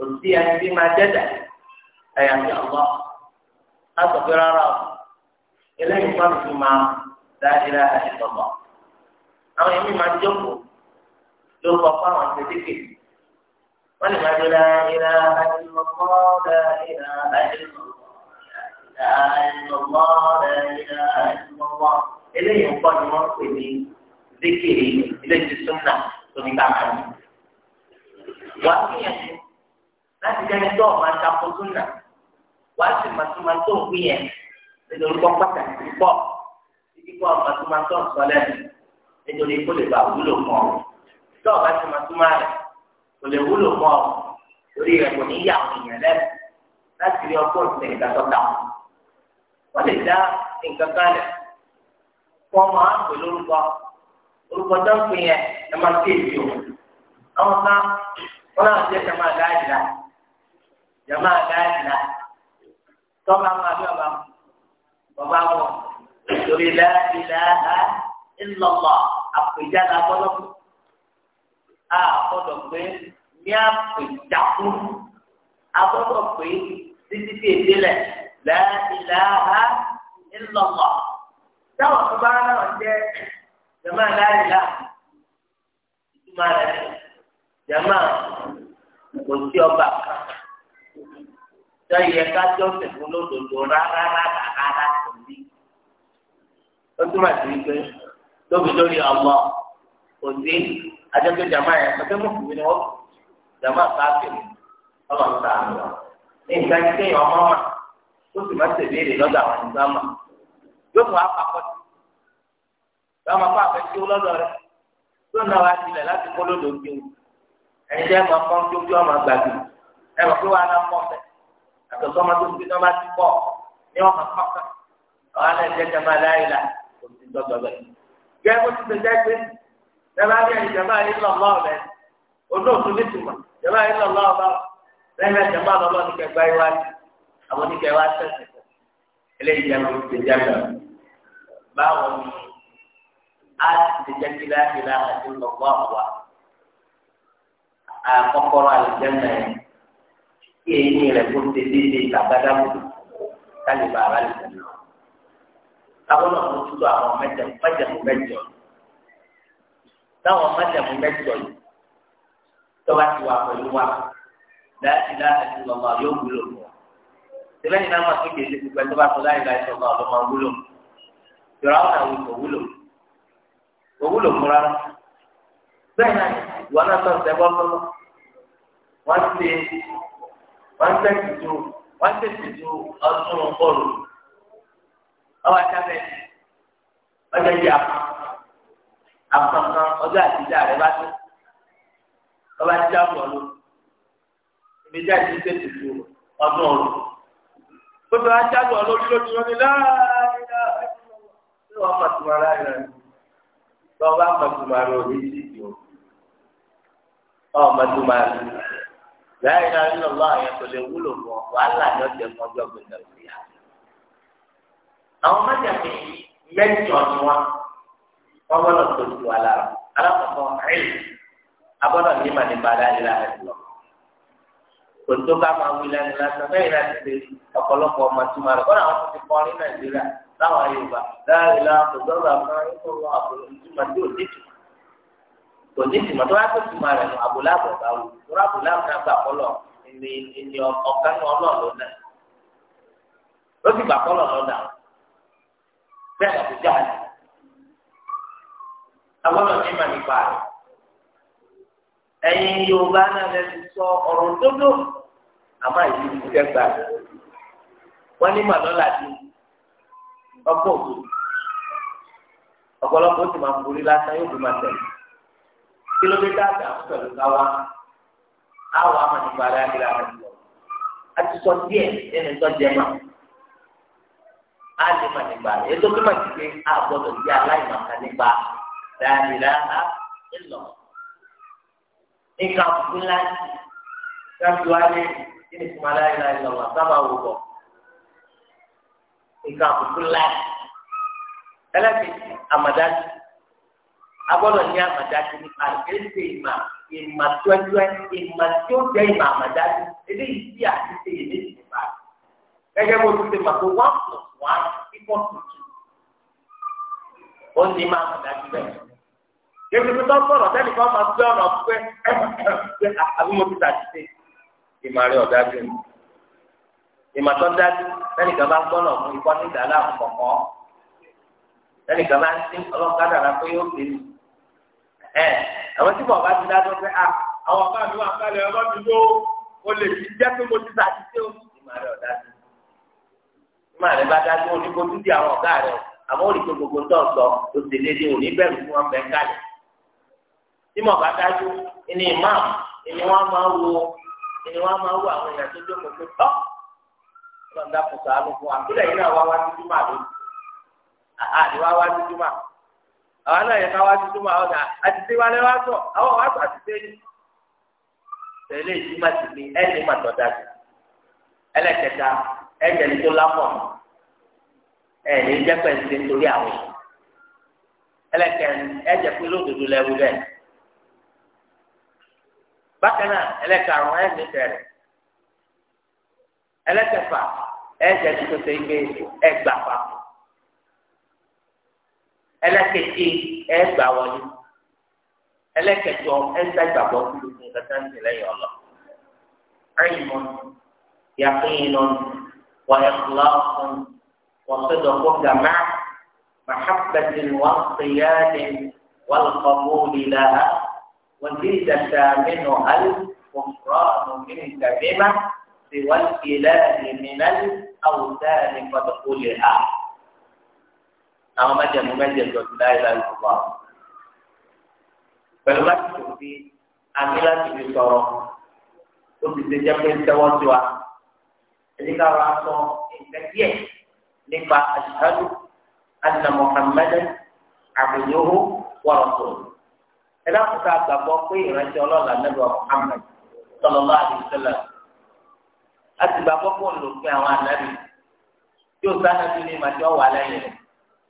kò sí ẹni tí máa dẹ́dà ẹ̀yà sí ọ̀gbọ́n á sọ pé rárá o eléyìí má fi máa dá ilé àìsọ̀gbọ́n àwọn èmi máa jókòó ló kọ fún àwọn ṣèdíkè wọ́n lè máa dúró ilé àìsọ̀gbọ́n dá ilé àìsọ̀gbọ́n dá àìsọ̀gbọ́n dá ilé àìsọ̀gbọ́n eléyìí ń kọ́ ni wọ́n pè ní zikiri ilé ti súnà tó ní ká kàn wá níyànjú. láti jẹ́ nítorí ọ̀ma ṣàkó súnà wá sí màtúmátó òkú yẹn nínú orúkọ pàtàkì púpọ̀ títí kọ́ màtúmátó ọ̀sọ́lẹ̀ nítorí kó lè bá wúlò mọ́ ọ. tó ọ̀gá sí màtúmá rẹ̀ kò lè wúlò mọ́ ọ torí rẹ̀ kò ní yà àwọn èèyàn lẹ́nu láti rí ọgbọ́n ìsìn ìdásọ́ta. wọ́n lè dá nǹkan kan lẹ̀ fún ọmọ àpè lórúkọ orúkọ tó ń pè yẹn ẹ máa kéèké o. àwọn kan wọ́n náà jẹ́ kẹ́ máa dá ìlà jama gaadila tọ́ba máa bí ọba bàbá wọ̀ lórí láìláha ńlọ́lọ́ àpèjá la gbọ́dọ̀ kú a gbọ́dọ̀ pé ní àpèjá kú a gbọ́dọ̀ pé títí tí èdè lẹ̀ láìláha ńlọ́lọ́ táwọn tó bá náà jẹ́ jama láìláha ìtumọ̀ rẹ̀ jama kò sí ọba kan tó yẹ kájọ́ sẹ̀kún lódodo rárá rárá rárá kò ní. ó túmọ̀ sí pé lóbi lórí ọmọ kò sí adékè jama yẹn pẹ̀lú mùsùlùmí ni wọ́n jama káfíìn ọmọ nta àná. ní ìgbà tí kéèyàn ọmọ mà tó sì máa tẹ̀lé lọ́dọ̀ àwọn ìgbà mà yóò fún apapọ̀ sí. báwọn apá àfẹ́ tí ó lọ́dọ̀ rẹ̀ tó náà wá sílẹ̀ láti kó lódò ẹ̀yin jẹ́ ẹ̀ma pọ́ńtójú ọmọ gbàgbé ẹ̀ma pé wàá ná pọ́ńtẹ̀ àtọ̀ sọ́mọ tó ti dán bá ti pọ̀ ní ọmọ kọ́kọ́ àwọn náà jẹ́ jama láìla kò sí dọ́dọ̀ bẹ́ẹ̀. gẹ́gẹ́ bó ti ṣe jẹ́ pé jama bí ẹni jama yìí lọ lọ́ọ̀ rẹ̀ olóòtú ní tùmọ̀ jama yìí lọ lọ́ọ̀ bá lẹ́yìn jama lọ́lọ́ ní kẹgbẹ́ iwájú àwọn oníkẹ́ wa tẹ̀sí fún eléyìí jẹ́ bó kí eyín rẹ̀ kó ṣe déédéé tàbádá mú kálí bàbá lè tẹ̀lé. Àwọn ọmọ tuntun àwọn mẹ́jẹ̀mú mẹ́jẹ̀mú mẹ́jọ. Táwọn mẹ́jẹ̀mú mẹ́jọ yìí tọ́ba ti wà pẹ̀lú wa láti láti ti lọ́mọ yóò wúlò fún wa. Síbẹ̀ ní náà wọ́n ti kéde pípẹ́ tó bá tó láì láì sọ̀rọ̀ ọ̀dọ́ máa wúlò. Yọ̀rọ̀ àwọn àwọn ìfọ̀ wúlò. Òwúlò fún rárá. Bẹ́ẹ̀ náà ìwọ náà sọ̀rọ̀ sẹ́gbọ́n tọ́lọ́. Wọ́n ti wọ́n tẹ̀sí ju wọ́n tẹ̀sí ju ọdún bọ́ọ̀lù ọwọ́ àtàbẹ̀ ọjọ́ ìdí àpá àpọ̀nkan ọjọ́ àtijọ́ rẹ̀ bá tó ọba ti dá bọ́ọ̀lù ibi tí a ti tẹ̀sí ju ọdún ọ̀rọ̀ gbogbo ajá bọ́ọ̀lù lójú lójú láàárín ní wọ́n pàtùmọ̀ láàárín rẹ̀ lọ́wọ́ bá pàtùmọ̀ rẹ̀ òní sí ìdí o ọ̀ pàtùmọ̀ rẹ̀ láyé náà nínú ọlọ́ àyẹ̀ kò lè wúlò fún ọ wàhálà ni ọ̀jẹ̀ fún ọjọ́ gbẹ̀dẹ̀ òsì yá. àwọn mẹ́jàmí mẹ́jọ ni wọn wọn gbọ́dọ̀ tó ju wa lára alákọ̀ọ́kọ́ ẹ̀yìn agbọ́dọ̀ ní màní padà ìlà rẹ̀ lọ. kòtò ká máa wí lẹ́nu lásán bẹ́ẹ̀ náà ti ṣe ọ̀pọ̀lọpọ̀ ọmọ tí ma rẹ̀ kọ́nà àwọn ti kọ́ ní nàìjíríà láwọn yorùbá láàrin kò ní tìmọ̀ tó bá tó tìmọ̀ rẹ̀ nù abúláàbò bá wù tóra abúláàbò náà gbà kọ́lọ̀ ní ní ọ̀kan ní ọlọ́ọ̀lọ́ náà ó sì gbà kọ́lọ̀ lọ́dà bẹ́ẹ̀ lọ́dún jáde agbọ́dọ̀ ní ìmọ̀ nípa rẹ̀ ẹ̀yin Yorùbá náà lè ti sọ ọ̀rọ̀ òdodo àmọ́ àyè ti fẹ́ gbà wọ́n ní màlọ́lá di ọgbọ́n òkú ọ̀pọ̀lọpọ̀ ó sì máa ń borí lásán yóò fi máa tẹ̀lé kí ló dé dáadáa àwọn pẹ̀lú káwa àwọn àmọ̀ nípa ara ẹ̀rọ àwọn ìlọ àti sọ díẹ̀ nínú ìtọ́jú ẹ̀ma á lè mà nípa rẹ̀ ètò tó mà ti pé a gbọ́dọ̀ di aláìmọ̀ká nípa dáadáa ìlọ nǹkan àbùkù ńlá káfí wálé kí ni fún aláìláì lọ́wọ́ sábà wò bọ̀ nǹkan àbùkù ńlá ẹlẹ́sìn àmàdájú agbọ́dọ̀ ní àmàdájú nípa ìgbésẹ̀ ìmà ìmà tọ́júẹ́ ìmà tí ó jẹ́ ìmà àmàdájú eléyìí tí a ti ṣe èlé ìjọba gẹ́gẹ́ bó ti ṣe mà pé one plus one equal to two ó ní ìmà àmàdájú bẹ́ẹ̀. Yéèmí tó sọ̀rọ̀ sẹ́ni kan máa gbé ọ̀nà pé pé àbí mo ti tàbí ṣe ìmà rẹ̀ ọ̀dájú ni. Ìmà tó dájú sẹ́ni kan bá gbọ́nà fún ikọ́ nígbà láàmú kọ̀ọ̀kan. Sẹ́ni kan bá ń dín ọlọ́kadà lápé yóò gbé mi ẹ àwọn tí bàbá ti dájọ pé a ah, àwọn ọba mi wà kálẹ̀ ọba mi ló o lè fi jẹ́ pé mo ti ta ti tẹ́ o. ìmọ̀ rẹ̀ ọ̀dà sí ìmọ̀ rẹ̀ bá dájú o ní kó tún di àwọn ọ̀gá rẹ̀ àmọ́ ò ní kó gbogbo tó sọ o sì lé ní òní bẹ̀rù fún wọn bẹ́ẹ̀ kálẹ̀. tí mo bá dájú ni imam ni wọ́n máa wo ni wọ́n máa wo àwọn èèyàn tó jókòó pé tọ́ ọlọ́dà kò sàánú fún wa yìí náà wá wá sí àwọn náà yẹ ká wá tuntun mọ àwọn náà àtìsí wa lẹ wá sọ àwọn wá sọ àtìsí yìí tẹ́lẹ̀ yìí má ti fi ẹni má tọ́ da sí ẹlẹ́kẹta ẹgbẹ̀ni tó lápọ̀ ẹni jẹ́pẹ̀ ṣe nítorí àwọn ẹlẹ́kẹrin ẹjẹ pé lódodo lẹ́wù bẹ́ẹ̀ bákan náà ẹlẹ́karùn ẹni tẹ̀rẹ̀ ẹlẹ́kẹfà ẹjẹ tó ṣe gbé ẹgbàá papọ̀. ɛlɛkɛtɛ ɛgba ẹlẹ́kẹ̀tì ẹ gbà wọlé ẹlẹ́kẹ̀tọ̀ ẹ sẹ́gbàgbọ́ kúlù fún kẹta ń tẹ̀lé yọ lọ. ẹ̀yìnmọ́ yàtúnyìnà wàyàkùláàfún wàsódọ̀kọ́ gàmá محبة واصطياد والقبول لها وزيدة منها الكفران منك بما سوى الإله من الأوثان قد قلها àwọn májẹ̀mú mẹ́jẹ̀jọ ti láyé láyé tó wà. pẹ̀lú láti tó fi àmì láti fi sọ̀rọ̀ ó ti ṣe jẹ́ pé ń tẹ́wọ́ sí wa. ẹni ká wa sọ nǹkan díẹ̀ nípa ashhadu anna muhammadan abduhu wa rasuluhu. ẹ dákúta gbàgbọ́ pé ìrántí ọlọ́ọ̀lá nẹ́bà muhammad sallallahu alaihi wasallam. a ti gbàgbọ́ pé òun lò pé àwọn ànábì yóò sá ànábì ní ìmàjọ́ wà lẹ́yìn rẹ̀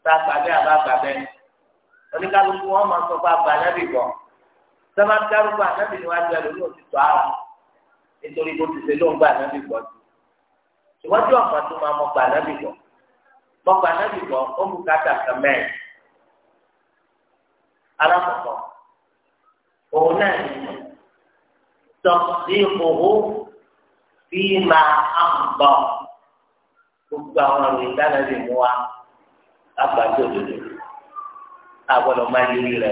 tá a gbà bẹ́ẹ̀ àbá gbà bẹ́ẹ̀ oníkálukú wọn máa sọ fún àgbà nábì bọ̀ sábà dárúkọ ànábì níwájú ẹlòmíì ò ti tọ́ àrà nítorí bó ti ṣe ló ń gba ànábì bọ̀ jù ìwájú ọ̀pá tó máa mọ gba ànábì bọ̀ mọ gba ànábì bọ̀ ó mú kàtà kàmẹ́ẹ̀ alákọ̀ọ́kọ́ òun náà ní tọ́síkòó fi máa gbogbo àwọn ìròyìn dáná mú wa agbàdo dodo agbọ́dọ̀ máa yiri rẹ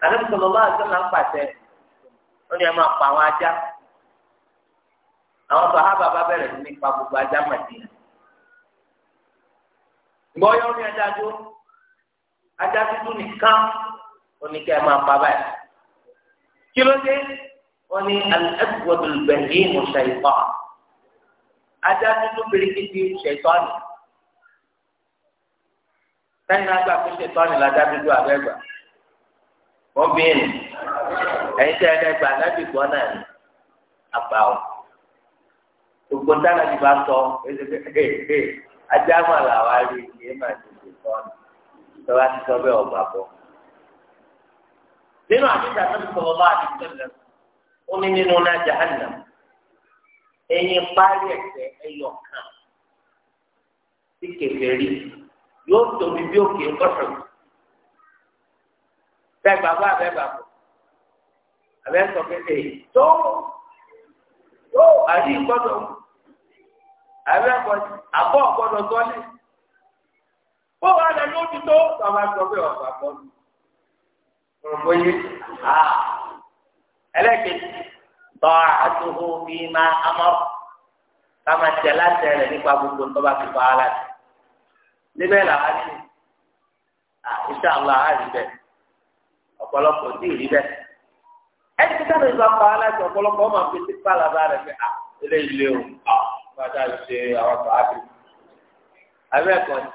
o alẹ́ sọlọ bá aṣọ náà pàṣẹ ó ní ẹ máa pa àwọn ajá àwọn sàhábà bá bẹ̀rẹ̀ sí ní pa gbogbo ajá màdìyà gbọ́yọ́ ní ajá tó ajá tuntun nìkan oníkẹ́ ẹ máa pa báyìí kí ló dé wọ́n ní alẹ́sọ̀dọ̀ bẹ̀rẹ̀ ní ìmọ̀ ṣẹ̀yìnbá ajá tuntun bẹ̀rẹ̀ kí ti ṣẹ̀yìnbá sẹ́yìn náà gbà pé ṣètọ́ni ládábídú àbẹ́gbà wọ́n bíyìn ẹ̀yin tẹ́ ẹ̀ẹ́dẹ́gbà lábì gbọ́ náà ni àgbà ọ̀ gbogbo dáná ti bá sọ ẹ̀ẹ́dẹ́gbẹ́ ajá máa là wá rí i ẹ̀ máa ti ṣètọ́ni tó bá ti sọ bẹ́ẹ̀ ọ̀gbà bọ̀. nínú àdìsá náà ti sọ̀rọ̀ máa ti sẹ́lẹ̀ ó ní nínú náà jahannam ẹ̀yin parí ẹ̀sẹ̀ ẹ̀yọ̀ kan tí kẹfẹ́ rí yóò tóbi bí òkè ńkọ̀sọ̀ bẹ́ẹ̀ gbàgbọ́ abẹ́ gbàgbọ́ abẹ́ sọ pé tó tó àdí ìkọ́dọ̀ abẹ́ kọ́dọ̀ àbọ̀ ọ̀gbọ́dọ̀ tọ́lẹ̀ ó wà lẹ́nu ó ti tó bàbá sọ pé ọ̀gbà kọ́dọ̀ ọ̀gbọ́n yé ẹlẹ́kẹ̀ẹ́ tọ́ àtúhó bíi máa amọ́ ká máa tẹ̀ láti rẹ̀ nípa gbogbo tó bá fi bá láti. níbẹ̀ làwọn ha àìsàn àwọn àárí bẹ́ẹ̀ ọ̀pọ̀lọpọ̀ sí ìrí bẹ́ẹ̀ ẹni tí sábà ìgbà pa aláìsàn ọ̀pọ̀lọpọ̀ ọmọ àfi ti pa làbá rẹ̀ pé à ilé ilé o bàtà ṣe àwọn àtọ̀ àbí abẹ́ ẹ̀kọ́ ni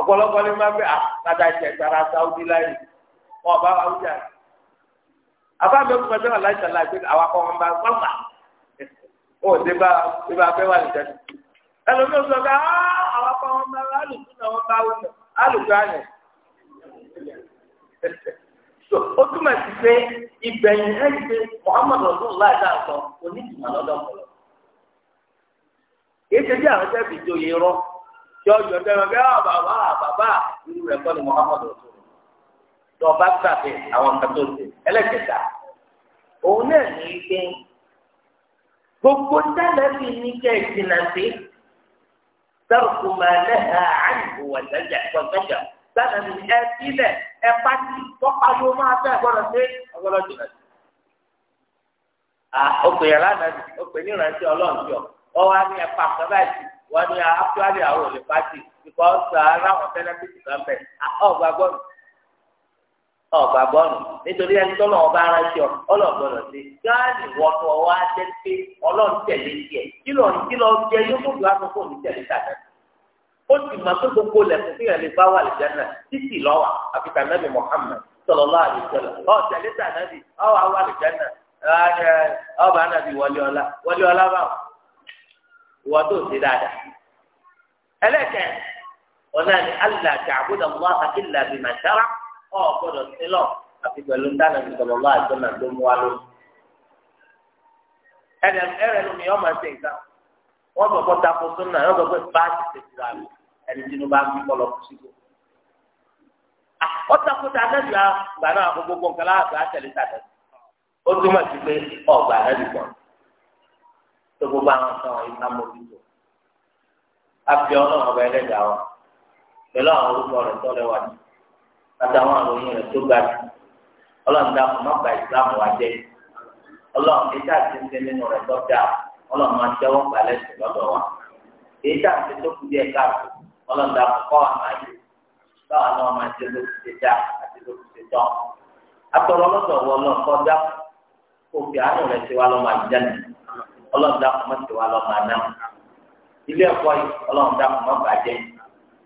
ọ̀pọ̀lọpọ̀ ni máa bẹ́ à bàtà ṣe ìtara sáwùdí láyé wọn bá wà wújà àbá mi kò fẹsẹ̀ aláìsàn láti àwọn akọ wọn bá wọn fà ó ti bá ti bá fẹ́ wà nìjẹ́ àwọn bá wọn bá alùpùpù wọn bá wúlò alùpùpù àná. ó túmọ̀ sí pé ìbẹ̀yìn ẹ̀ ṣe muhammadu ọdún láìda àtọ̀ onídìmọ̀ lọ́dọ̀ pọ̀lọ̀. kì í ṣe bí àwọn sẹ́ẹ̀bì rọ tí ọjọ́ tẹ́lẹ̀ bẹ́ẹ̀ bàbá bàbá irú rẹ̀ kọ́ ni muhammadu ọdún tó àwọn kan tó ṣe òun náà ní í gbogbo ní kẹ́ tẹrùkù máa lẹ́hà àìkú wọ̀tẹ́jà wọ̀tẹ́jà sáà ní ẹ sílẹ̀ ẹ pàtì tọ́pàlú máa fẹ́ gbọ́dọ̀ sí ọgbọ́dọ̀ jìnnà sí. ọkùnrin yàrá náà ọkùnrin níranṣẹ́ ọlọ́run jọ ọwọ́ á ní ẹ pa àkàbà wọ́n ní actually àwọn olè pàtì because ara wọn fẹ́ lẹ́pẹ̀tì kan bẹ̀ gbọ́dọ̀ ọgbà bọ́ọ̀lù nítorí ẹni tọ́lọ̀ ọba ara ṣe ọ ọlọ́gbọ́dọ̀ sí gáàdì wọnú ọwọ́ ajẹ́ pé ọlọ́run tẹ̀lé tiẹ̀ kílọ̀ kílọ̀ jẹ yóò gbogbo akókò ní tẹ̀lé tàdá ó sì máa pé gbogbo lẹ́kùn fíyàn lè bá wà lìjánà títì lọ́wà àfità nàbì Muhammad sallallahu alaihi wasallam ọ tẹ̀lé tàdádì ọ wà wà lìjánà ọba nàbì wọlé ọlá wọlé ọlá bá wọ tó ṣe ọ gbọ́dọ̀ sílọ àti pẹ̀lú dáná ti àti wa mi ọmọ tako súnà báàgì ẹni tí inú bá a àgbà náà gbogbo nǹkan láàbù àtẹ̀lé tàbí ó túmọ̀ sí pé ọgbà náà pọ̀ tó gbogbo àwọn nǹkan wọ̀nyí ká mọ́ bíbọ̀. ọlọ́run ọba ẹlẹ́dàá àtàwọn àròyìn rẹ̀ tó ga jù ọlọ́run dá kùnà gba ìsìlámù wa jẹ́ ọlọ́run ètò àti ṣe nínú rẹ̀ tó dáa ọlọ́run máa tẹ́wọ́ gbalẹ̀ sí lọ́dọ̀ wa ètò àti tó kù díẹ̀ káàkó ọlọ́run dá kọ́ àmà yìí báwa náà máa ṣe ló ti ṣe dáa àti ló ti ṣe tán atọ́rọ lọ́dọ̀ wọ náà kọ́ àánú rẹ̀ ṣe wá lọ́mọ àjẹnì ọlọ́run dá kùnà wá lọ́mọ àná ilé ẹ̀kọ́ yìí ọlọ́run dá bàjẹ́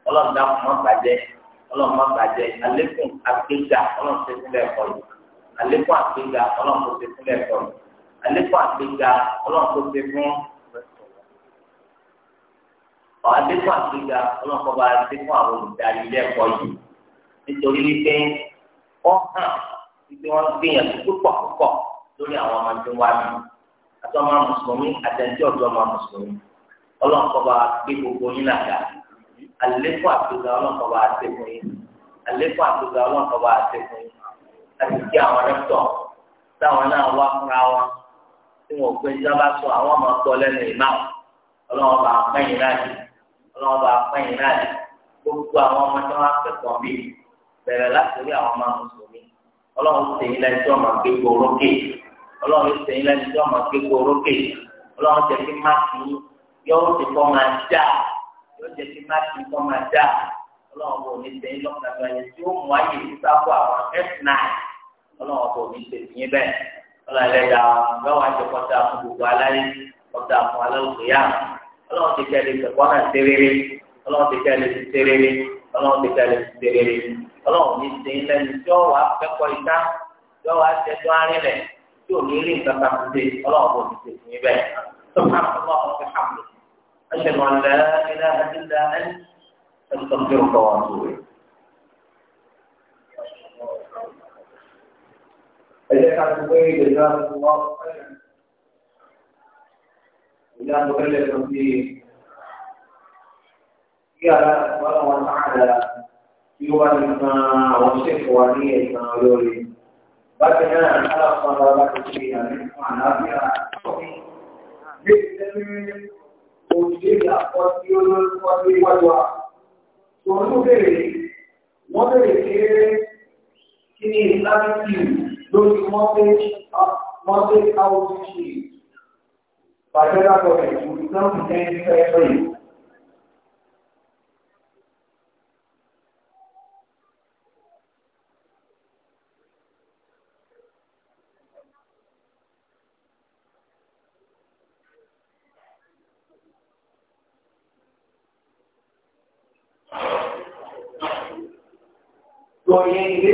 ọlọ́run dá bàjẹ́ ọlọ́run má bàjẹ́ àlékún àgbéga ọlọ́run ṣe fúnlẹ̀ ẹ̀kọ́ yìí àlékún àgbéga ọlọ́run kò ṣe fúnlẹ̀ ẹ̀kọ́ yìí àlékún àgbéga ọlọ́run kò ṣe fún ọ̀ àlékún àgbéga ọlọ́run kò bá ṣe fún àwọn olùdarí ilé ẹ̀kọ́ yìí nítorí wípé ọ hàn wípé wọ́n gbìyànjú púpọ̀ púpọ̀ lórí àwọn ọmọ tó wá mi àtọ́ ọmọ mùsùlùmí àtẹ̀jọ́ ọ̀dọ́ ọmọ mùsùlùmí ọlọ́run bá gbé gbogbo yín náà dáa àlékún àtúnṣe ọlọ́kọ̀ọ́ba àtẹ̀kùn yìí àlékún àtúnṣe ọlọ́kọ̀ọ́ba àtẹ̀kùn yìí láti kí àwọn rẹ́pítọ̀ táwọn náà wá fúnra wọn tí wọn gbé ní sábà sọ àwọn ọmọ ọkọ lẹ́nu ìmá ọlọ́wọ́n bá pẹ́yìn láàyè ọlọ́wọ́n bá pẹ́yìn láàyè gbogbo àwọn ọmọ tí wọ́n á kẹ́kọ̀ọ́ bí bẹ̀rẹ̀ láti rí àwọn ọmọ mùsùlùmí ọlọ́wọ́n sèyí lẹ́ni tí wọ́n máa gbé gbòòrókè ọlọ́run ṣe ń lẹ́nu tí wọ́n máa ké korókè ọlọ́run ṣe yóò jẹ́ kí máàkì kọ́ máa dá ọlọ́run bò ní bẹ́ẹ̀ lọ́kàtà ẹni tí ó mú ayé ìfúta fún àwọn f9 ọlọ́run bò ní bẹ́ẹ̀ yín bẹ́ẹ̀ ọlọ́run ẹlẹ́dà báwa ṣe kọ́ta fún gbogbo aláyé kọ́ta fún aláwòsíyá ọlọ́run ti kẹ́ ẹ lè tẹ̀kọ́ náà ṣe rere ọlọ́run ti kẹ́ ẹ lè ti ṣe rere ọlọ́run ti kẹ́ ẹ lè ti ṣe rere ọlọ́run ní ṣe lẹ́nu tí ó wàá fẹ́kọ̀ọ́ ìta tí ó wàá ṣẹ́jọ́ arìnrìn tí ò ní rí nǹkan kan ṣe ọlọ́run bò ní ṣe bẹ́ẹ̀ tó máa ń lọ́wọ́ أشهد أن لا إله إلا أنت أستغفرك وأتوب إليك فإذا كان البيت جزاه الله خيرا إلى مكلف فيه يا سبحانه وتعالى يوالي ما وصف وليه ما يولي بكنا أن أصبر لك فيها من معنى فيها ìbéèrè àkọ́sí olórúkọ sí iwájú wa. Tòun béèrè, wọ́n béèrè pé kí ni ìsìlámìkì lórí mọ́tẹ́ áwùjì bàjẹ́ látọ̀ ẹ̀kú ìsìlámù ní ẹni fẹ́ẹ́ orúkọ yẹn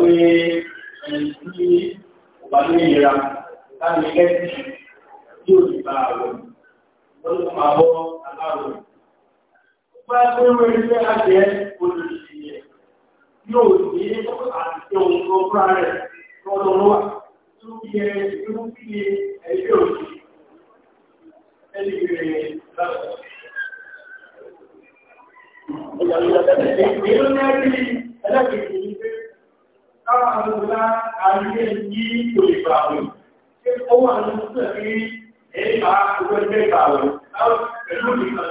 pé ẹni tí kò bá ní ìlera láti lẹ́sìn yóò lè bá àwọ̀ lọ́dún tó máa bọ́ tó ń rí iṣẹ́ àjẹ́ olùsìyẹ yóò ní àti ohun tó fúra rẹ̀ lọ́dún lọ́wà tó bí ẹ irú bí ẹgbẹ́ òṣì ẹni rẹ̀ lọ́dún. Ìyàwó ìyàwó ẹgbẹ́ ẹgbẹ́ ẹgbẹ́ ẹgbẹ́ káwọn àgbàgbà ayé yí kò lè gbà wọ̀. Ṣé ó wà ní sísè ní èyí máa kókó ẹgbẹ́ gbà wọ̀ láwọn pẹ̀lú nìkan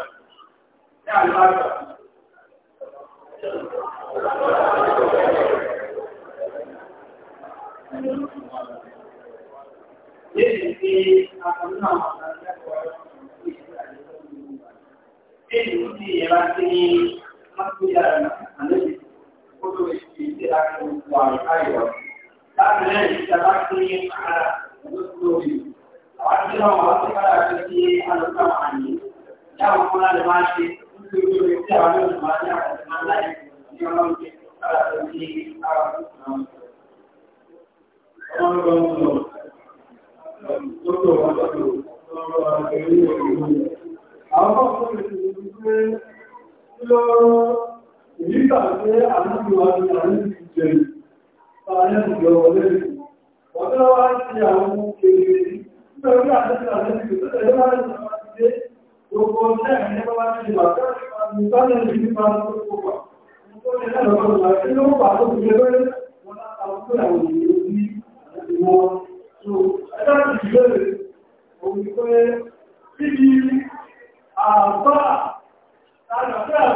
ní àlùbáṣà. Yéèdì ti àkànní àwọn àgbàlẹ́kọ̀ọ́ Yéèdì ti yẹra sí Mákúyà àlejò kótó ìdí ìdí láti wọ àyíkáyọ̀. Láti lẹ́yìn ìjọba tí ń kára lórí. Àwọn tí wọ́n wọ́n ti kára tó ti alùpùpù àyè. Ìyá àwọn ọmọ náà lè máa ṣe nítorí orí tí àwọn olùmọ̀ ń lọ. Lọ́tọ̀ Nígbà tí àmúlò àwọn kèrè nítorí àti àti ìgbẹ̀rẹ̀ láti àwọn ti dé, gbogbo ọjọ́ ìrìnlẹ́gbọ́n wá sí ìbàkẹ́ ìbánẹ̀ ìrìnlẹ́gbọ́n wá sí ìbàkẹ́ ìbánẹ̀ ìrìnlẹ́gbọ́n wá sí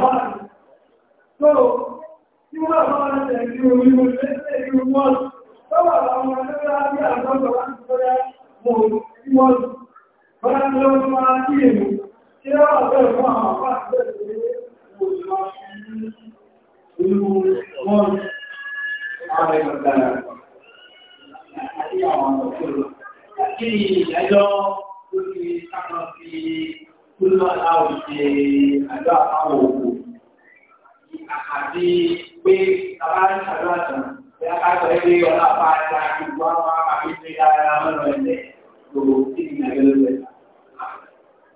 ìbàkẹ́ So, tó máa kí èmù, kí ó wà bẹ́ẹ̀ àwọn òkú? àti pé bàbá ń ṣàdúrà tán bí a bá sọ pé ọlá bá a ta ìlú àwọn àbí pé dáadáa lọ́nà ẹ̀jẹ̀ tó ti di nàìjíríà lọ́wọ́.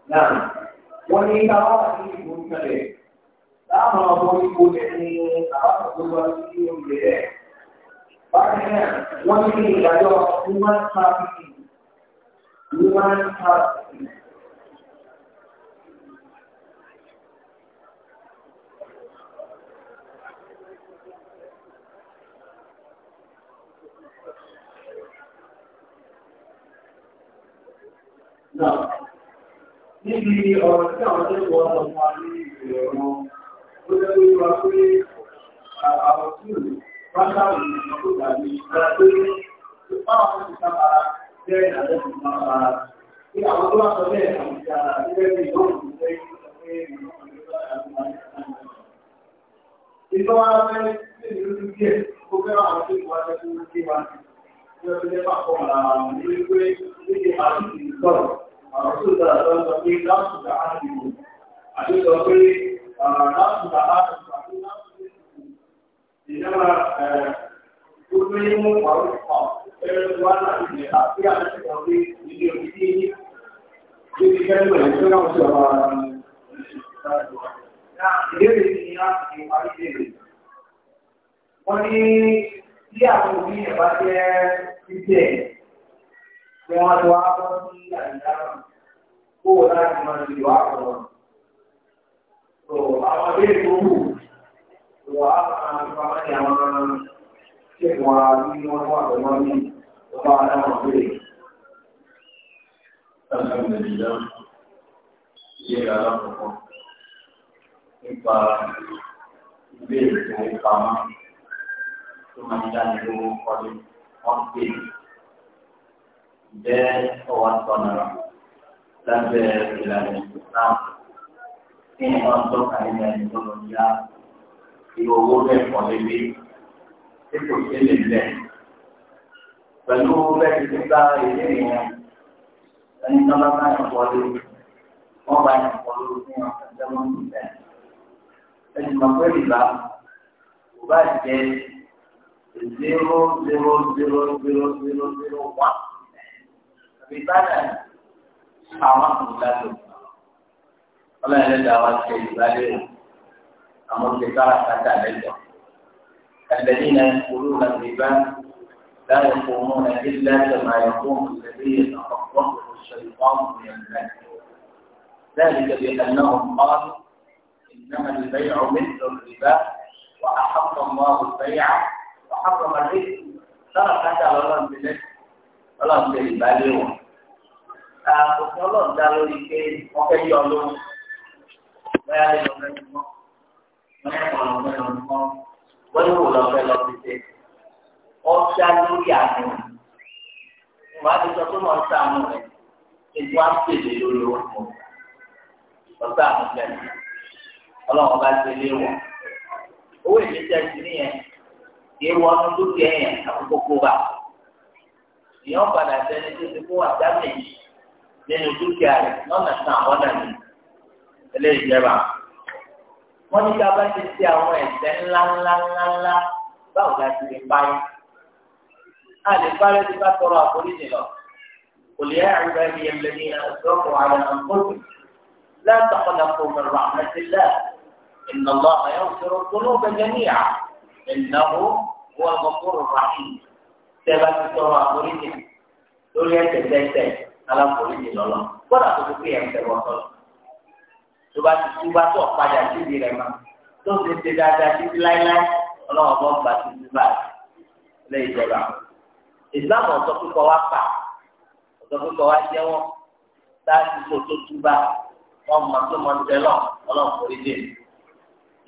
Náà wọ́n ní káwá sí ìbò ìkẹlẹ̀ láwọn ọmọ ìbò rẹ̀ ní àwọn ọ̀gbọ́n wa sí oúnjẹ rẹ̀. Bákan náà wọ́n ní ìdájọ́ human trafficking human trafficking. náà níbi ọ̀rọ̀ tí àwọn tó wọ́n lọ àwọn tí ò bá sáwọn ìrìn tó dàbí ti sábàá jẹ́ àjọṣe àwọn tó wà ní àwọn tó àwọn ní ilé àwọn òbí yẹn jẹ́ títẹ̀ pé wọ́n ti wá tó máa ń dá ní lówó kọ́lé bẹ́ẹ̀ ọwọ́ tọ̀nà lábẹ́ ìlànà ìsìlámù kí ni wọ́n tọ́ka nígbà ìgbọ́dọ̀ yá ìwọ owó bẹ́ẹ̀ pọ̀ lébi tí kò sí lè lẹ̀ pẹ̀lú bẹ́ẹ̀ ti gba ilé yẹn ẹni tó bá bá yẹn pọ̀ lórí wọ́n yẹn pọ̀ lórí fún yàn ẹgbẹ́ wọn ti bẹ̀. ẹni zero zero zero zero zero zero one. ìbádàn àwọn ìgbàlódé ọlọ́run lẹ́dọ̀ àwọn ṣe ìgbàlódé àwọn ṣe kárakáta lẹ́dọ̀ الذين يقولون الربا لا يقومون إلا كما يقوم الذي يتخبطه الشيطان من المال ذلك بأنهم قالوا إنما البيع مثل الربا وأحط الله البيع وحرم الربا ترى حتى لو لم تلك ọlọ́run ṣe ìbálẹ̀ wọn àkókò ọlọ́run dá lórí pé wọ́n fẹ́ yọ lóhùn bóyá lè lọ fẹ́ lọ wọ́n yẹ kàn lọ́fẹ́ lọ mọ́ wọ́n yóò lọ fẹ́ lọ sí ṣe wọ́n dá lórí àmì ìwà ti sọ pé wọ́n ń sàánú rẹ̀ ètò á ń pèlè lórí wọn mọ́ ọ̀sán àmúlẹ̀ ọlọ́run bá ti lé wọ̀ owó ìgbésẹ̀ sí nìyẹn kì í wọnú dúkìá yẹn àkókò kó bá ìyọ́n padà sẹ́ni tó ti kó àdá méjì. nínú dúkìá rẹ̀ lọ́nà tán àwọn náà ní ilé ìjẹba. wọ́n ní ká bá ti ṣe àwọn ẹ̀ṣẹ̀ nla ńlá nla báwo la ti lè parí. a lè parí tí bá tọrọ àforíjì lọ. kò lè ẹ̀rọ ẹ̀mí ẹ̀mí ẹ̀sọ́kọ̀ àwọn àǹkóòtù látàkọ́lá kò mẹ̀rọ àmẹ́sílẹ̀ ìnáwó àyọ̀sọ̀rọ̀ gbólóhùn bẹ̀jẹ̀ níyà ìnáwó wọ́n mọ̀kúrò ràhìn tẹ́ bá ti tọrọ yára ẹbí yẹn àforíjì lórí kò ẹ̀ṣẹ̀ alákòólé ní lọ́lọ́ gbọ́dọ̀ àtúntò pé ẹ̀ ń tẹ̀wọ́ sọ́lọ́ tó bá ti túbá tó ọ̀padà síbi rẹ̀ mọ́ tó ti ṣe dáadáa títí láíláí ọlọ́wọ́ bọ́ gba títí báyìí lé ìjọba ìsìláàmù ọ̀sọ́ pípọ̀ wá pa ọ̀sọ́ pípọ̀ wá jẹ́wọ́ táàtì tó tó túbá wọn mọ tó mọ tẹ lọ ọlọ́run forí dé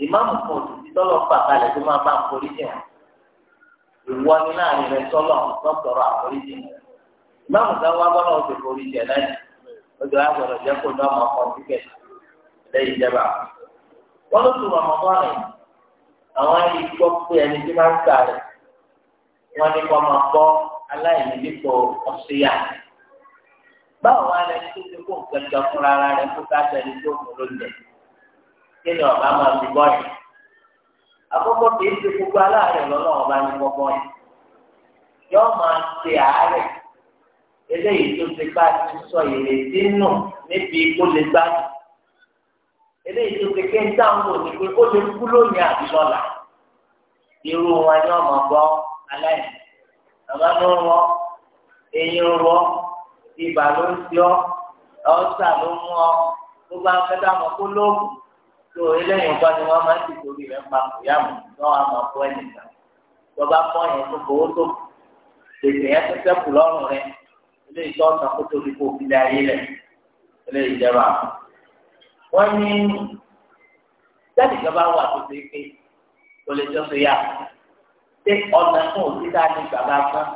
ìmáàmù kan òtítí tọ́lọ́ pàkalẹ̀ tó máa bá forí dé ìwọ ni láàrin rẹ tọ́lọ̀ lọ́sọ̀rọ̀ àforíjì rẹ ìmáàmù kan wá bọ́lá oṣù forí jẹ náà oṣù àgbọ̀dọ̀ jẹ́ kó ní ọmọ kan tíkẹ̀tì lẹ́yìn ìjẹba. wọ́n ló tún ọmọ kan rìn àwọn ayé gbọ́ pé ẹni tí máa ń tà rẹ̀ wọ́n ní kó máa bọ́ aláìní dípò ọ̀ṣíyà. báwo wá lẹni tó ti kó nǹkan jọ fún ara rẹ̀ kó ká tẹni tó kù lóúnjẹ kí ni ọ̀gá máa fi bọ́ yìí. àkọ́kọ́ kì í ti gbogbo aláàárẹ̀ lọ́nà ọ̀gá eléyìí tó ti bá ti sọ ìrètí nù níbi kó lè gbá eléyìí tó ti kéńtà ń wò ní pé ó lè kú lónìí àbí lọ́la irú wọn ni ọmọ gbọ́ aláìní bàbá ló ń rọ eyín ń rọ ibà ló ń ṣe ọ ọ̀sà ló ń mú ọ tó bá ń fẹ́ dáhùn kó lóògùn tó eléyìí nǹkan ni wọ́n máa ń ti torí rẹ̀ pa kùyàmù náà àmọ́ fún ẹnìkan tó bá fọ́ yẹn tó fowó tó tètè yẹn sẹ́kù lọ́rùn rẹ̀ ilé ìtọ́ ọ̀sán kó tóbi kó fi lé ayé lẹ̀ ilé ìjẹba. wọ́n ní jáde ìjọba wà tó ṣe pé kò lè jọ́sọ yá ṣé ọ̀nà fún òtítà ní bàbá sàn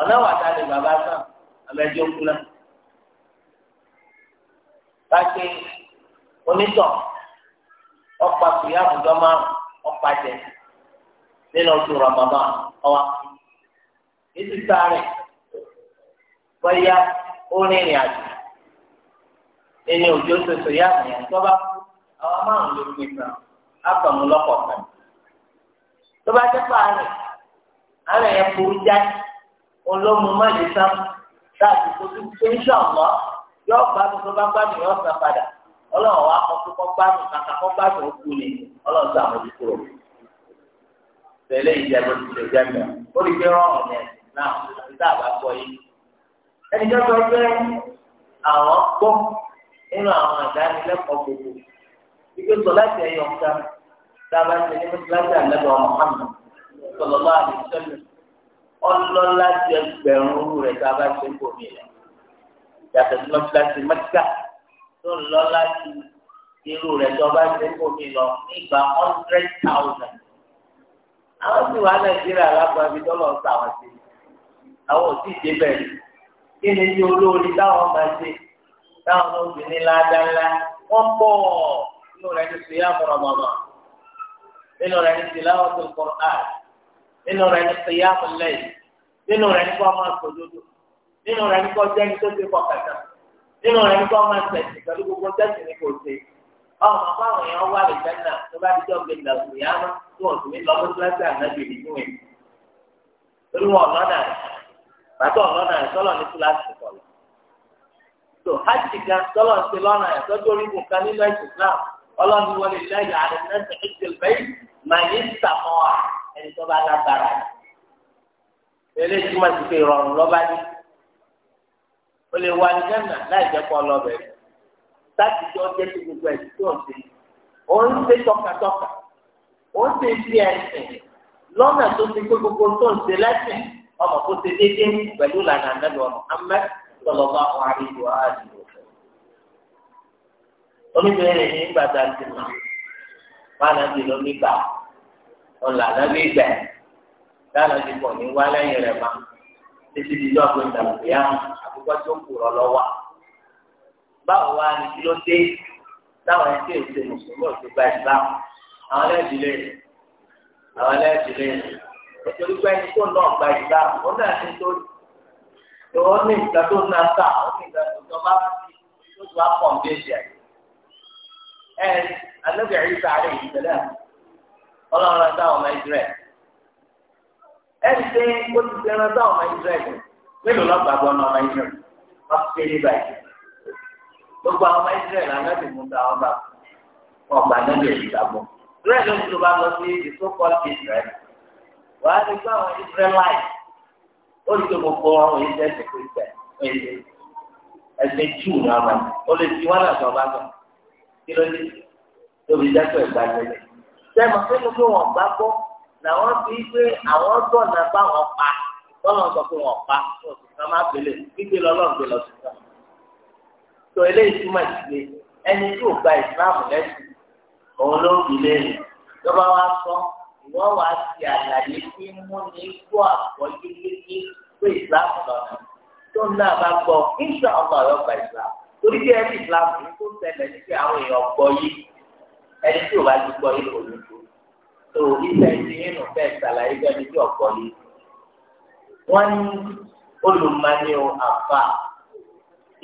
ọ̀nà wà tá ní bàbá sàn àmẹ́jọ́ kú náà. káṣí onítọ̀ ọ̀pá kùyà àbùdá máa ọ̀pá jẹ nínú oṣù Ramadan ọwọ́ ètò sáré. bọ́yá ó rìnrìn àjò ẹni òjò soso yá àyàn tó bá kú àwọn márùn ló pin kan ápàmù lọ́kọ̀ kan tó bá jẹ́ pé àárẹ̀ yẹn burú jáde olómù mọ́lẹ̀ sàn láti fojú tẹ́ńsán lọ yóò tó bá yóò padà ọlọ́run wa kọ́ kàkà ẹni tó sọ pé àwọn gbọ́ nínú àwọn àdánilẹ́kọ̀ọ́ gbogbo wípé sọ láti ẹ̀yọ̀ ká dábàá ṣe ní mọ́tíláṣí àlẹ́bọ̀ Muhammad sallallahu alaihi wasallam ọlọ́lá ti ẹgbẹ̀rún rú rẹ̀ dábàá ṣe ń bòmí rẹ̀ yàtọ̀ sí mọ́tíláṣí mẹ́tíkà tó ń lọ́lá ti irú rẹ̀ dábàá ṣe ń bòmí lọ nígbà hundred thousand àwọn sì wà Nàìjíríà lágbàbí tọ́lọ̀ ń sàwọn kí ni ní olórí táwọn máa ṣe táwọn obìnrin ládàá wọn pọ̀ nínú rẹ̀ ní sèyá mọ̀rọ̀mọ̀rọ̀ nínú rẹ̀ ní sèyá ọ̀tún kọ̀ọ̀án nínú rẹ̀ ní sèyá ọ̀lẹ́yìn nínú rẹ̀ ní kọ́ máa sòdodo nínú rẹ̀ ní kọ́ jẹ́ni tó ti kọ̀kàtà nínú rẹ̀ ní kọ́ máa sẹ̀sì pẹ̀lú gbogbo tẹ̀sì ní kò ṣe ọmọ báwọn èèyàn wà lè jẹ́nà tó bá dijọ́ gbé ìdàgbò yá lọ tó ọ̀sùn mi lọ́mọ́tò láti àná bàtà ọlọ́nà ẹ̀ sọ́lọ̀ ní kíláàsì kọ̀ọ̀lọ́ tó hajj gan sọ́lọ̀ ti lọ́nà ẹ̀ tọ́jú orígun kan nínú ẹ̀sìn Islam ọlọ́ni wọlé lẹ́yìn àdínà ṣẹ̀ṣẹ̀ bẹ́ẹ̀ màá ní sàmọ́ à ẹni tó bá lágbára rẹ̀ eléyìí túmọ̀ sí pé ìrọ̀rùn lọ́ba ní o lè wà ní Gánà láì jẹ́ kó ọlọ́bẹ̀ rẹ̀ láti jọ jẹ́ sí gbogbo ẹ̀sìn tó ń ṣe ó ń ṣe tọkàtọkà ó ń ṣe fi ẹ̀sìn lọ́nà tó ti gbogbo tó ń ṣe lẹ́sìn ọmọ kó ṣe déédéé pẹ̀lú lànà ànábì wa Muhammad sallallahu alaihi wa alihi oníbẹ̀rẹ̀ ní gbàdá ti mọ̀ fáànàbì ló ní gbà ọ̀là ànábì gbà dáná ti pọ̀ ní wálé yẹn rẹ̀ ma títí di lọ́ọ̀kú ìdàgbé yá àkókò tó kù rọ lọ́wọ́ báwo wá ní kí ló dé táwọn ẹni tí èsè mùsùlùmí ò ti gba ìgbà àwọn ẹlẹ́dìí àwọn ẹlẹ́dìí nítorí pé ẹni tó ń lọ gba ìgbà ó náà ní tó tó ó ní ìgbà tó ń náà sá ó ní ìgbà tó tó bá fi tó tó bá pọ̀ ní èdè ẹ̀ ẹ̀ anábìyà yìí sáré ìṣẹ̀lẹ̀ ọlọ́run rẹ̀ sáwọn ọmọ ìṣẹ̀lẹ̀ ẹ̀ ń ṣe ó ti ṣe rẹ̀ sáwọn ọmọ ìṣẹ̀lẹ̀ mélòó lọ́ọ́ gbàgbọ́ ọmọ ìṣẹ̀lẹ̀ wọ́n ti ṣe ní báyìí gbogbo ọmọ ìṣẹ̀lẹ̀ anábì mú ta ọba wàá rí pé àwọn israelite ó lè tó gbogbo wọn òye jẹ́ ẹ̀sìn kristian ẹ̀sìn ẹ̀sìn júù ní ọmọ ó lè ti wọn náà sọ bá sọ kí ló dé tóbi jẹ́pẹ̀ ìgbàgbẹ́lẹ̀ sẹ́mu pé mo pé wọn gbá gbọ́ làwọn fi pé àwọn gbọ̀nà bá wọn pa tọ́lọ̀ sọ pé wọn pa fún oṣù kan má pélé gbígbé lọ́lọ́ọ̀gbé lọ sí kan tó eléyìí túmọ̀ sí ẹni tí ò gba ìsìláàmù lẹ́sìn òun ló ń fi léèrè lọ́ba wa sọ wọ́n wá ti àlàyé tí mú ní kó àpọ̀jù kékeré pé Islam lọ́nà tó ń náà bá gbọ́ kíṣọ́ ọmọ ọ̀yọ́ gba ìsìlámù torí bí ẹni ìsìlámù ní kó tẹ̀lé ní pé àwọn èèyàn gbọ́ yìí ẹni tí ò bá ti gbọ́ yìí kò ní kú tó ìfẹ́ ti nínú fẹ́ ṣàlàyé bí ẹni tí ò yìí. wọ́n ní olùmọ̀ni o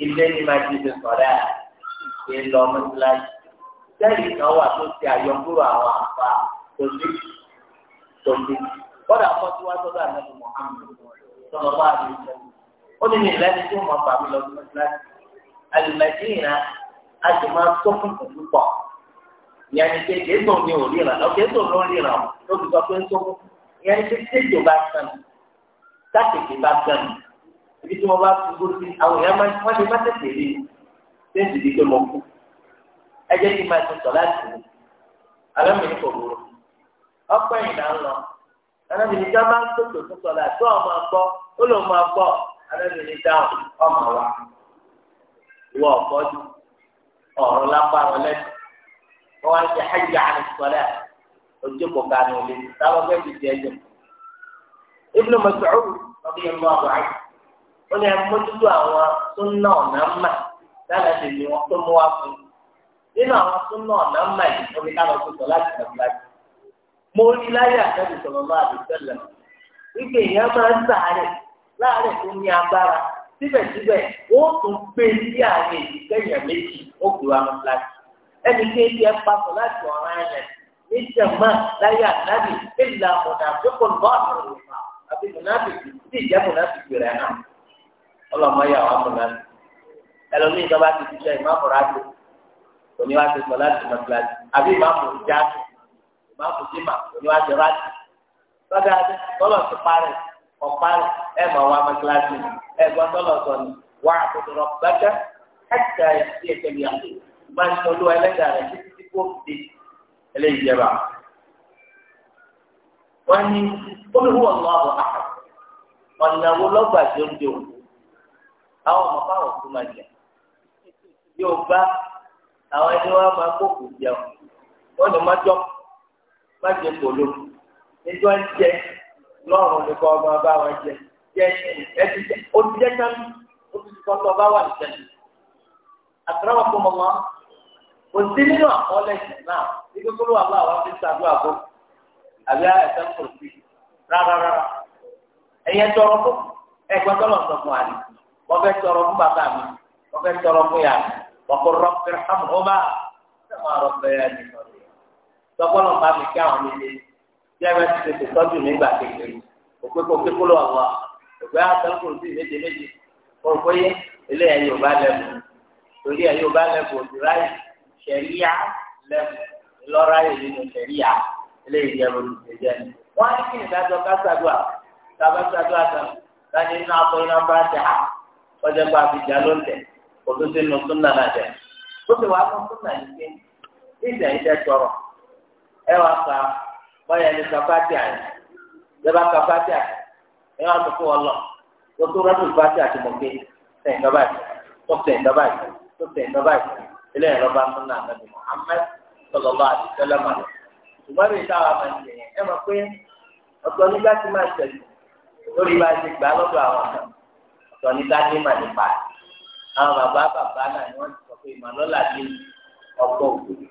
ilé ní máa ti fi sọ̀rọ̀ ẹ̀ ṣe lọ sẹ́yìn kan wà tó ti tó lé kọ́dà kọ́ tí wàá tọ́jú àlejò Muhammad sọ̀rọ̀ bá a lè sọ. ó ní nílẹ̀ ní tí wọ́n fà mí lọ sí mẹ́tíláṣí alìmọ̀dínà a sì máa sọ́kùn pẹ̀lú pọ̀ ìyẹn ni pé kéésùn ni ò ríran lọ kéésùn ló ń ríran o ló ti sọ pé ń sọ́kùn ìyẹn ni pé tẹ́jọ bá sàn tákìkì bá sàn ibi tí wọ́n bá fi gbó sí àwọn èèyàn máa wọ́n ti má tètè rí i ṣé ń dìde pé kí n máa ti sọ̀ láti rí i ní kò burú ọpẹ́ ìdá ń lọ anábìnrin ká máa ń tòkè fún sọlá tó ọmọ agbọ́ ó lòun máa gbọ́ anábìnrin dáhùn ọmọ wa ìwọ ọ̀pọ̀jù ọ̀rọ̀ lápá wọn lẹ́nu wọn wá ń ṣe hajj àti sọlá ojú kò kánú lé táwọn di ẹjọ́ Ibn Mas'ud ọdún yẹn mú àwọn àyè ó ní ẹmójútó àwọn súnà ọ̀nà mà dáná lè ní wọn tó mú wá fún un nínú àwọn súnà ọ̀nà mà yìí omi ká lọ sí sọlá ti tàbí láti mo rí láyé àtẹ́bù sọ̀rọ̀ máa lè sẹ́lẹ̀ wípé èèyàn máa ń sàárẹ̀ láàárẹ̀ tó ní agbára síbẹ̀síbẹ̀ ó tún gbé sí àárín ìdíkẹ́yà méjì ó gbé wa mọ́ láti ẹnì kéèké ẹ papọ̀ láti ọ̀ràn ẹ̀yẹ níjẹ̀ máa láyé àtẹ́bù ìlà ọ̀nà àbíkọ̀ lọ́ọ̀dọ̀ rẹ̀ fà àbí mùnàfíkì tí ìjẹ́ mùnàfíkì rẹ̀ náà ọlọ́mọ yà wà mùnàfíkì ẹlòmíì tó bá máa kù jimá níwájú ráàtì lọ́dà àti tọ́lọ̀ ti parí ọ̀parí ẹ̀ máa wá mẹ́kíláàsì ẹ̀ gbọ́ tọ́lọ̀ sọ ni wà á tètè rọ gbẹ́kẹ́ ẹ̀kẹ́ ẹ̀ sí ẹ̀kẹ́ mi àti máa ń tọ́lú ẹlẹ́dà rẹ̀ títí tí kò fi eléyìí jẹba. wọ́n ní olùwọ́ ọ̀nà ọ̀nà wo lọ́gbà tí ó ń de àwọn ọmọ báwọn kú máa jẹ yóò bá àwọn ẹni wọn máa kó kù jẹun wọn ni wọn jọ má jẹ kòló níjọ́ ń jẹ lọ́rùn ní dị ọmọ bá wọn jẹ jẹ ẹtì jẹ ó jẹ tán ó ti ti kọ́tọ̀ bá wà nìkan ní. fún ọmọ kò sí nínú náà sọgbọ́nà bá mi kí àwọn nílé bí ẹ bá ti tètè tọ́jú nígbà kékeré òpè kò ké kóló àwọn òpè àtàkùn sí méje méje òpè eléyà yóò bá lẹ́bù torí ẹ̀ yóò bá lẹ́bù òdùráyè ṣẹ̀ríyà lẹ́bù ńlọ́ráyè nínú ṣẹ̀ríyà eléyìí jẹ́ olùdíje ni. wọ́n á ní kí ìdájọ́ kásádùá kábàsádùá tán láti inú akọ iná bá tẹ á ọjọ́ pa àbíjà ló ń tẹ̀ kò tó sínú súnà náà ẹ wá ka báyà ẹni ka fati àyè lẹ́bàá ka fati àyè ẹ wá sọ fún wọn lọ lọ́tọ́ rẹ́pù fati àti mọ̀kẹ́ tẹ̀ ǹkan báyìí tó tẹ̀ ǹkan báyìí tó tẹ̀ ǹkan báyìí eléyìí lọ́ba fún náà nàbì Muhammad sọlọ́lá àti sẹlẹ̀mà lọ. ṣùgbọ́n mi ta wà máa ń tẹ̀yẹ ẹ mọ̀ pé ọ̀tọ̀ nígbà tí máa tẹ̀lé lórí bá ti gbà lọ́dọ̀ àwọn kan ọ̀tọ̀ nígbà tí máa nípa àwọn bàbá bàbá náà ni wọ́n ti sọ pé ìmọ̀lọ́lá ní ọgbọ́n òkú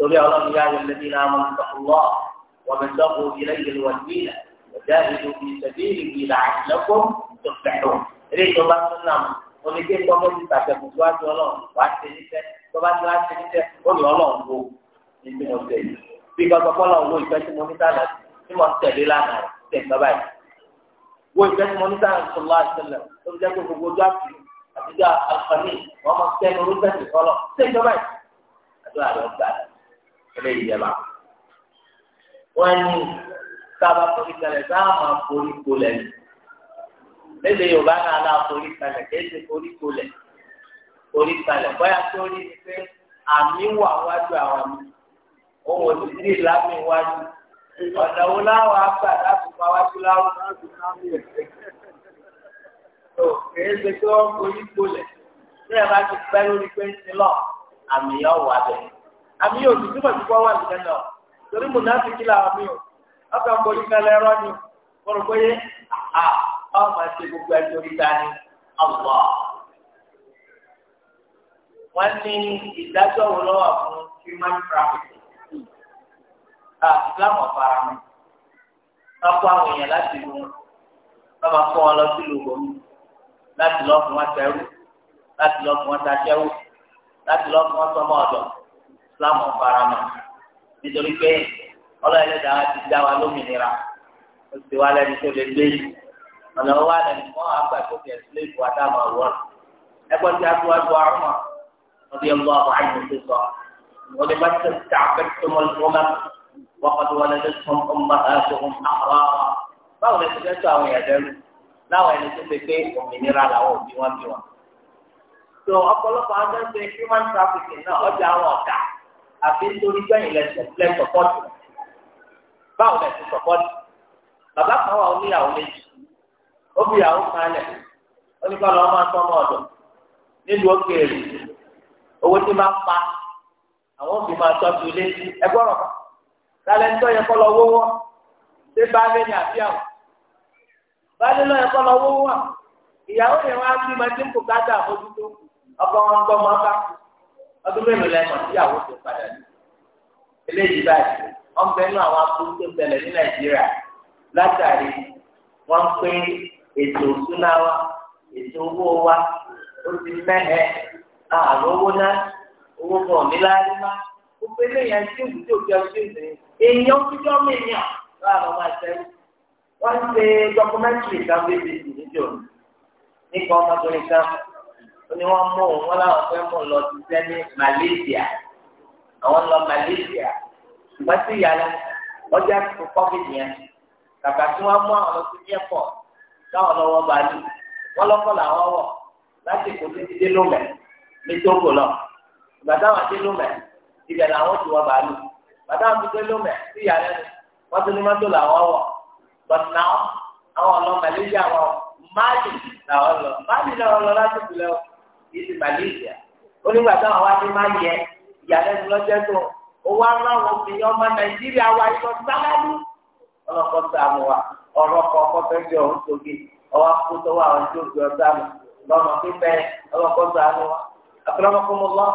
torí ọlọ́run yá ayọ̀ lẹ́bí náà mọ̀ nítorí wọ́n mi sọ́kù ilé ìlú wọn bí ilẹ̀ ọ̀dà ìlú fi ṣẹ̀bí ìlú ìlà àtìlẹ́kọ̀ tó fẹ̀rù. eré tó bá tún nà mọ́ omi gbé gbọ́dọ̀ ti tàbẹ̀kù tó wá ti ọlọ́run wá ti níṣẹ́ tó bá ti wá ti níṣẹ́ ó ní ọlọ́run wo ní bí mo tẹ̀ bí gbọ́dọ̀ kọ́lọ̀ wo ìfẹ́ tí mo ní tànà tí mo tẹ̀lé lánàá tẹ̀ gbọ́ báyìí. wo ìfẹ́ tí mo ní tànà tó lọ́ àṣẹlẹ̀ tó fi jẹ́ pé gbogbo ojú àti àtijọ́ àfààní wọ́n mọ̀ sẹ́nu orúkẹ́sì kọ́lọ̀ tẹ̀ gbọ́ báyìí. àdúrà rẹ̀ gbà eléyìí yẹba wọn ní sábà forí kalẹ̀ sáà máa forí kolẹ̀ lédè yorùbá náà la forí kalẹ̀ kéde forí kolẹ̀ forí kalẹ̀ bóyá tó rí ni pé àmì wà wájú àwọn mi òun ò sì sí ìlàmì wájú ọ̀nà wo láwọn àgbà láti pa wájú láwọn láti sáàmì ẹ̀ tó kéé ṣe kí wọ́n forí kolẹ̀ bí ẹ bá ti pẹ́ lórí pé ń sin lọ àmì yọ̀ wà bẹ́ẹ̀ àmì yóò ti túbọ̀ sí wọ́n wà ní jẹ́nà torí mùnáfíkì là àmì yóò ọkọ̀ ń bojú kẹlẹ́ ẹ̀rọ ni kọ̀rọ̀ pé yé àhà ọmọ máa ṣe gbogbo ẹ̀ torí dání ọ̀pọ̀. wọ́n ní ìdájọ́ wo lọ́wọ́ fún human trafficking islam ọ̀fara mi wọ́n kó àwọn èèyàn láti lu wọn wọ́n máa kó wọn lọ sí lùgbò mi láti lọ́ọ́ fún wọn tẹ́rù láti lọ́ọ́ fún wọn taṣẹ́wó láti lọ́ọ́ wọn sọmọ ọ̀dọ̀ islam ọ̀farama nítorí pé ọlọ́yìn lẹ́dàá wa ti dá wa lómìnira ó sì wá lẹ́ni tó lè gbé yìí ọ̀nà wa lẹ́ni fún àgbà tó fi ẹ̀sìn lẹ́kọ̀ọ́ àdámọ̀ wọ́n ẹgbọ́n tí a tó wá tó àrùn wọn bí ọlọ́ àwọn àyè tó sọ wọn ni bá tẹ̀ tà fẹ́ tó mọ́ lọ́mọ́ wọ́n kọ́ tó wọn lẹ́ni tó ń bá a tó ń àfi nítorí gbẹ̀yìn lẹ́sẹ̀ lẹ́ sọ̀pọ́tì báwo lẹ́sẹ̀ sọ̀pọ́tì bàbá kan wà ó ní ìyàwó méjì ó fi ìyàwó kan lẹ̀ ó ní kọ́ lọ́ọ́ máa tọ́ ọmọ ọ̀dọ̀ nílùú òkèèrè owó tí máa pa àwọn òbí máa tọ́jú ilé ẹgbọ́rọ̀ lálẹ́ ńtọ́ yẹ kọ́ lọ wọ́wọ́ ṣé báyìí ní àbí àwọn báyìí lọ́ yẹ kọ́ lọ wọ́wọ́ ìyàwó yẹn wá bí ọdún mélòó lẹ́nu ìyàwó tó padà ní. eléyìí báyìí wọ́n fẹ́ nú àwọn akúrú tó ṣẹlẹ̀ ní nàìjíríà látàrí wọ́n pé ètò òsúná wa ètò owó wa ó ti mẹ́hẹ̀ àárọ̀ owó náà owó kan ní láàrín má gbogbo eléyìí àti ìwú tó é ọtí ìsìn èèyàn fíjọ́ mi yàn láàrín ọmọ àtẹ́wọ́ wọ́n ṣe dọ́kúmẹ́ntì ìdáwó ìbí ìdíjọ́ nípa ọmọdé nìkan ni wọ́n mú òun wọ́n láwọn fẹ́ mú lọ ṣiṣẹ́ ní Malaysia àwọn lọ Malaysia ṣùgbọ́n sí ìyá lọ ọjà tó covid yẹn kàkà tí wọ́n mú àwọn lọ sí airport táwọn lọ́wọ́ bàálù wọ́n lọ́kọ̀ làwọn wọ̀ láti kò títí dé lómẹ̀ ní Tógò lọ ìgbà táwọn dé lómẹ̀ ibẹ̀ làwọn ti wọ bàálù bàtà wọn ti dé lómẹ̀ sí ìyá lẹ́nu tún ní mọ́tò làwọn wọ̀ but now àwọn lọ Malaysia wọn Mali làwọn lọ Mali làwọn lọ láti kù lẹ́wọ̀ kì í ti Malaysia ó nígbà táwọn wá sí máa yẹ ìyàlẹ́nu lọ́jọ́ tó owó aláwọ̀ obìnrin ọmọ Nàìjíríà wa yọ sáláàdù ọlọ́kọ̀ sàmù wa ọ̀rọ̀ kọ̀ ọkọ̀ fẹ́ fi ọ̀hún sókè ọwọ́ akótó wa àwọn tó gbé ọ̀sán lọ́mọ pípẹ́ ọlọ́kọ̀ sàmù wa àtúrọ̀mọ́kọ́mọ́ lọ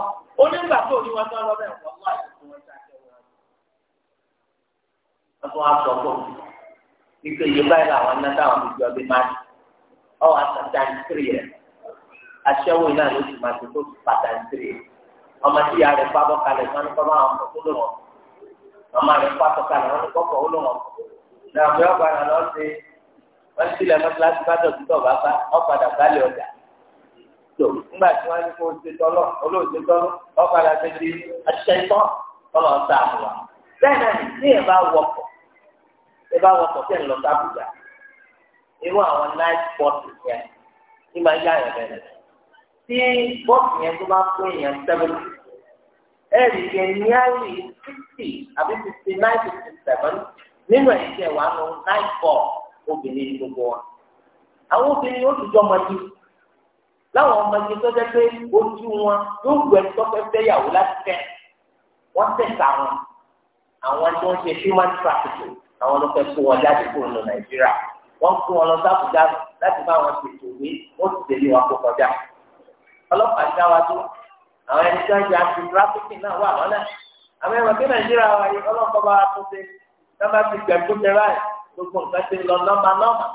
ó nígbà tó ní wọn tó lọ bẹ́ẹ̀ wọ́n wá ìfún wọn ṣàkẹ́ wọn. wọ́n tún wá sọ fún mi ike yìí báyìí làwọn náà táwọn fi máa ń ọwọ́ àtàtà ìkírì aṣẹ́wó iná ló ti máa ti tó pàtàkì ọmọ tí ìyá rẹ̀ pápọ̀ kalẹ̀ wọn ni kọ́ bá wọn kó ló wọn ọmọ rẹ̀ pápọ̀ kalẹ̀ wọn ni kọ́ kọ́ ló wọn náà bí wọ́n padà lọ sí wọ́n ti lẹ̀ mọ́tò láti bá dọ̀tí tọ̀ bá bá ọ̀padà bálẹ̀ ọjà tó nígbà tí wọ́n ní kó ṣe tọ́lọ̀ olóòṣè tọ́lọ̀ ọ̀padà ti di aṣẹ́ tọ́ ọlọ́ sáàmù wa bẹ́ẹ̀ náà ní tí tí bọ́ọ̀sì yẹn tó bá fún èèyàn seventy ẹ̀rì yẹn ní àyè sixty àbí sixty nine sixty seven nínú ẹ̀jẹ̀ wà nù nine four obìnrin gbogbo wa. àwọn obìnrin yóò tún jọ ọmọdé láwọn ọmọdé tó jẹ́ pé ojú wọn yóò gbẹ tọ́pẹ́ fẹ́yàwó láti fẹ́ wọ́n tẹ̀sà wọn àwọn tí wọ́n ṣe human trafficking àwọn ló fẹ́ kó wọn jáde kúrò ní Nàìjíríà wọ́n kó wọn lọ sábùjá láti bá wọn ṣètò ìwé wọ́n sì tẹ̀lé wọn kó kọjá ọlọ́pàá dá wa tó àwọn ẹni tó ń jẹ àti tírafíkì náà wà lọ́nà àwọn ẹ̀rọ tí nàìjíríà wà yìí ọlọ́pàá bá wa tó ṣe ká má fi gbẹ̀gbẹ́ tẹ báyìí gbogbo nǹkan ti lọ nọ́mà nọ́mà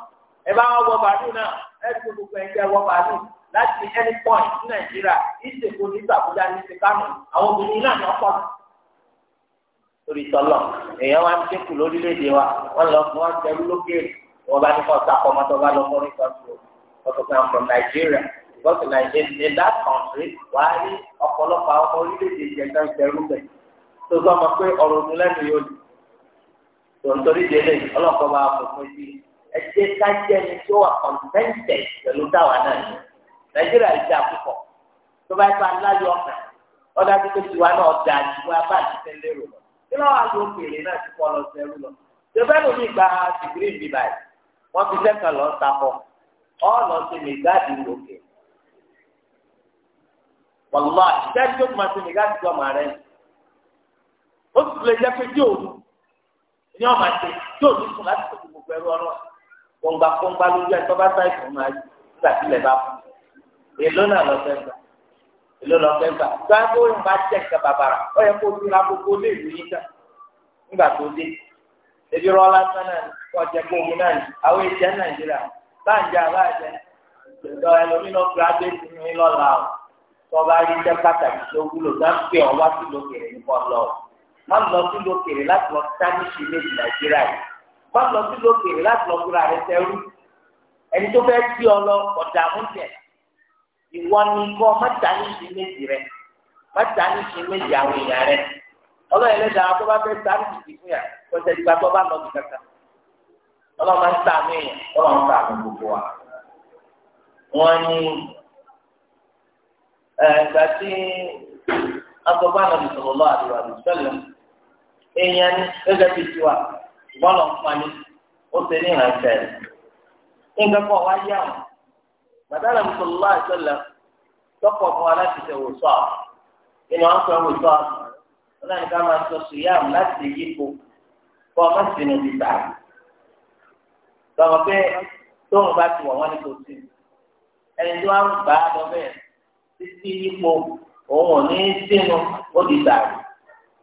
ẹ bá wọ bàálù náà ẹ tó gbogbo ẹ jẹ wọ bàálù láti any point ní nàìjíríà ìṣèkò nígbà àbújá ní ti kánò àwọn obìnrin náà ní ọkọ lórí tọlọ èèyàn wá ń dínkù lórílẹ̀-èdè wa wọn lọ fún wọn tẹrú lókèèrè wọn bá ní kọ́ ọ̀sà bá lọ fọ́ nípa tó ọ̀sọ̀ kan from Nigeria because in, in, in that country wà á rí ọ̀pọ̀lọpọ̀ àwọn ọmọ orílẹ̀-èdè ìjẹta ìṣẹ̀rú bẹ̀ tó sọ ma pé ọ̀rọ̀ òun lẹ́nu yóò lù tó ń torí délé ọlọ́kọ̀ bá a fòfin sí ẹ jẹ́ ká jẹ́ ẹni tí ó wà contented pẹ̀lú táwa náà ni nàìjíríà ti dà púpọ̀ tó bá yẹ kó aláyọ̀ ọ̀kan ọ̀dà pípé tiwa náà dà tiwa bá ti fẹ́ lérò lọ kí ló wà ló kéré náà ti kọ́ lọ sẹ́rú lọ tẹ́fẹ́ lómi gba dìgírì bíbáyìí wọ́n fi sẹ́kàn lọ́ọ́ sapọ̀ ọ́ lọ́ọ́ sí mi gáàdì lókè wàlúmọ àtijọ́ tó máa ṣe nìkan àtijọ́ máa rẹ̀ ó sì lè jẹ́ pé tí òru ní ọmọ àti tí òru sùn láti tó ti gbogbo ẹrú ọlọ́run gbọ̀ngbà gbọ̀ngbà lójú ẹ̀ tó bá sáì fún máa yí nígbà tí ilẹ̀ bá fún èló náà lọ fẹ́ gbà èló lọ fẹ́ gbà tó á kó ìgbà jẹ́ ìka bàbàrà ó yẹ kó tura gbogbo lé ìlú yín ká nígbà tó dé ebi rọ lásán ni ọjà gbogbo náà ni àwọn èjẹ nàìjíríà báńjà báńjà ìjọba ẹlòmínú tọba aríṣẹ pàtàkì tó wúlò dáńpẹ ọwá sí lókèrè nípa lọ má lọ sí lókèrè láti lọ sáníṣì méjì nàìjíríà yìí má lọ sí lókèrè láti lọ fúra rẹ sẹrú ẹni tó fẹẹ tí ọ lọ ọdà mújẹ ìwọ ni kọ má sáníṣì méjì rẹ má sáníṣì méjì àwọn èèyàn rẹ ọlọ́yẹ̀ lẹ́dàá tó bá fẹ́ sáníṣì fún yà kọsẹ̀ ìgbà tó bá lọ sí kankan ọlọ́ọ̀ máa ń sàmì ọlọ́ọ̀ ń sàmì gbogbo wa wọ́n ní ẹgbà eh, tí asọ́gbà náà ti sọ̀rọ̀ lọ́wọ́ àdúrà rẹ̀ sẹ́lẹ̀ èèyàn ní gẹ́gẹ́ bí tiwa bọ́ọ̀lù ọ̀pani ó ṣe ní ìrànṣẹ́ rẹ̀ nǹkan kan wá yá wọn bàtà náà ti sọ̀rọ̀ lọ́wọ́ àṣẹlẹ̀ tọkọ̀ fún wa láti ṣe wò sọ́ọ̀ nínú àwọn sọ̀rọ̀ wò sọ́ọ̀ wọn náà ní máa sọ sùyàm láti yípo kọ́ ọ má sì nù ti tà tọ́wọ́ pé tóun bá ti wọ̀ wọ́n ní kò sí ẹni tó wá ń gbà á lọ títí ipò òun ò ní sínú ó di dàrú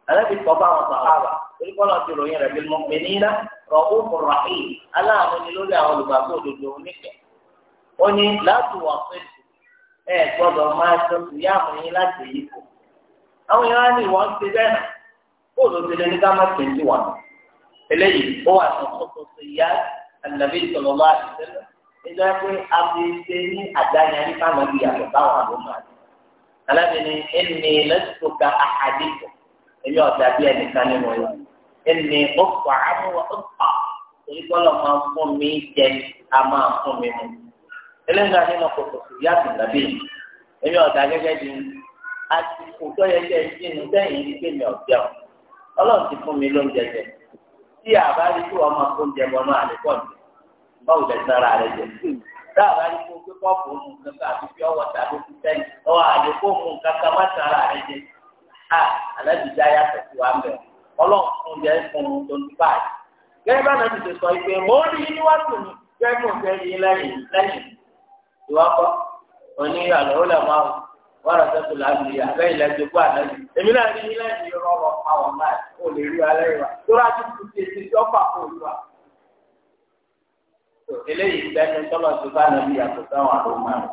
alábi kọ́ bá wọn sàhábà torí kọ́ náà ti ròyìn rẹ̀ bí mo pè ní iná rọ̀bù mùràhì aláàánú ni lórí àwọn olùgbàgbọ́ òdodo oníkẹ́ ó ní láti wà pẹ̀lú ẹ gbọ́dọ̀ máa tó ìyá àmọ́ yín láti yí kù àwọn èèyàn á ní ìwọ ń bẹ́ẹ̀ náà kó ti lé ká má pè eléyìí ó wà sọ fún ìyá àlàbí ìtọ̀lọ́lá àti ìjọba pé a fi ṣe ní àdáyà ní káwọn ibi yàtọ̀ báwọn àlọ́mọ àti. alábìnrin ẹni lẹ́sùn ka àhàdì kù èmi ọ̀dà bí ẹnìkan nínú ẹ̀ ẹni ó fà á mú ọ fà èyí máa fún mi jẹ a máa fún mi mu. eléyìí nínú kòtò kò yàtọ̀ dàbí èmi ọ̀dà gẹ́gẹ́ bí àsìkò tó yẹ kẹ́ ẹ sínú sẹ́yìn ní kémi báwo lẹ sára rẹ jẹ dáàbà gbé pọ́ọ̀pù fi ọwọ́ fi sẹ́yìn ọwọ́ má a alábìjá yàtọ̀ sí wa mẹ́ ọlọ́run fún jẹ́ fún un tó ń bá yìí. gẹ́gẹ́ bá náà ti ṣe sọ pé mo rí i níwájú mi gẹ́gẹ́ mo fẹ́ rí i lẹ́yìn lẹ́yìn ìwọ́pọ̀ òní àlọ́ lẹ́wọ̀n wọ́n rà sẹ́kù láàbì àbẹ́yìn lẹ́jọ́ kó àlẹ́ yìí. èmi náà rí i lẹ́yìn rọ́rọ̀ máa lè rí alẹ́ wa tó eléyìí bẹ́ẹ̀ ni tọ́lọ̀ ti bá nàbí yàtọ̀ sáwọn àlùmọ́ rẹ̀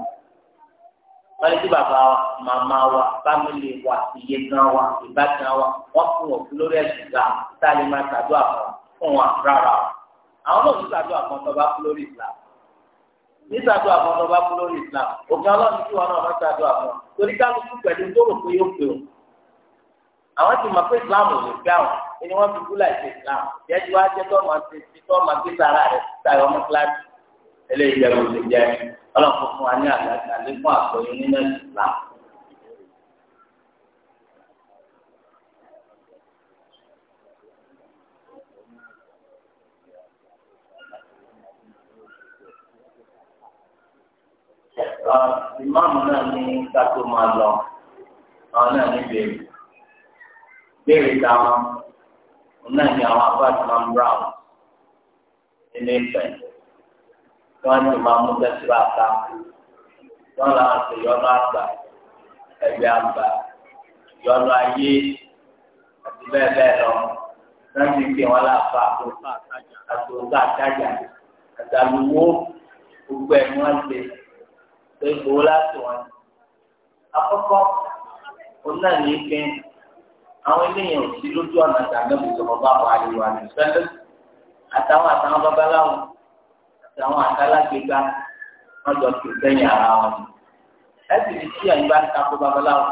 wọ́n ní tí bàbá wa màmá wa fámìlì wa iye gan wa ìbátan wa wọ́n fún òkú lórí ẹ̀sìn gbà tá a lè máa ṣàdúrà fún fún wa rárá o àwọn náà ní ṣàdúrà fún ọtọ́ bá kú lórí Islam ní ṣàdúrà fún ọtọ́ bá kú lórí Islam òkè ọlọ́run tí wọn náà máa ṣàdúrà fún torí kálukú pẹ̀lú tó rò pé yóò pè o àwọn ti mọ̀ pé ni wọ́n fi kú ṣe islam jẹ́ tí wàá jẹ́ tó máa ṣe ti tó máa gbé sara rẹ̀ tayọ ọmọ kíláàsì eléyìí jẹ́ kó lè jẹ́ ọlọ́run fún wa ní àgbàgbà lékún àgbọ̀yé nínú islam. ìmáàmù náà ní kátó máa lọ àwọn náà ní bèrè bèrè táwọn náà ni àwọn apartment brown nínú ìfẹ́ wọn ti máa mú tẹsíra ká wọn làwọn ti yọnu àgbà ẹgbẹ́ àgbà yọnu ayé àti bẹ́ẹ̀ bẹ́ẹ̀ lọ náà ti fi wọn láfa àtòkà àtàjà àtàlùwò gbogbo ẹ̀ wọn ti tó ìgbòho láti wọn. àkọ́kọ́ òun náà ní í àwọn eléyìí ò sí lójú ọ̀nà ìdàgbàsókè sọ̀rọ̀ bá wà ní wà ní sẹ́lẹ̀ àtàwọn àtàwọn babaláwo àtàwọn àtàlágbèéká wọn jọ kì í sẹ́yìn ara wọn ni ẹ̀sìn ní tí ẹ̀yin bá ń takò babaláwo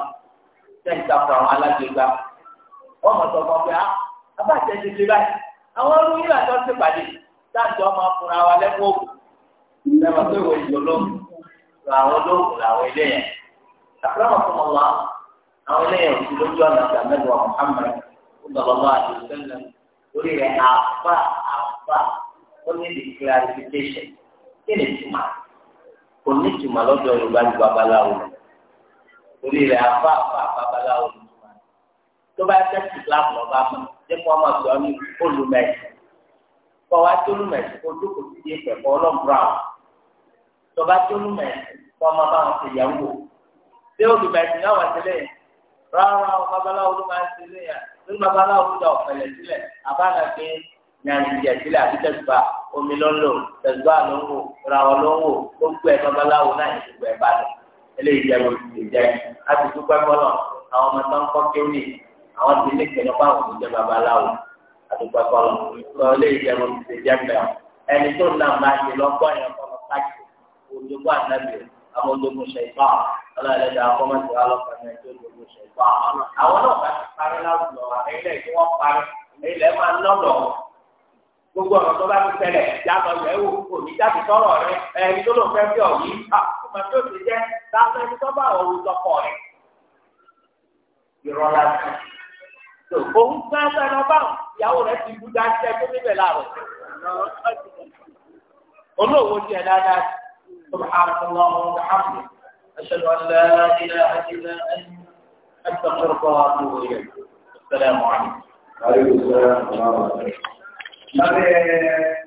tẹ̀ ń takò àwọn alágbèéká wọ́n mọ̀ sọ̀kan pé á abájẹ́ ti ti báyìí àwọn olóyún ìlàjọ́ ti pàdé dáàjọ́ máa fúnra wa lẹ́kọ̀ọ́ òkú lẹ́wọ̀n pé ìwé ìjọ lóhùn àwọn eléyàn ti lójú ọ̀nà ìdàmẹ́wàá Muhammad ọ̀dọ̀lọ́wọ́ àdìsẹ́lẹ̀ lórí rẹ̀ àfà àfà ó ní the clarification kí ni ìtumọ̀ kò ní ìtumọ̀ lọ́dọ̀ Yorùbá ju babaláwo lórí rẹ̀ àfà àfà babaláwo ni ìtumọ̀ tó bá tẹ́ sí kíláàbù lọ́ba mọ̀ dẹ́kun ọmọ sọ ní olùmẹ̀sì kọ́ wa tó olùmẹ̀sì kó dúkùú sí ẹ̀fẹ̀ kọ́ ọlọ́mùbúrà tó bá tó olùmẹ̀sì kọ́ ọmọ bá wọn ṣe yàwó ṣé olùmẹ̀sì náà wà sílẹ̀ rárá o babaláwo ló máa ń ṣe léyà ló babaláwo ló da ọ̀pẹ̀lẹ̀ sílẹ̀ àbára pé nyànjẹ sílẹ̀ àti tẹ̀síbà omi ló ń lò tẹ̀síbà ló ń wò ìràwọ̀ ló ń wò gbogbo ẹ̀ babaláwo náà ìṣègùn ẹ̀ bá lọ eléyìí jẹ́ oṣù tó jẹ́ láti dúpẹ́ mọ́lọ̀ àwọn ọmọ tó ń kọ́ kéwì àwọn ti ní kẹ́lẹ́ fún òṣìṣẹ́ babaláwo àdúpẹ́ kọ́lọ̀ eléyìí jẹ́ àwọn ológun ṣẹ̀fà ọlọ́ọ̀lẹ́dà akọ́mọ̀tì alọ́kànnì ẹ̀jẹ̀ ológun ṣẹ̀fà àwọn náà bá ti parí láwùjọ àrílẹ̀ tí wọ́n parí ilẹ̀ máa ń lọ́dọ̀ gbogbo ọ̀rọ̀ tó bá ti tẹ̀lẹ̀ yàtọ̀ yẹ̀ wò òní jáde tọ́rọ̀ rẹ ẹni tó ló fẹ́ fi ọ̀yí ọmọ tó ti jẹ́ táwọn ẹni tó bá ọ̀rọ̀ ìjọpọ̀ rẹ ìrọ̀ láti tó òun fẹ́ fẹ́ lọ bá ìyàwó rẹ ti bú dáńtẹ́ tó níbẹ̀ láàrọ̀ olóòwò tiẹ̀ dáadáa سبحانك اللهم وبحمدك أشهد أن لا إله إلا أنت أستغفرك وأتوب إليك السلام عليكم. وعليكم السلام ورحمة الله وبركاته.